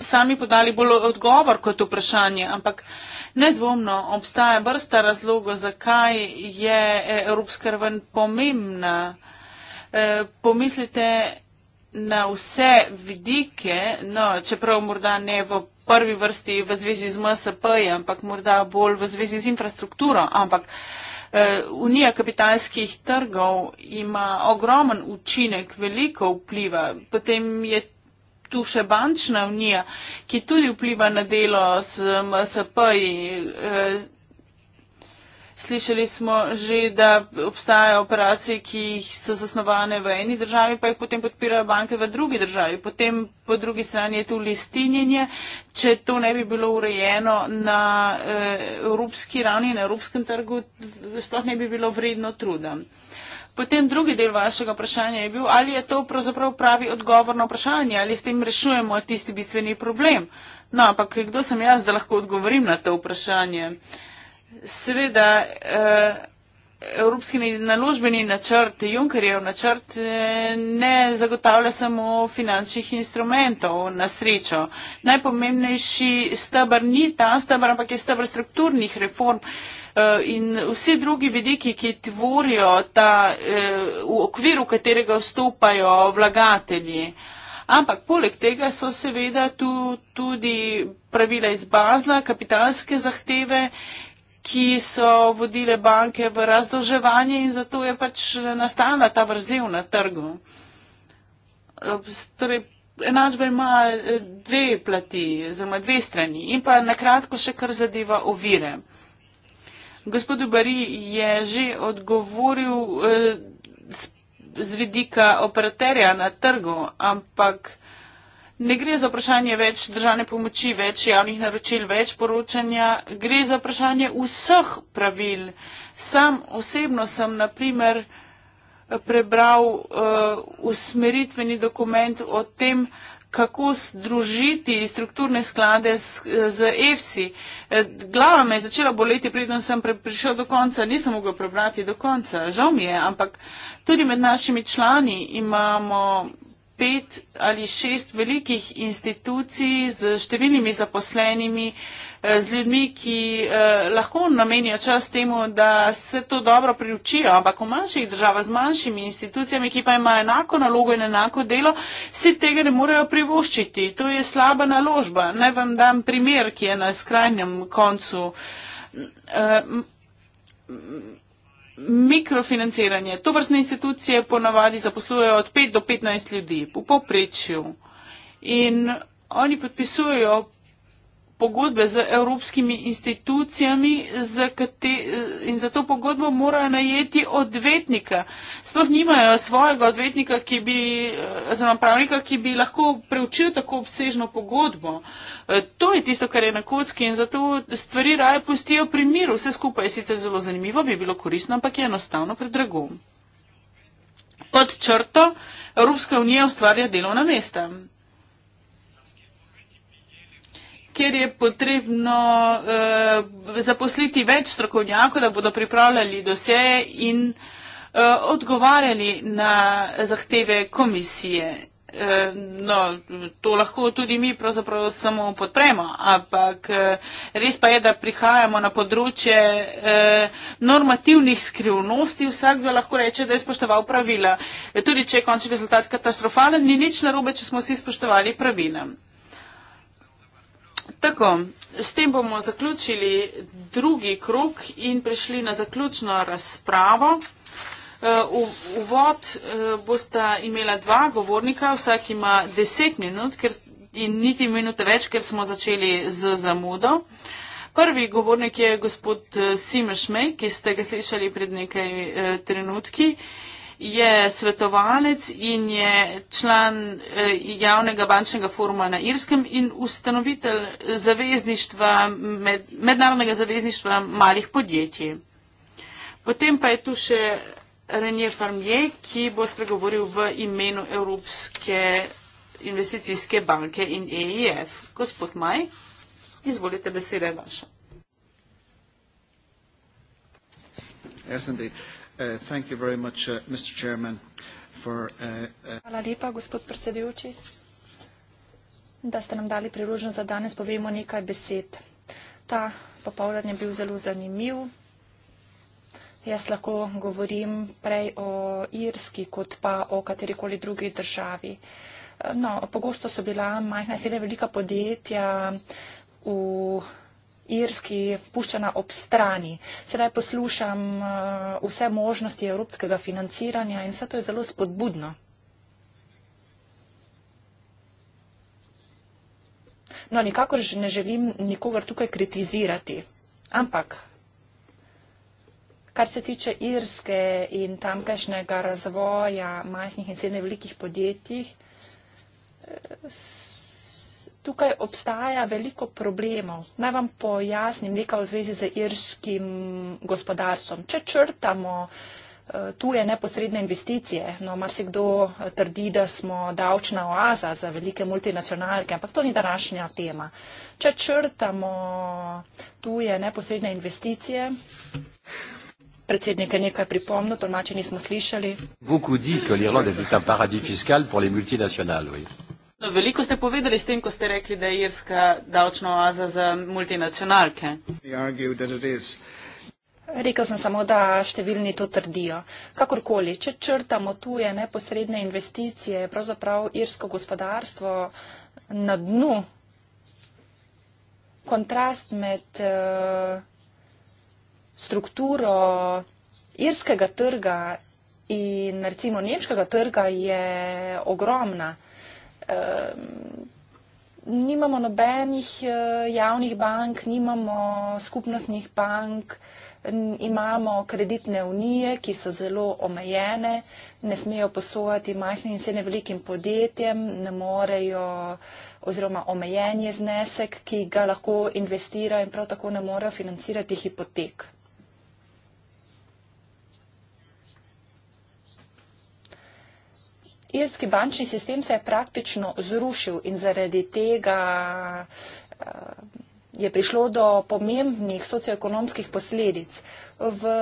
sami podali bolj odgovor kot vprašanje, ampak nedvomno obstaja vrsta razlogov, zakaj je e, Evropska raven pomembna. E, pomislite na vse vidike, no, čeprav morda ne v prvi vrsti v zvezi z MSP, ampak morda bolj v zvezi z infrastrukturo, ampak e, Unija kapitalskih trgov ima ogromen učinek, veliko vpliva. Potem je tu še bančna unija, ki tudi vpliva na delo s MSP-ji. Eh, slišali smo že, da obstajajo operacije, ki so zasnovane v eni državi, pa jih potem podpirajo banke v drugi državi. Potem po drugi strani je tu listinjenje. Če to ne bi bilo urejeno na eh, evropski ravni, na evropskem trgu, sploh ne bi bilo vredno truda. Potem drugi del vašega vprašanja je bil, ali je to pravzaprav pravi odgovor na vprašanje, ali s tem rešujemo tisti bistveni problem. No, ampak kdo sem jaz, da lahko odgovorim na to vprašanje? Seveda, eh, Evropski naložbeni načrt, Junkerjev načrt eh, ne zagotavlja samo finančnih instrumentov na srečo. Najpomembnejši stebr ni ta stebr, ampak je stebr strukturnih reform. Eh, in vsi drugi vidiki, ki tvorijo ta eh, v okviru, v katerega vstopajo vlagatelji. Ampak poleg tega so seveda tu tudi pravila iz Bazla, kapitalske zahteve, ki so vodile banke v razdoževanje in zato je pač nastala ta vrzel na trgu. Eh, torej, enačba ima dve plati, zelo dve strani in pa nakratko še kar zadeva ovire. Gospod Bari je že odgovoril z, eh, z vidika operaterja na trgu, ampak ne gre za vprašanje več državne pomoči, več javnih naročil, več poročanja, gre za vprašanje vseh pravil. Sam osebno sem naprimer prebral uh, usmeritveni dokument o tem, kako združiti strukturne sklade z, z EFSI. E, glava me je začela boleti, preden sem prišel do konca, nisem mogel prebrati do konca. Žal mi je, ampak tudi med našimi člani imamo pet ali šest velikih institucij z številnimi zaposlenimi, Eh, z ljudmi, ki eh, lahko namenijo čas temu, da se to dobro priučijo, ampak v manjših državah z manjšimi institucijami, ki pa imajo enako nalogo in enako delo, si tega ne morejo privoščiti. To je slaba naložba. Naj vam dam primer, ki je na skrajnem koncu. Eh, mikrofinanciranje. To vrstne institucije ponavadi zaposlujejo od 5 do 15 ljudi v poprečju. In oni podpisujejo pogodbe z evropskimi institucijami kate, in za to pogodbo morajo najeti odvetnika. Sploh nimajo svojega odvetnika, ki bi, oziroma pravnika, ki bi lahko preučil tako obsežno pogodbo. E, to je tisto, kar je na kocki in zato stvari raje pustijo pri miru. Vse skupaj je sicer zelo zanimivo, bi bilo koristno, ampak je enostavno predrago. Pod črto Evropska unija ustvarja delovna mesta kjer je potrebno uh, zaposliti več strokovnjakov, da bodo pripravljali doseje in uh, odgovarjali na zahteve komisije. Uh, no, to lahko tudi mi pravzaprav samo podpremo, ampak uh, res pa je, da prihajamo na področje uh, normativnih skrivnosti. Vsak bi lahko reče, da je spoštoval pravila. Tudi če je končni rezultat katastrofalen, ni nič narobe, če smo vsi spoštovali pravila. Tako, s tem bomo zaključili drugi krok in prišli na zaključno razpravo. Eh, uvod eh, bosta imela dva govornika, vsak ima deset minut ker, in niti minute več, ker smo začeli z zamudo. Prvi govornik je gospod eh, Simeš Mej, ki ste ga slišali pred nekaj trenutki je svetovalec in je član eh, javnega bančnega foruma na Irskem in ustanovitelj zavezništva, med, mednarodnega zavezništva malih podjetij. Potem pa je tu še Renier Farmier, ki bo spregovoril v imenu Evropske investicijske banke in EIF. Gospod Maj, izvolite, beseda je vaša. Jaz sem bil. Uh, thank you very much, uh, Mr. Chairman, for... Uh, Hvala lepa, gospod predsedujoči, da ste nam dali priložnost, da danes povemo nekaj besed. Ta popovdan je bil zelo zanimiv. Jaz lahko govorim prej o Irski, kot pa o katerikoli drugi državi. No, pogosto so bila majhna sede velika podjetja v Irski, Irski puščena ob strani. Sedaj poslušam eh, vse možnosti evropskega financiranja in vse to je zelo spodbudno. No, nikakor že ne želim nikogar tukaj kritizirati, ampak kar se tiče Irske in tamkajšnjega razvoja majhnih in srednje velikih podjetij, eh, tukaj obstaja veliko problemov. Naj vam pojasnim nekaj v zvezi z irskim gospodarstvom. Če črtamo eh, tuje neposredne investicije, no marsikdo eh, trdi, da smo davčna oaza za velike multinacionalke, ampak to ni današnja tema. Če črtamo tuje neposredne investicije. Predsednik je nekaj pripomnil, tolmači nismo slišali. Veliko ste povedali s tem, ko ste rekli, da je Irska davčna oaza za multinacionalke. Rekel sem samo, da številni to trdijo. Kakorkoli, če črtamo tuje neposredne investicije, je pravzaprav irsko gospodarstvo na dnu. Kontrast med uh, strukturo irskega trga in recimo nemškega trga je ogromna. Ehm, nimamo nobenih eh, javnih bank, nimamo skupnostnih bank, imamo kreditne unije, ki so zelo omejene, ne smejo posojati majhnim in srednje velikim podjetjem, ne morejo oziroma omejen je znesek, ki ga lahko investira in prav tako ne morejo financirati hipotek. Irski bančni sistem se je praktično zrušil in zaradi tega eh, je prišlo do pomembnih socioekonomskih posledic. V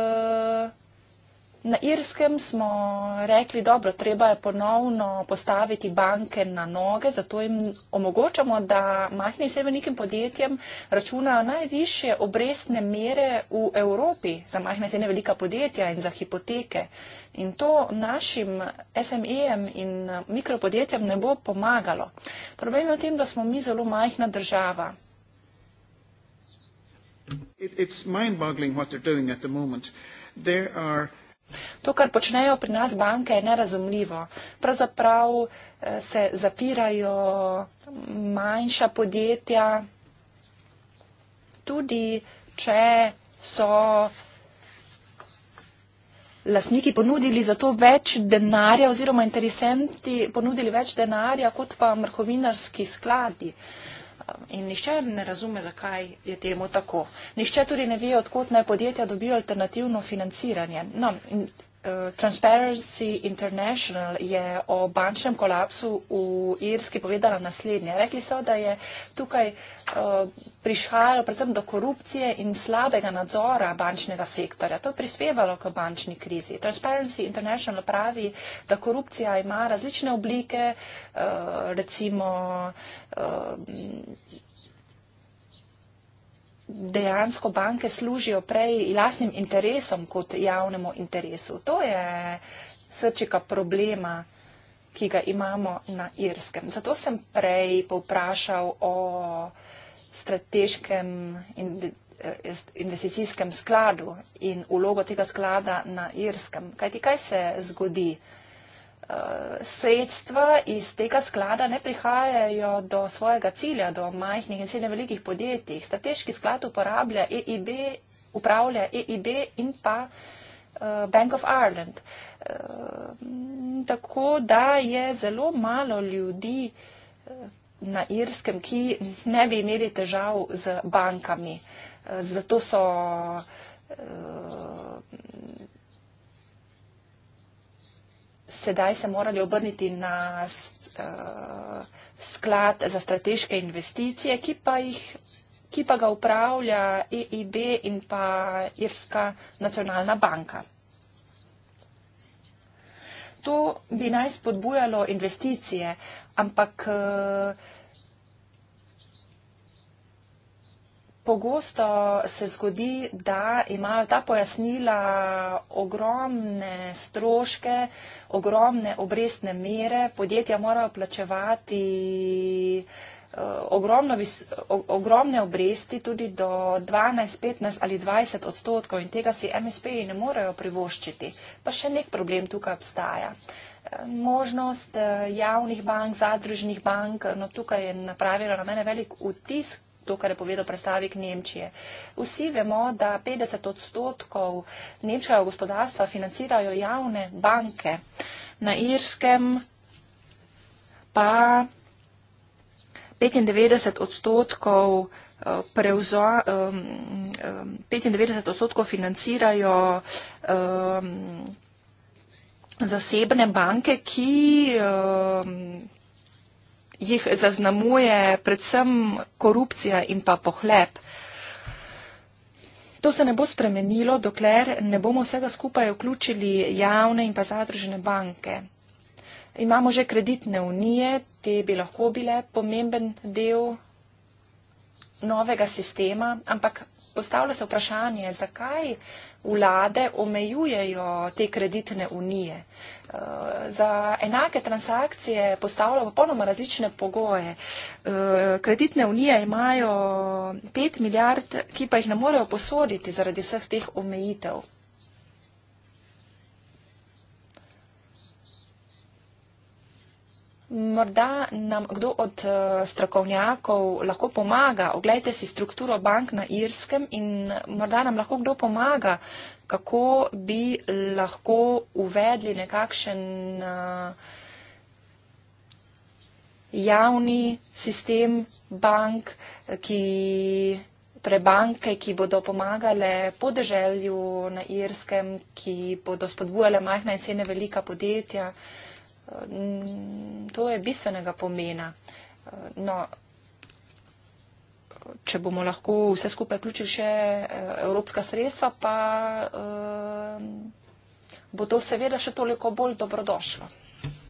Na Irskem smo rekli, dobro, treba je ponovno postaviti banke na noge, zato jim omogočamo, da majhnim srednjim podjetjem računajo najviše obrestne mere v Evropi za majhne srednje velika podjetja in za hipoteke. In to našim SME-jem in mikropodjetjem ne bo pomagalo. Problem je v tem, da smo mi zelo majhna država. It, To, kar počnejo pri nas banke, je nerazumljivo. Pravzaprav eh, se zapirajo manjša podjetja, tudi če so lasniki ponudili za to več denarja oziroma interesenti ponudili več denarja kot pa mrhovinarski skladi. In nišče ne razume, zakaj je temu tako. Nišče tudi ne ve, odkot naj podjetja dobijo alternativno financiranje. No, in Transparency International je o bančnem kolapsu v Irski povedala naslednje. Rekli so, da je tukaj eh, prišlo predvsem do korupcije in slabega nadzora bančnega sektorja. To je prispevalo k bančni krizi. Transparency International pravi, da korupcija ima različne oblike, eh, recimo eh, dejansko banke služijo prej lasnim interesom kot javnemu interesu. To je srčika problema, ki ga imamo na Irskem. Zato sem prej povprašal o strateškem in eh, investicijskem skladu in ulogo tega sklada na Irskem. Kaj ti kaj se zgodi? sredstva iz tega sklada ne prihajajo do svojega cilja, do majhnih in srednje velikih podjetij. Strateški sklad uporablja EIB, upravlja EIB in pa eh, Bank of Ireland. Eh, tako da je zelo malo ljudi eh, na Irskem, ki ne bi imeli težav z bankami. Zato so sedaj se morali obrniti na uh, sklad za strateške investicije, ki pa, jih, ki pa ga upravlja EIB in pa Irska nacionalna banka. To bi naj spodbujalo investicije, ampak uh, Pogosto se zgodi, da imajo ta pojasnila ogromne stroške, ogromne obrestne mere, podjetja morajo plačevati eh, ogromno, ogromne obresti tudi do 12, 15 ali 20 odstotkov in tega si MSP-ji ne morejo privoščiti. Pa še nek problem tukaj obstaja. Eh, možnost eh, javnih bank, zadružnih bank, no tukaj je napravila na mene velik utisk to, kar je povedal predstavnik Nemčije. Vsi vemo, da 50 odstotkov nemškega gospodarstva financirajo javne banke. Na Irskem pa 95 odstotkov, eh, preuzo, 95 odstotkov financirajo zasebne banke, ki jih zaznamuje predvsem korupcija in pa pohleb. To se ne bo spremenilo, dokler ne bomo vsega skupaj vključili javne in pa zadružne banke. Imamo že kreditne unije, te bi lahko bile pomemben del novega sistema, ampak postavlja se vprašanje, zakaj vlade omejujejo te kreditne unije. Eh, za enake transakcije postavlja popolnoma različne pogoje. Eh, kreditne unije imajo 5 milijard, ki pa jih ne morejo posoditi zaradi vseh teh omejitev. Morda nam kdo od eh, strokovnjakov lahko pomaga. Oglejte si strukturo bank na Irskem in morda nam lahko kdo pomaga, kako bi lahko uvedli nekakšen eh, javni sistem bank, ki, torej banke, ki bodo pomagale podeželju na Irskem, ki bodo spodbujale majhna in sene velika podjetja. Eh, to je bistvenega pomena. Eh, no, če bomo lahko vse skupaj vključili še eh, evropska sredstva, pa eh, bo to seveda še toliko bolj dobrodošlo.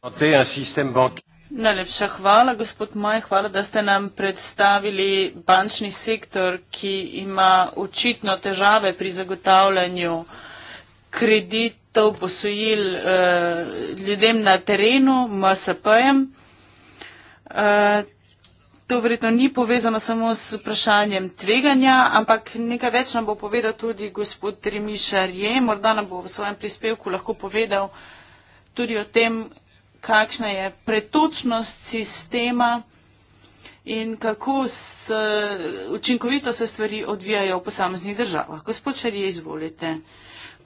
No, Najlepša hvala, gospod Maj, hvala, da ste nam predstavili bančni sektor, ki ima očitno težave pri zagotavljanju kreditov, posojil eh, ljudem na terenu, MSP-jem. Eh, To verjetno ni povezano samo s vprašanjem tveganja, ampak nekaj več nam bo povedal tudi gospod Remišar Je. Morda nam bo v svojem prispevku lahko povedal tudi o tem, kakšna je pretočnost sistema in kako s, učinkovito se stvari odvijajo v posameznih državah. Gospod Šarje, izvolite.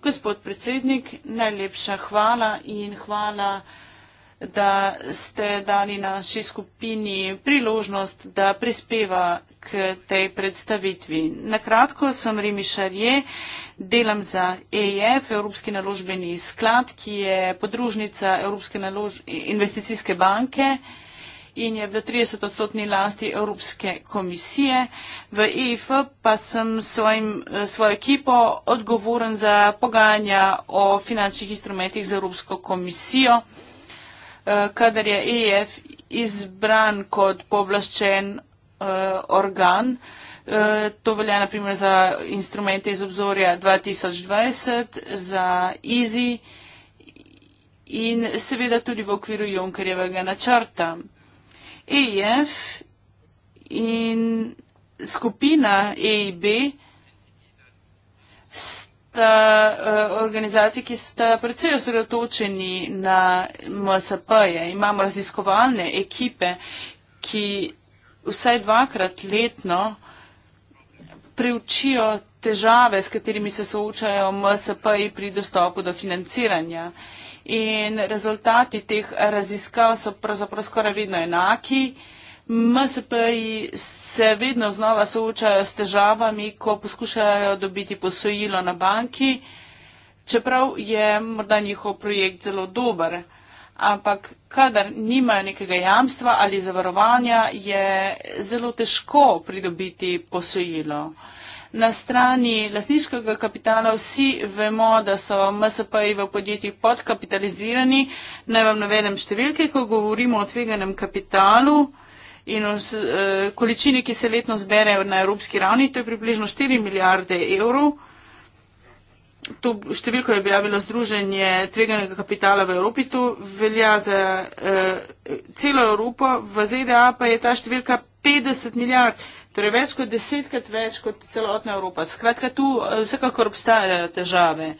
Gospod predsednik, najlepša hvala in hvala da ste dali naši skupini priložnost, da prispeva k tej predstavitvi. Nakratko sem Rimi Šarje, delam za EIF, Evropski naložbeni sklad, ki je podružnica Evropske nalož... investicijske banke in je v 30 odstotni lasti Evropske komisije. V EIF pa sem svojim, svojo ekipo odgovoren za pogajanja o finančnih instrumentih z Evropsko komisijo. Eh, kadar je EF izbran kot povlaščen eh, organ. Eh, to velja naprimer za instrumente iz obzorja 2020, za EASY in seveda tudi v okviru Junkerjevega načrta. EF in skupina EIB sta eh, organizacije, ki sta predvsej osredotočeni na MSP-je. Imamo raziskovalne ekipe, ki vsaj dvakrat letno preučijo težave, s katerimi se soočajo MSP-ji pri dostopu do financiranja. In rezultati teh raziskav so pravzaprav skoraj vedno enaki. Uh, MSP-ji se vedno znova soočajo s težavami, ko poskušajo dobiti posojilo na banki, čeprav je morda njihov projekt zelo dober. Ampak kadar nimajo nekega jamstva ali zavarovanja, je zelo težko pridobiti posojilo. Na strani lasniškega kapitala vsi vemo, da so MSP-ji v podjetjih podkapitalizirani. Naj vam navedem številke, ko govorimo o tveganem kapitalu in v uh, količini, ki se letno zberejo na evropski ravni, to je približno 4 milijarde evrov. To številko je objavilo Združenje tveganega kapitala v Evropi, to velja za uh, celo Evropo, v ZDA pa je ta številka 50 milijard, torej več kot desetkrat več kot celotna Evropa. Skratka, tu uh, vsekakor obstajajo težave.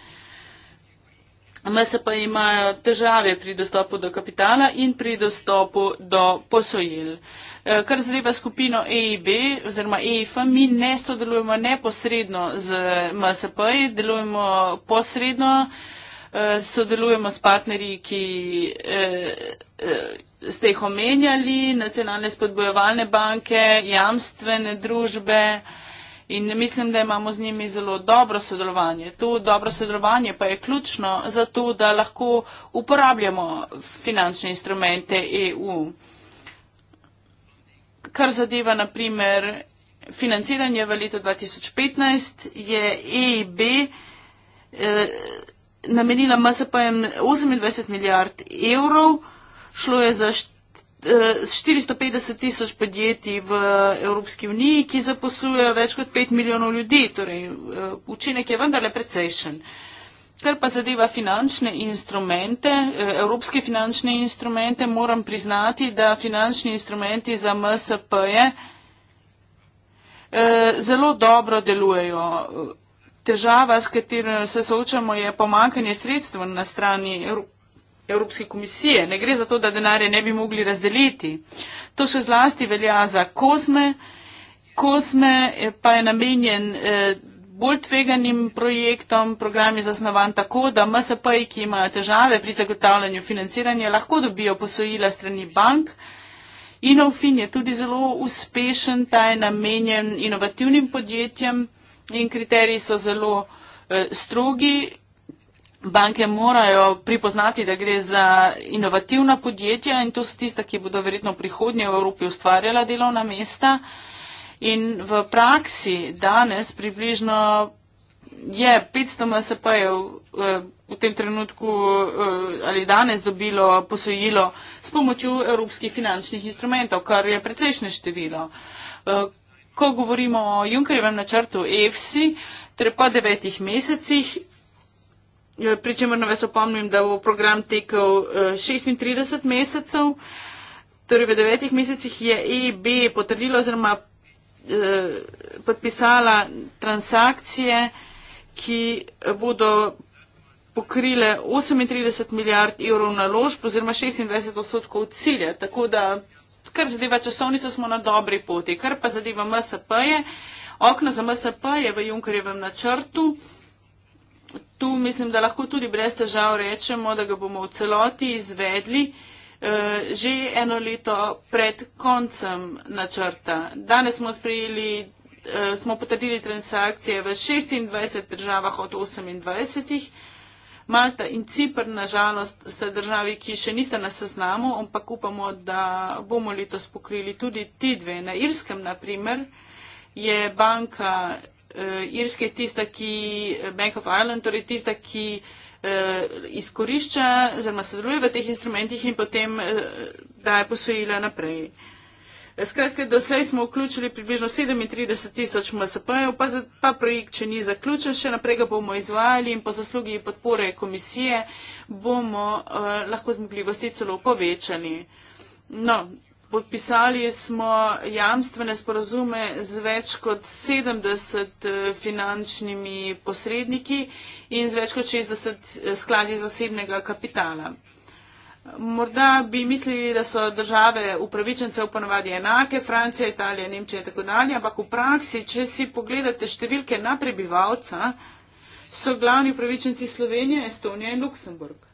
MSP imajo težave pri dostopu do kapitala in pri dostopu do posojil. Uh, Eh, kar zadeva skupino EIB oziroma EIF, mi ne sodelujemo neposredno z MSP, delujemo posredno, eh, sodelujemo s partnerji, ki eh, ste jih omenjali, nacionalne spodbojevalne banke, jamstvene družbe. In mislim, da imamo z njimi zelo dobro sodelovanje. To dobro sodelovanje pa je ključno za to, da lahko uporabljamo finančne instrumente EU kar zadeva, naprimer, financiranje v letu 2015, je EIB eh, namenila MSP-jem 28 milijard evrov, šlo je za št, eh, 450 tisoč podjetij v Evropski uniji, ki zaposlujejo več kot 5 milijonov ljudi, torej eh, učinek je vendarle precejšen. Eh, Kar pa zadeva finančne instrumente, eh, evropske finančne instrumente, moram priznati, da finančni instrumenti za MSP-je eh, zelo dobro delujejo. Težava, s katero se soočamo, je pomankanje sredstva na strani Evropske komisije. Ne gre za to, da denarje ne bi mogli razdeliti. To še zlasti velja za kosme. Kosme eh, pa je namenjen. Eh, bolj tveganim projektom. Program je zasnovan tako, da MSP-ji, ki imajo težave pri zagotavljanju financiranja, lahko dobijo posojila strani bank. Inovfin je tudi zelo uspešen, ta je namenjen inovativnim podjetjem in kriteriji so zelo eh, strogi. Banke morajo pripoznati, da gre za inovativna podjetja in to so tista, ki bodo verjetno v prihodnje v Evropi ustvarjala delovna mesta. Eh, In v praksi danes približno je 500 MSP-jev eh, v tem trenutku eh, ali danes dobilo posojilo s pomočjo evropskih finančnih instrumentov, kar je precejšnje število. Eh, ko govorimo o Junkerjevem načrtu EFSI, trepa devetih mesecih, pričemer na vas opomnim, da bo program tekel 36 mesecev, torej v devetih mesecih je EB potrdilo oziroma Eh, podpisala transakcije, ki bodo pokrile 38 milijard evrov naložb oziroma 26 odstotkov cilja. Tako da, kar zadeva časovnico, smo na dobri poti. Kar pa zadeva MSP je, okno za MSP je v Junkerjevem načrtu. Tu mislim, da lahko tudi brez težav rečemo, da ga bomo v celoti izvedli. Uh, Eh, že eno leto pred koncem načrta. Danes smo sprejeli, eh, smo potrdili transakcije v 26 državah od 28. Malta in Cipr, nažalost, sta državi, ki še nista na seznamu, ampak upamo, da bomo letos pokrili tudi ti dve. Na Irskem, na primer, je banka eh, Irske tista, ki, Bank of Ireland, torej tista, ki eh, izkorišča, oziroma sodeluje v teh instrumentih in potem eh, daje posojila naprej. Eh, skratka, doslej smo vključili približno 37 tisoč MSP-jev, pa, pa projekt, če ni zaključen, še naprej ga bomo izvajali in po zaslugi podpore komisije bomo eh, lahko zmogljivosti celo povečali. No, Podpisali smo jamstvene sporazume z več kot 70 eh, finančnimi posredniki in z več kot 60 eh, skladi zasebnega kapitala. Morda bi mislili, da so države upravičencev ponovadi enake, Francija, Italija, Nemčija in tako dalje, ampak v praksi, če si pogledate številke na prebivalca, so glavni upravičenci Slovenija, Estonija in Luksemburg.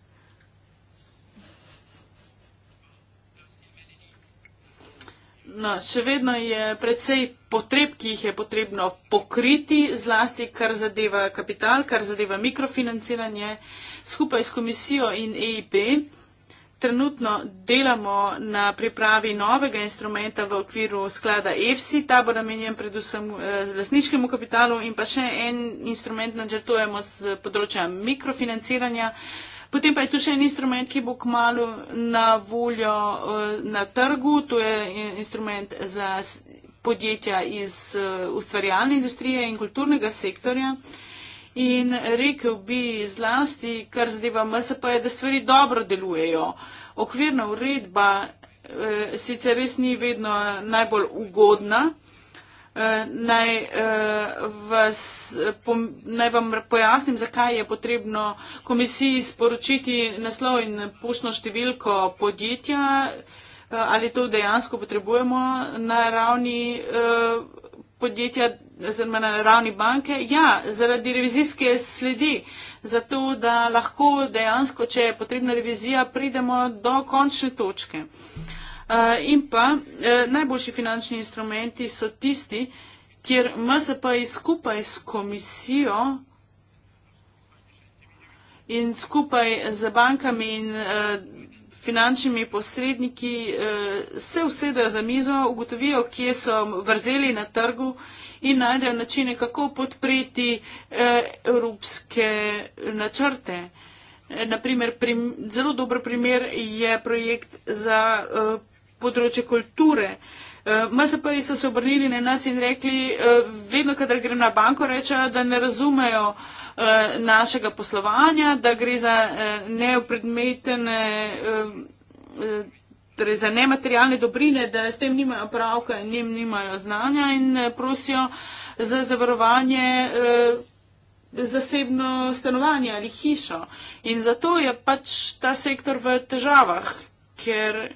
na, no, še vedno je predvsej potreb, ki jih je potrebno pokriti, zlasti kar zadeva kapital, kar zadeva mikrofinanciranje. Skupaj s komisijo in EIP trenutno delamo na pripravi novega instrumenta v okviru sklada EFSI. Ta bo namenjen predvsem eh, lasniškemu kapitalu in pa še en instrument načrtujemo z področja mikrofinanciranja. Potem pa je tu še en instrument, ki bo kmalo na voljo eh, na trgu. To je instrument za podjetja iz eh, ustvarjalne industrije in kulturnega sektorja. In rekel bi zlasti, kar zadeva MSP, je, da stvari dobro delujejo. Okvirna uredba eh, sicer res ni vedno najbolj ugodna, naj, eh, vas, naj vam pojasnim, zakaj je potrebno komisiji sporočiti naslov in poštno številko podjetja, eh, ali to dejansko potrebujemo na ravni eh, podjetja, oziroma na ravni banke. Ja, zaradi revizijske sledi, zato da lahko dejansko, če je potrebna revizija, pridemo do končne točke. Uh, In pa e, najboljši finančni instrumenti so tisti, kjer MZP skupaj s komisijo in skupaj z bankami in e, finančnimi posredniki e, se vsedajo za mizo, ugotovijo, kje so vrzeli na trgu in najdejo načine, kako podpreti evropske načrte. Naprimer, prim, zelo dober primer je projekt za uh, področje kulture. Eh, MSP-ji so se obrnili na nas in rekli, eh, vedno, kadar grem na banko, rečejo, da ne razumejo eh, našega poslovanja, da gre za neopredmetene, torej za nematerialne dobrine, da s tem nimajo pravka in njim nimajo znanja in prosijo za zavarovanje zasebno stanovanje ali hišo. In zato je pač ta sektor v težavah, ker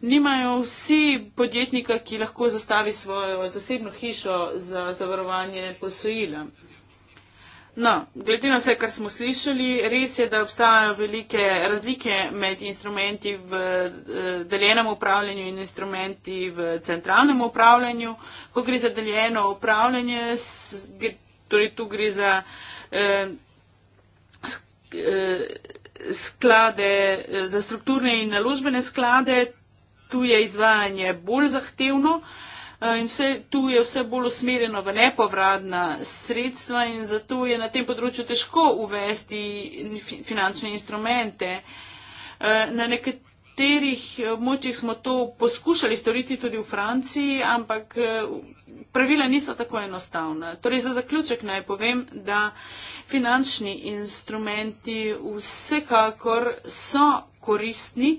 nimajo vsi podjetnika, ki lahko zastavi svojo zasebno hišo za zavarovanje posojila. No, glede na vse, kar smo slišali, res je, da obstajajo velike razlike med instrumenti v eh, deljenem upravljanju in instrumenti v centralnem upravljanju. Ko gre za deljeno upravljanje, torej tu gre za eh, eh sklade, eh, za strukturne in naložbene sklade, tu je izvajanje bolj zahtevno eh, in vse, tu je vse bolj usmerjeno v nepovratna sredstva in zato je na tem področju težko uvesti finančne instrumente. Eh, na nekaterih močjih smo to poskušali storiti tudi v Franciji, ampak eh, pravila niso tako enostavna. Torej, za zaključek naj povem, da finančni instrumenti vsekakor so koristni.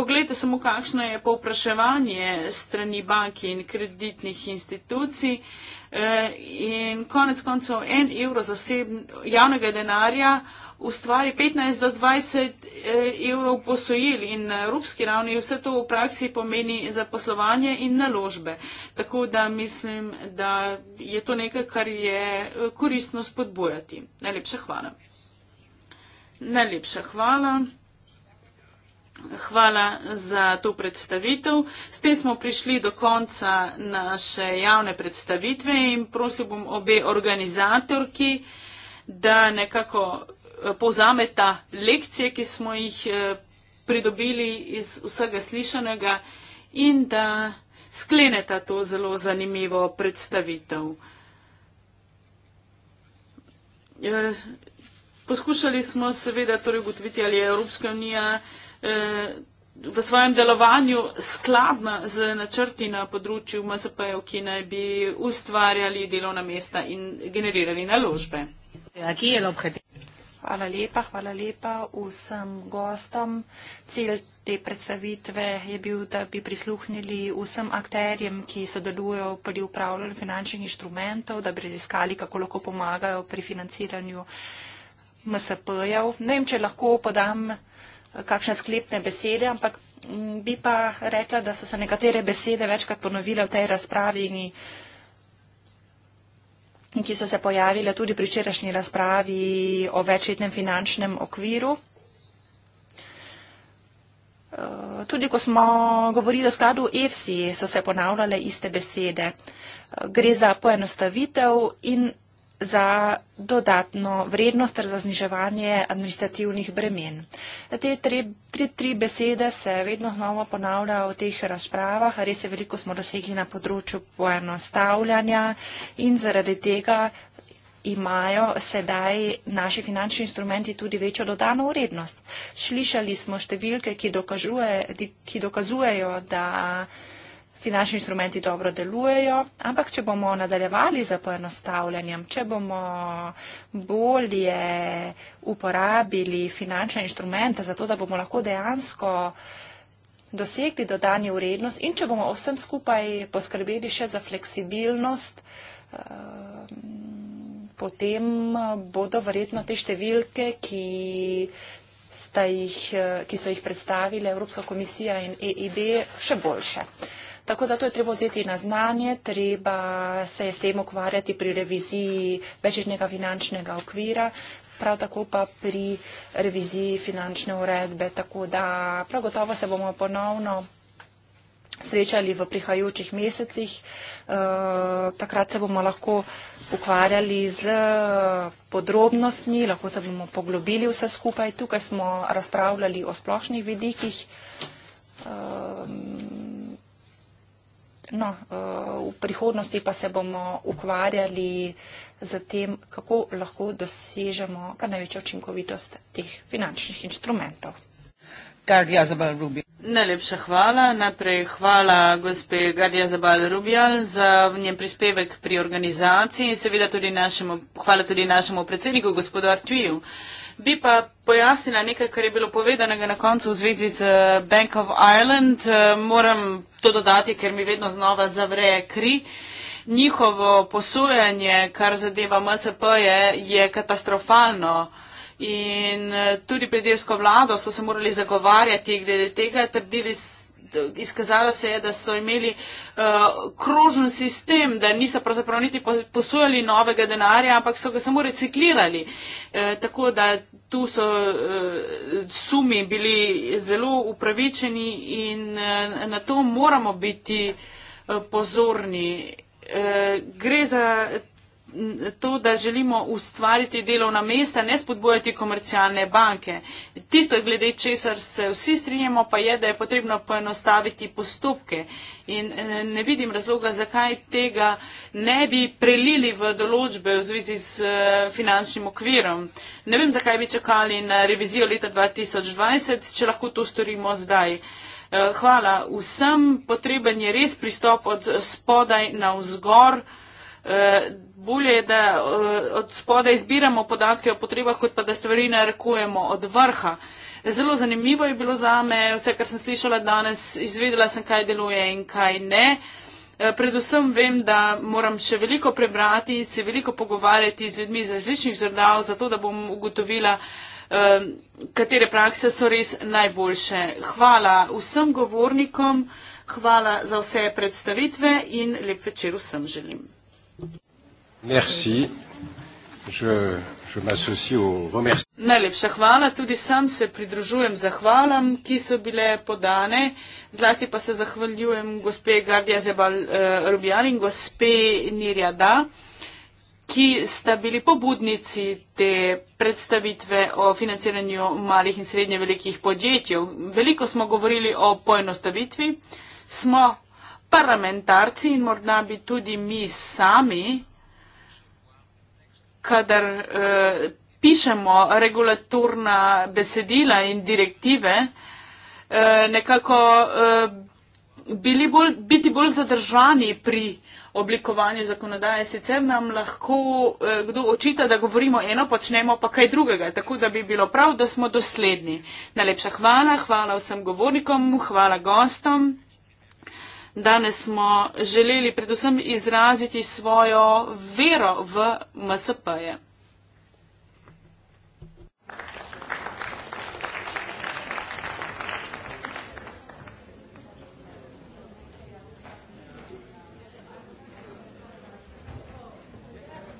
Poglejte samo, kakšno je povpraševanje strani banki in kreditnih institucij. Eh, in konec koncev en evro zaseben, javnega denarja ustvari 15 do 20 eh, evrov posojil in na evropski ravni vse to v praksi pomeni zaposlovanje in naložbe. Tako da mislim, da je to nekaj, kar je eh, koristno spodbojati. Najlepša hvala. Najlepša hvala. Hvala za to predstavitev. S tem smo prišli do konca naše javne predstavitve in prosil bom obe organizatorki, da nekako eh, pozameta lekcije, ki smo jih eh, pridobili iz vsega slišanega in da skleneta to zelo zanimivo predstavitev. Eh, poskušali smo seveda torej ugotoviti, ali je Evropska unija Eh, v svojem delovanju skladna z načrti na področju MSP-ev, ki naj bi ustvarjali delovna mesta in generirali naložbe. Hvala lepa, hvala lepa vsem gostom. Cilj te predstavitve je bil, da bi prisluhnili vsem akterjem, ki sodelujo pri upravljanju finančnih inštrumentov, da bi raziskali, kako lahko pomagajo pri financiranju MSP-jev. Ne vem, če lahko podam kakšne sklepne besede, ampak mm, bi pa rekla, da so se nekatere besede večkrat ponovile v tej razpravi in ki so se pojavile tudi pri včerajšnji razpravi o večletnem finančnem okviru. Eh, tudi ko smo govorili o skladu EFSI, so se ponavljale iste besede. Eh, gre za poenostavitev in za dodatno vrednost ter za zniževanje administrativnih bremen. Te tri, tri, tri besede se vedno znova ponavlja v teh razpravah, res je veliko smo dosegli na področju poenostavljanja in zaradi tega imajo sedaj naši finančni instrumenti tudi večjo dodano vrednost. Slišali smo številke, ki, dokažuje, ki dokazujejo, da finančni instrumenti dobro delujejo, ampak če bomo nadaljevali z poenostavljanjem, če bomo bolje uporabili finančne instrumente za to, da bomo lahko dejansko dosegli dodani vrednost in če bomo vsem skupaj poskrbeli še za fleksibilnost, eh, potem bodo verjetno te številke, ki, jih, eh, ki so jih predstavile Evropska komisija in EIB, še boljše. Tako da to je treba vzeti na znanje, treba se je s tem ukvarjati pri reviziji večjega finančnega okvira, prav tako pa pri reviziji finančne uredbe. Tako da prav gotovo se bomo ponovno srečali v prihajajočih mesecih. Eh, takrat se bomo lahko ukvarjali z eh, podrobnostmi, lahko se bomo poglobili vse skupaj. Tukaj smo razpravljali o splošnih vidikih. Um, No, eh, v prihodnosti pa se bomo ukvarjali z tem, kako lahko dosežemo kar največjo učinkovitost teh finančnih inštrumentov. Gardija Zabal Rubijal. Najlepša hvala. Najprej hvala gospe Gardija Zabal Rubijal za njen prispevek pri organizaciji in seveda tudi našemu, hvala tudi našemu predsedniku, gospodu Artuju. Bi pa pojasnila nekaj, kar je bilo povedanega na koncu v zvezi z eh, Bank of Ireland. Eh, moram to dodati, ker mi vedno znova zavreje kri. Njihovo posojanje, kar zadeva MSP, je, je katastrofalno. In eh, tudi predeljsko vlado so se morali zagovarjati glede tega, trdili izkazalo se je, da so imeli uh, krožen sistem, da niso pravzaprav niti posujali novega denarja, ampak so ga samo reciklirali. Uh, tako da tu so uh, sumi bili zelo upravičeni in uh, na to moramo biti uh, pozorni. Uh, gre za to, da želimo ustvariti delovna mesta, ne spodbojati komercialne banke. Tisto, glede česar se vsi strinjamo, pa je, da je potrebno poenostaviti postopke. In eh, ne vidim razloga, zakaj tega ne bi prelili v določbe v zvezi z eh, finančnim okvirom. Ne vem, zakaj bi čakali na revizijo leta 2020, če lahko to storimo zdaj. Eh, hvala. Vsem potreben je res pristop od spodaj na vzgor bolje je, da uh, od spoda izbiramo podatke o potrebah, kot pa da stvari narekujemo od vrha. Zelo zanimivo je bilo za me, vse, kar sem slišala danes, izvedela sem, kaj deluje in kaj ne. Eh, predvsem vem, da moram še veliko prebrati, se veliko pogovarjati z ljudmi iz različnih zrdav, zato da bom ugotovila, eh, katere prakse so res najboljše. Hvala vsem govornikom, hvala za vse predstavitve in lep večer vsem želim. Merci. Je, je m'associe au remerciement. Najlepša hvala, tudi sam se pridružujem zahvalam, ki so bile podane. Zlasti pa se zahvaljujem gospe Gardija Zebal eh, Rubijan in gospe Nirjada, ki sta bili pobudnici te predstavitve o financiranju malih in srednje velikih podjetij. Veliko smo govorili o poenostavitvi, smo parlamentarci in morda bi tudi mi sami kadar eh, pišemo regulatorna besedila in direktive, eh, nekako eh, bili bolj, biti bolj zadržani pri oblikovanju zakonodaje. Sicer nam lahko eh, kdo očita, da govorimo eno, počnemo pa kaj drugega. Tako da bi bilo prav, da smo dosledni. Najlepša hvala, hvala vsem govornikom, hvala gostom. Danes smo želeli predvsem izraziti svojo vero v MSP-je.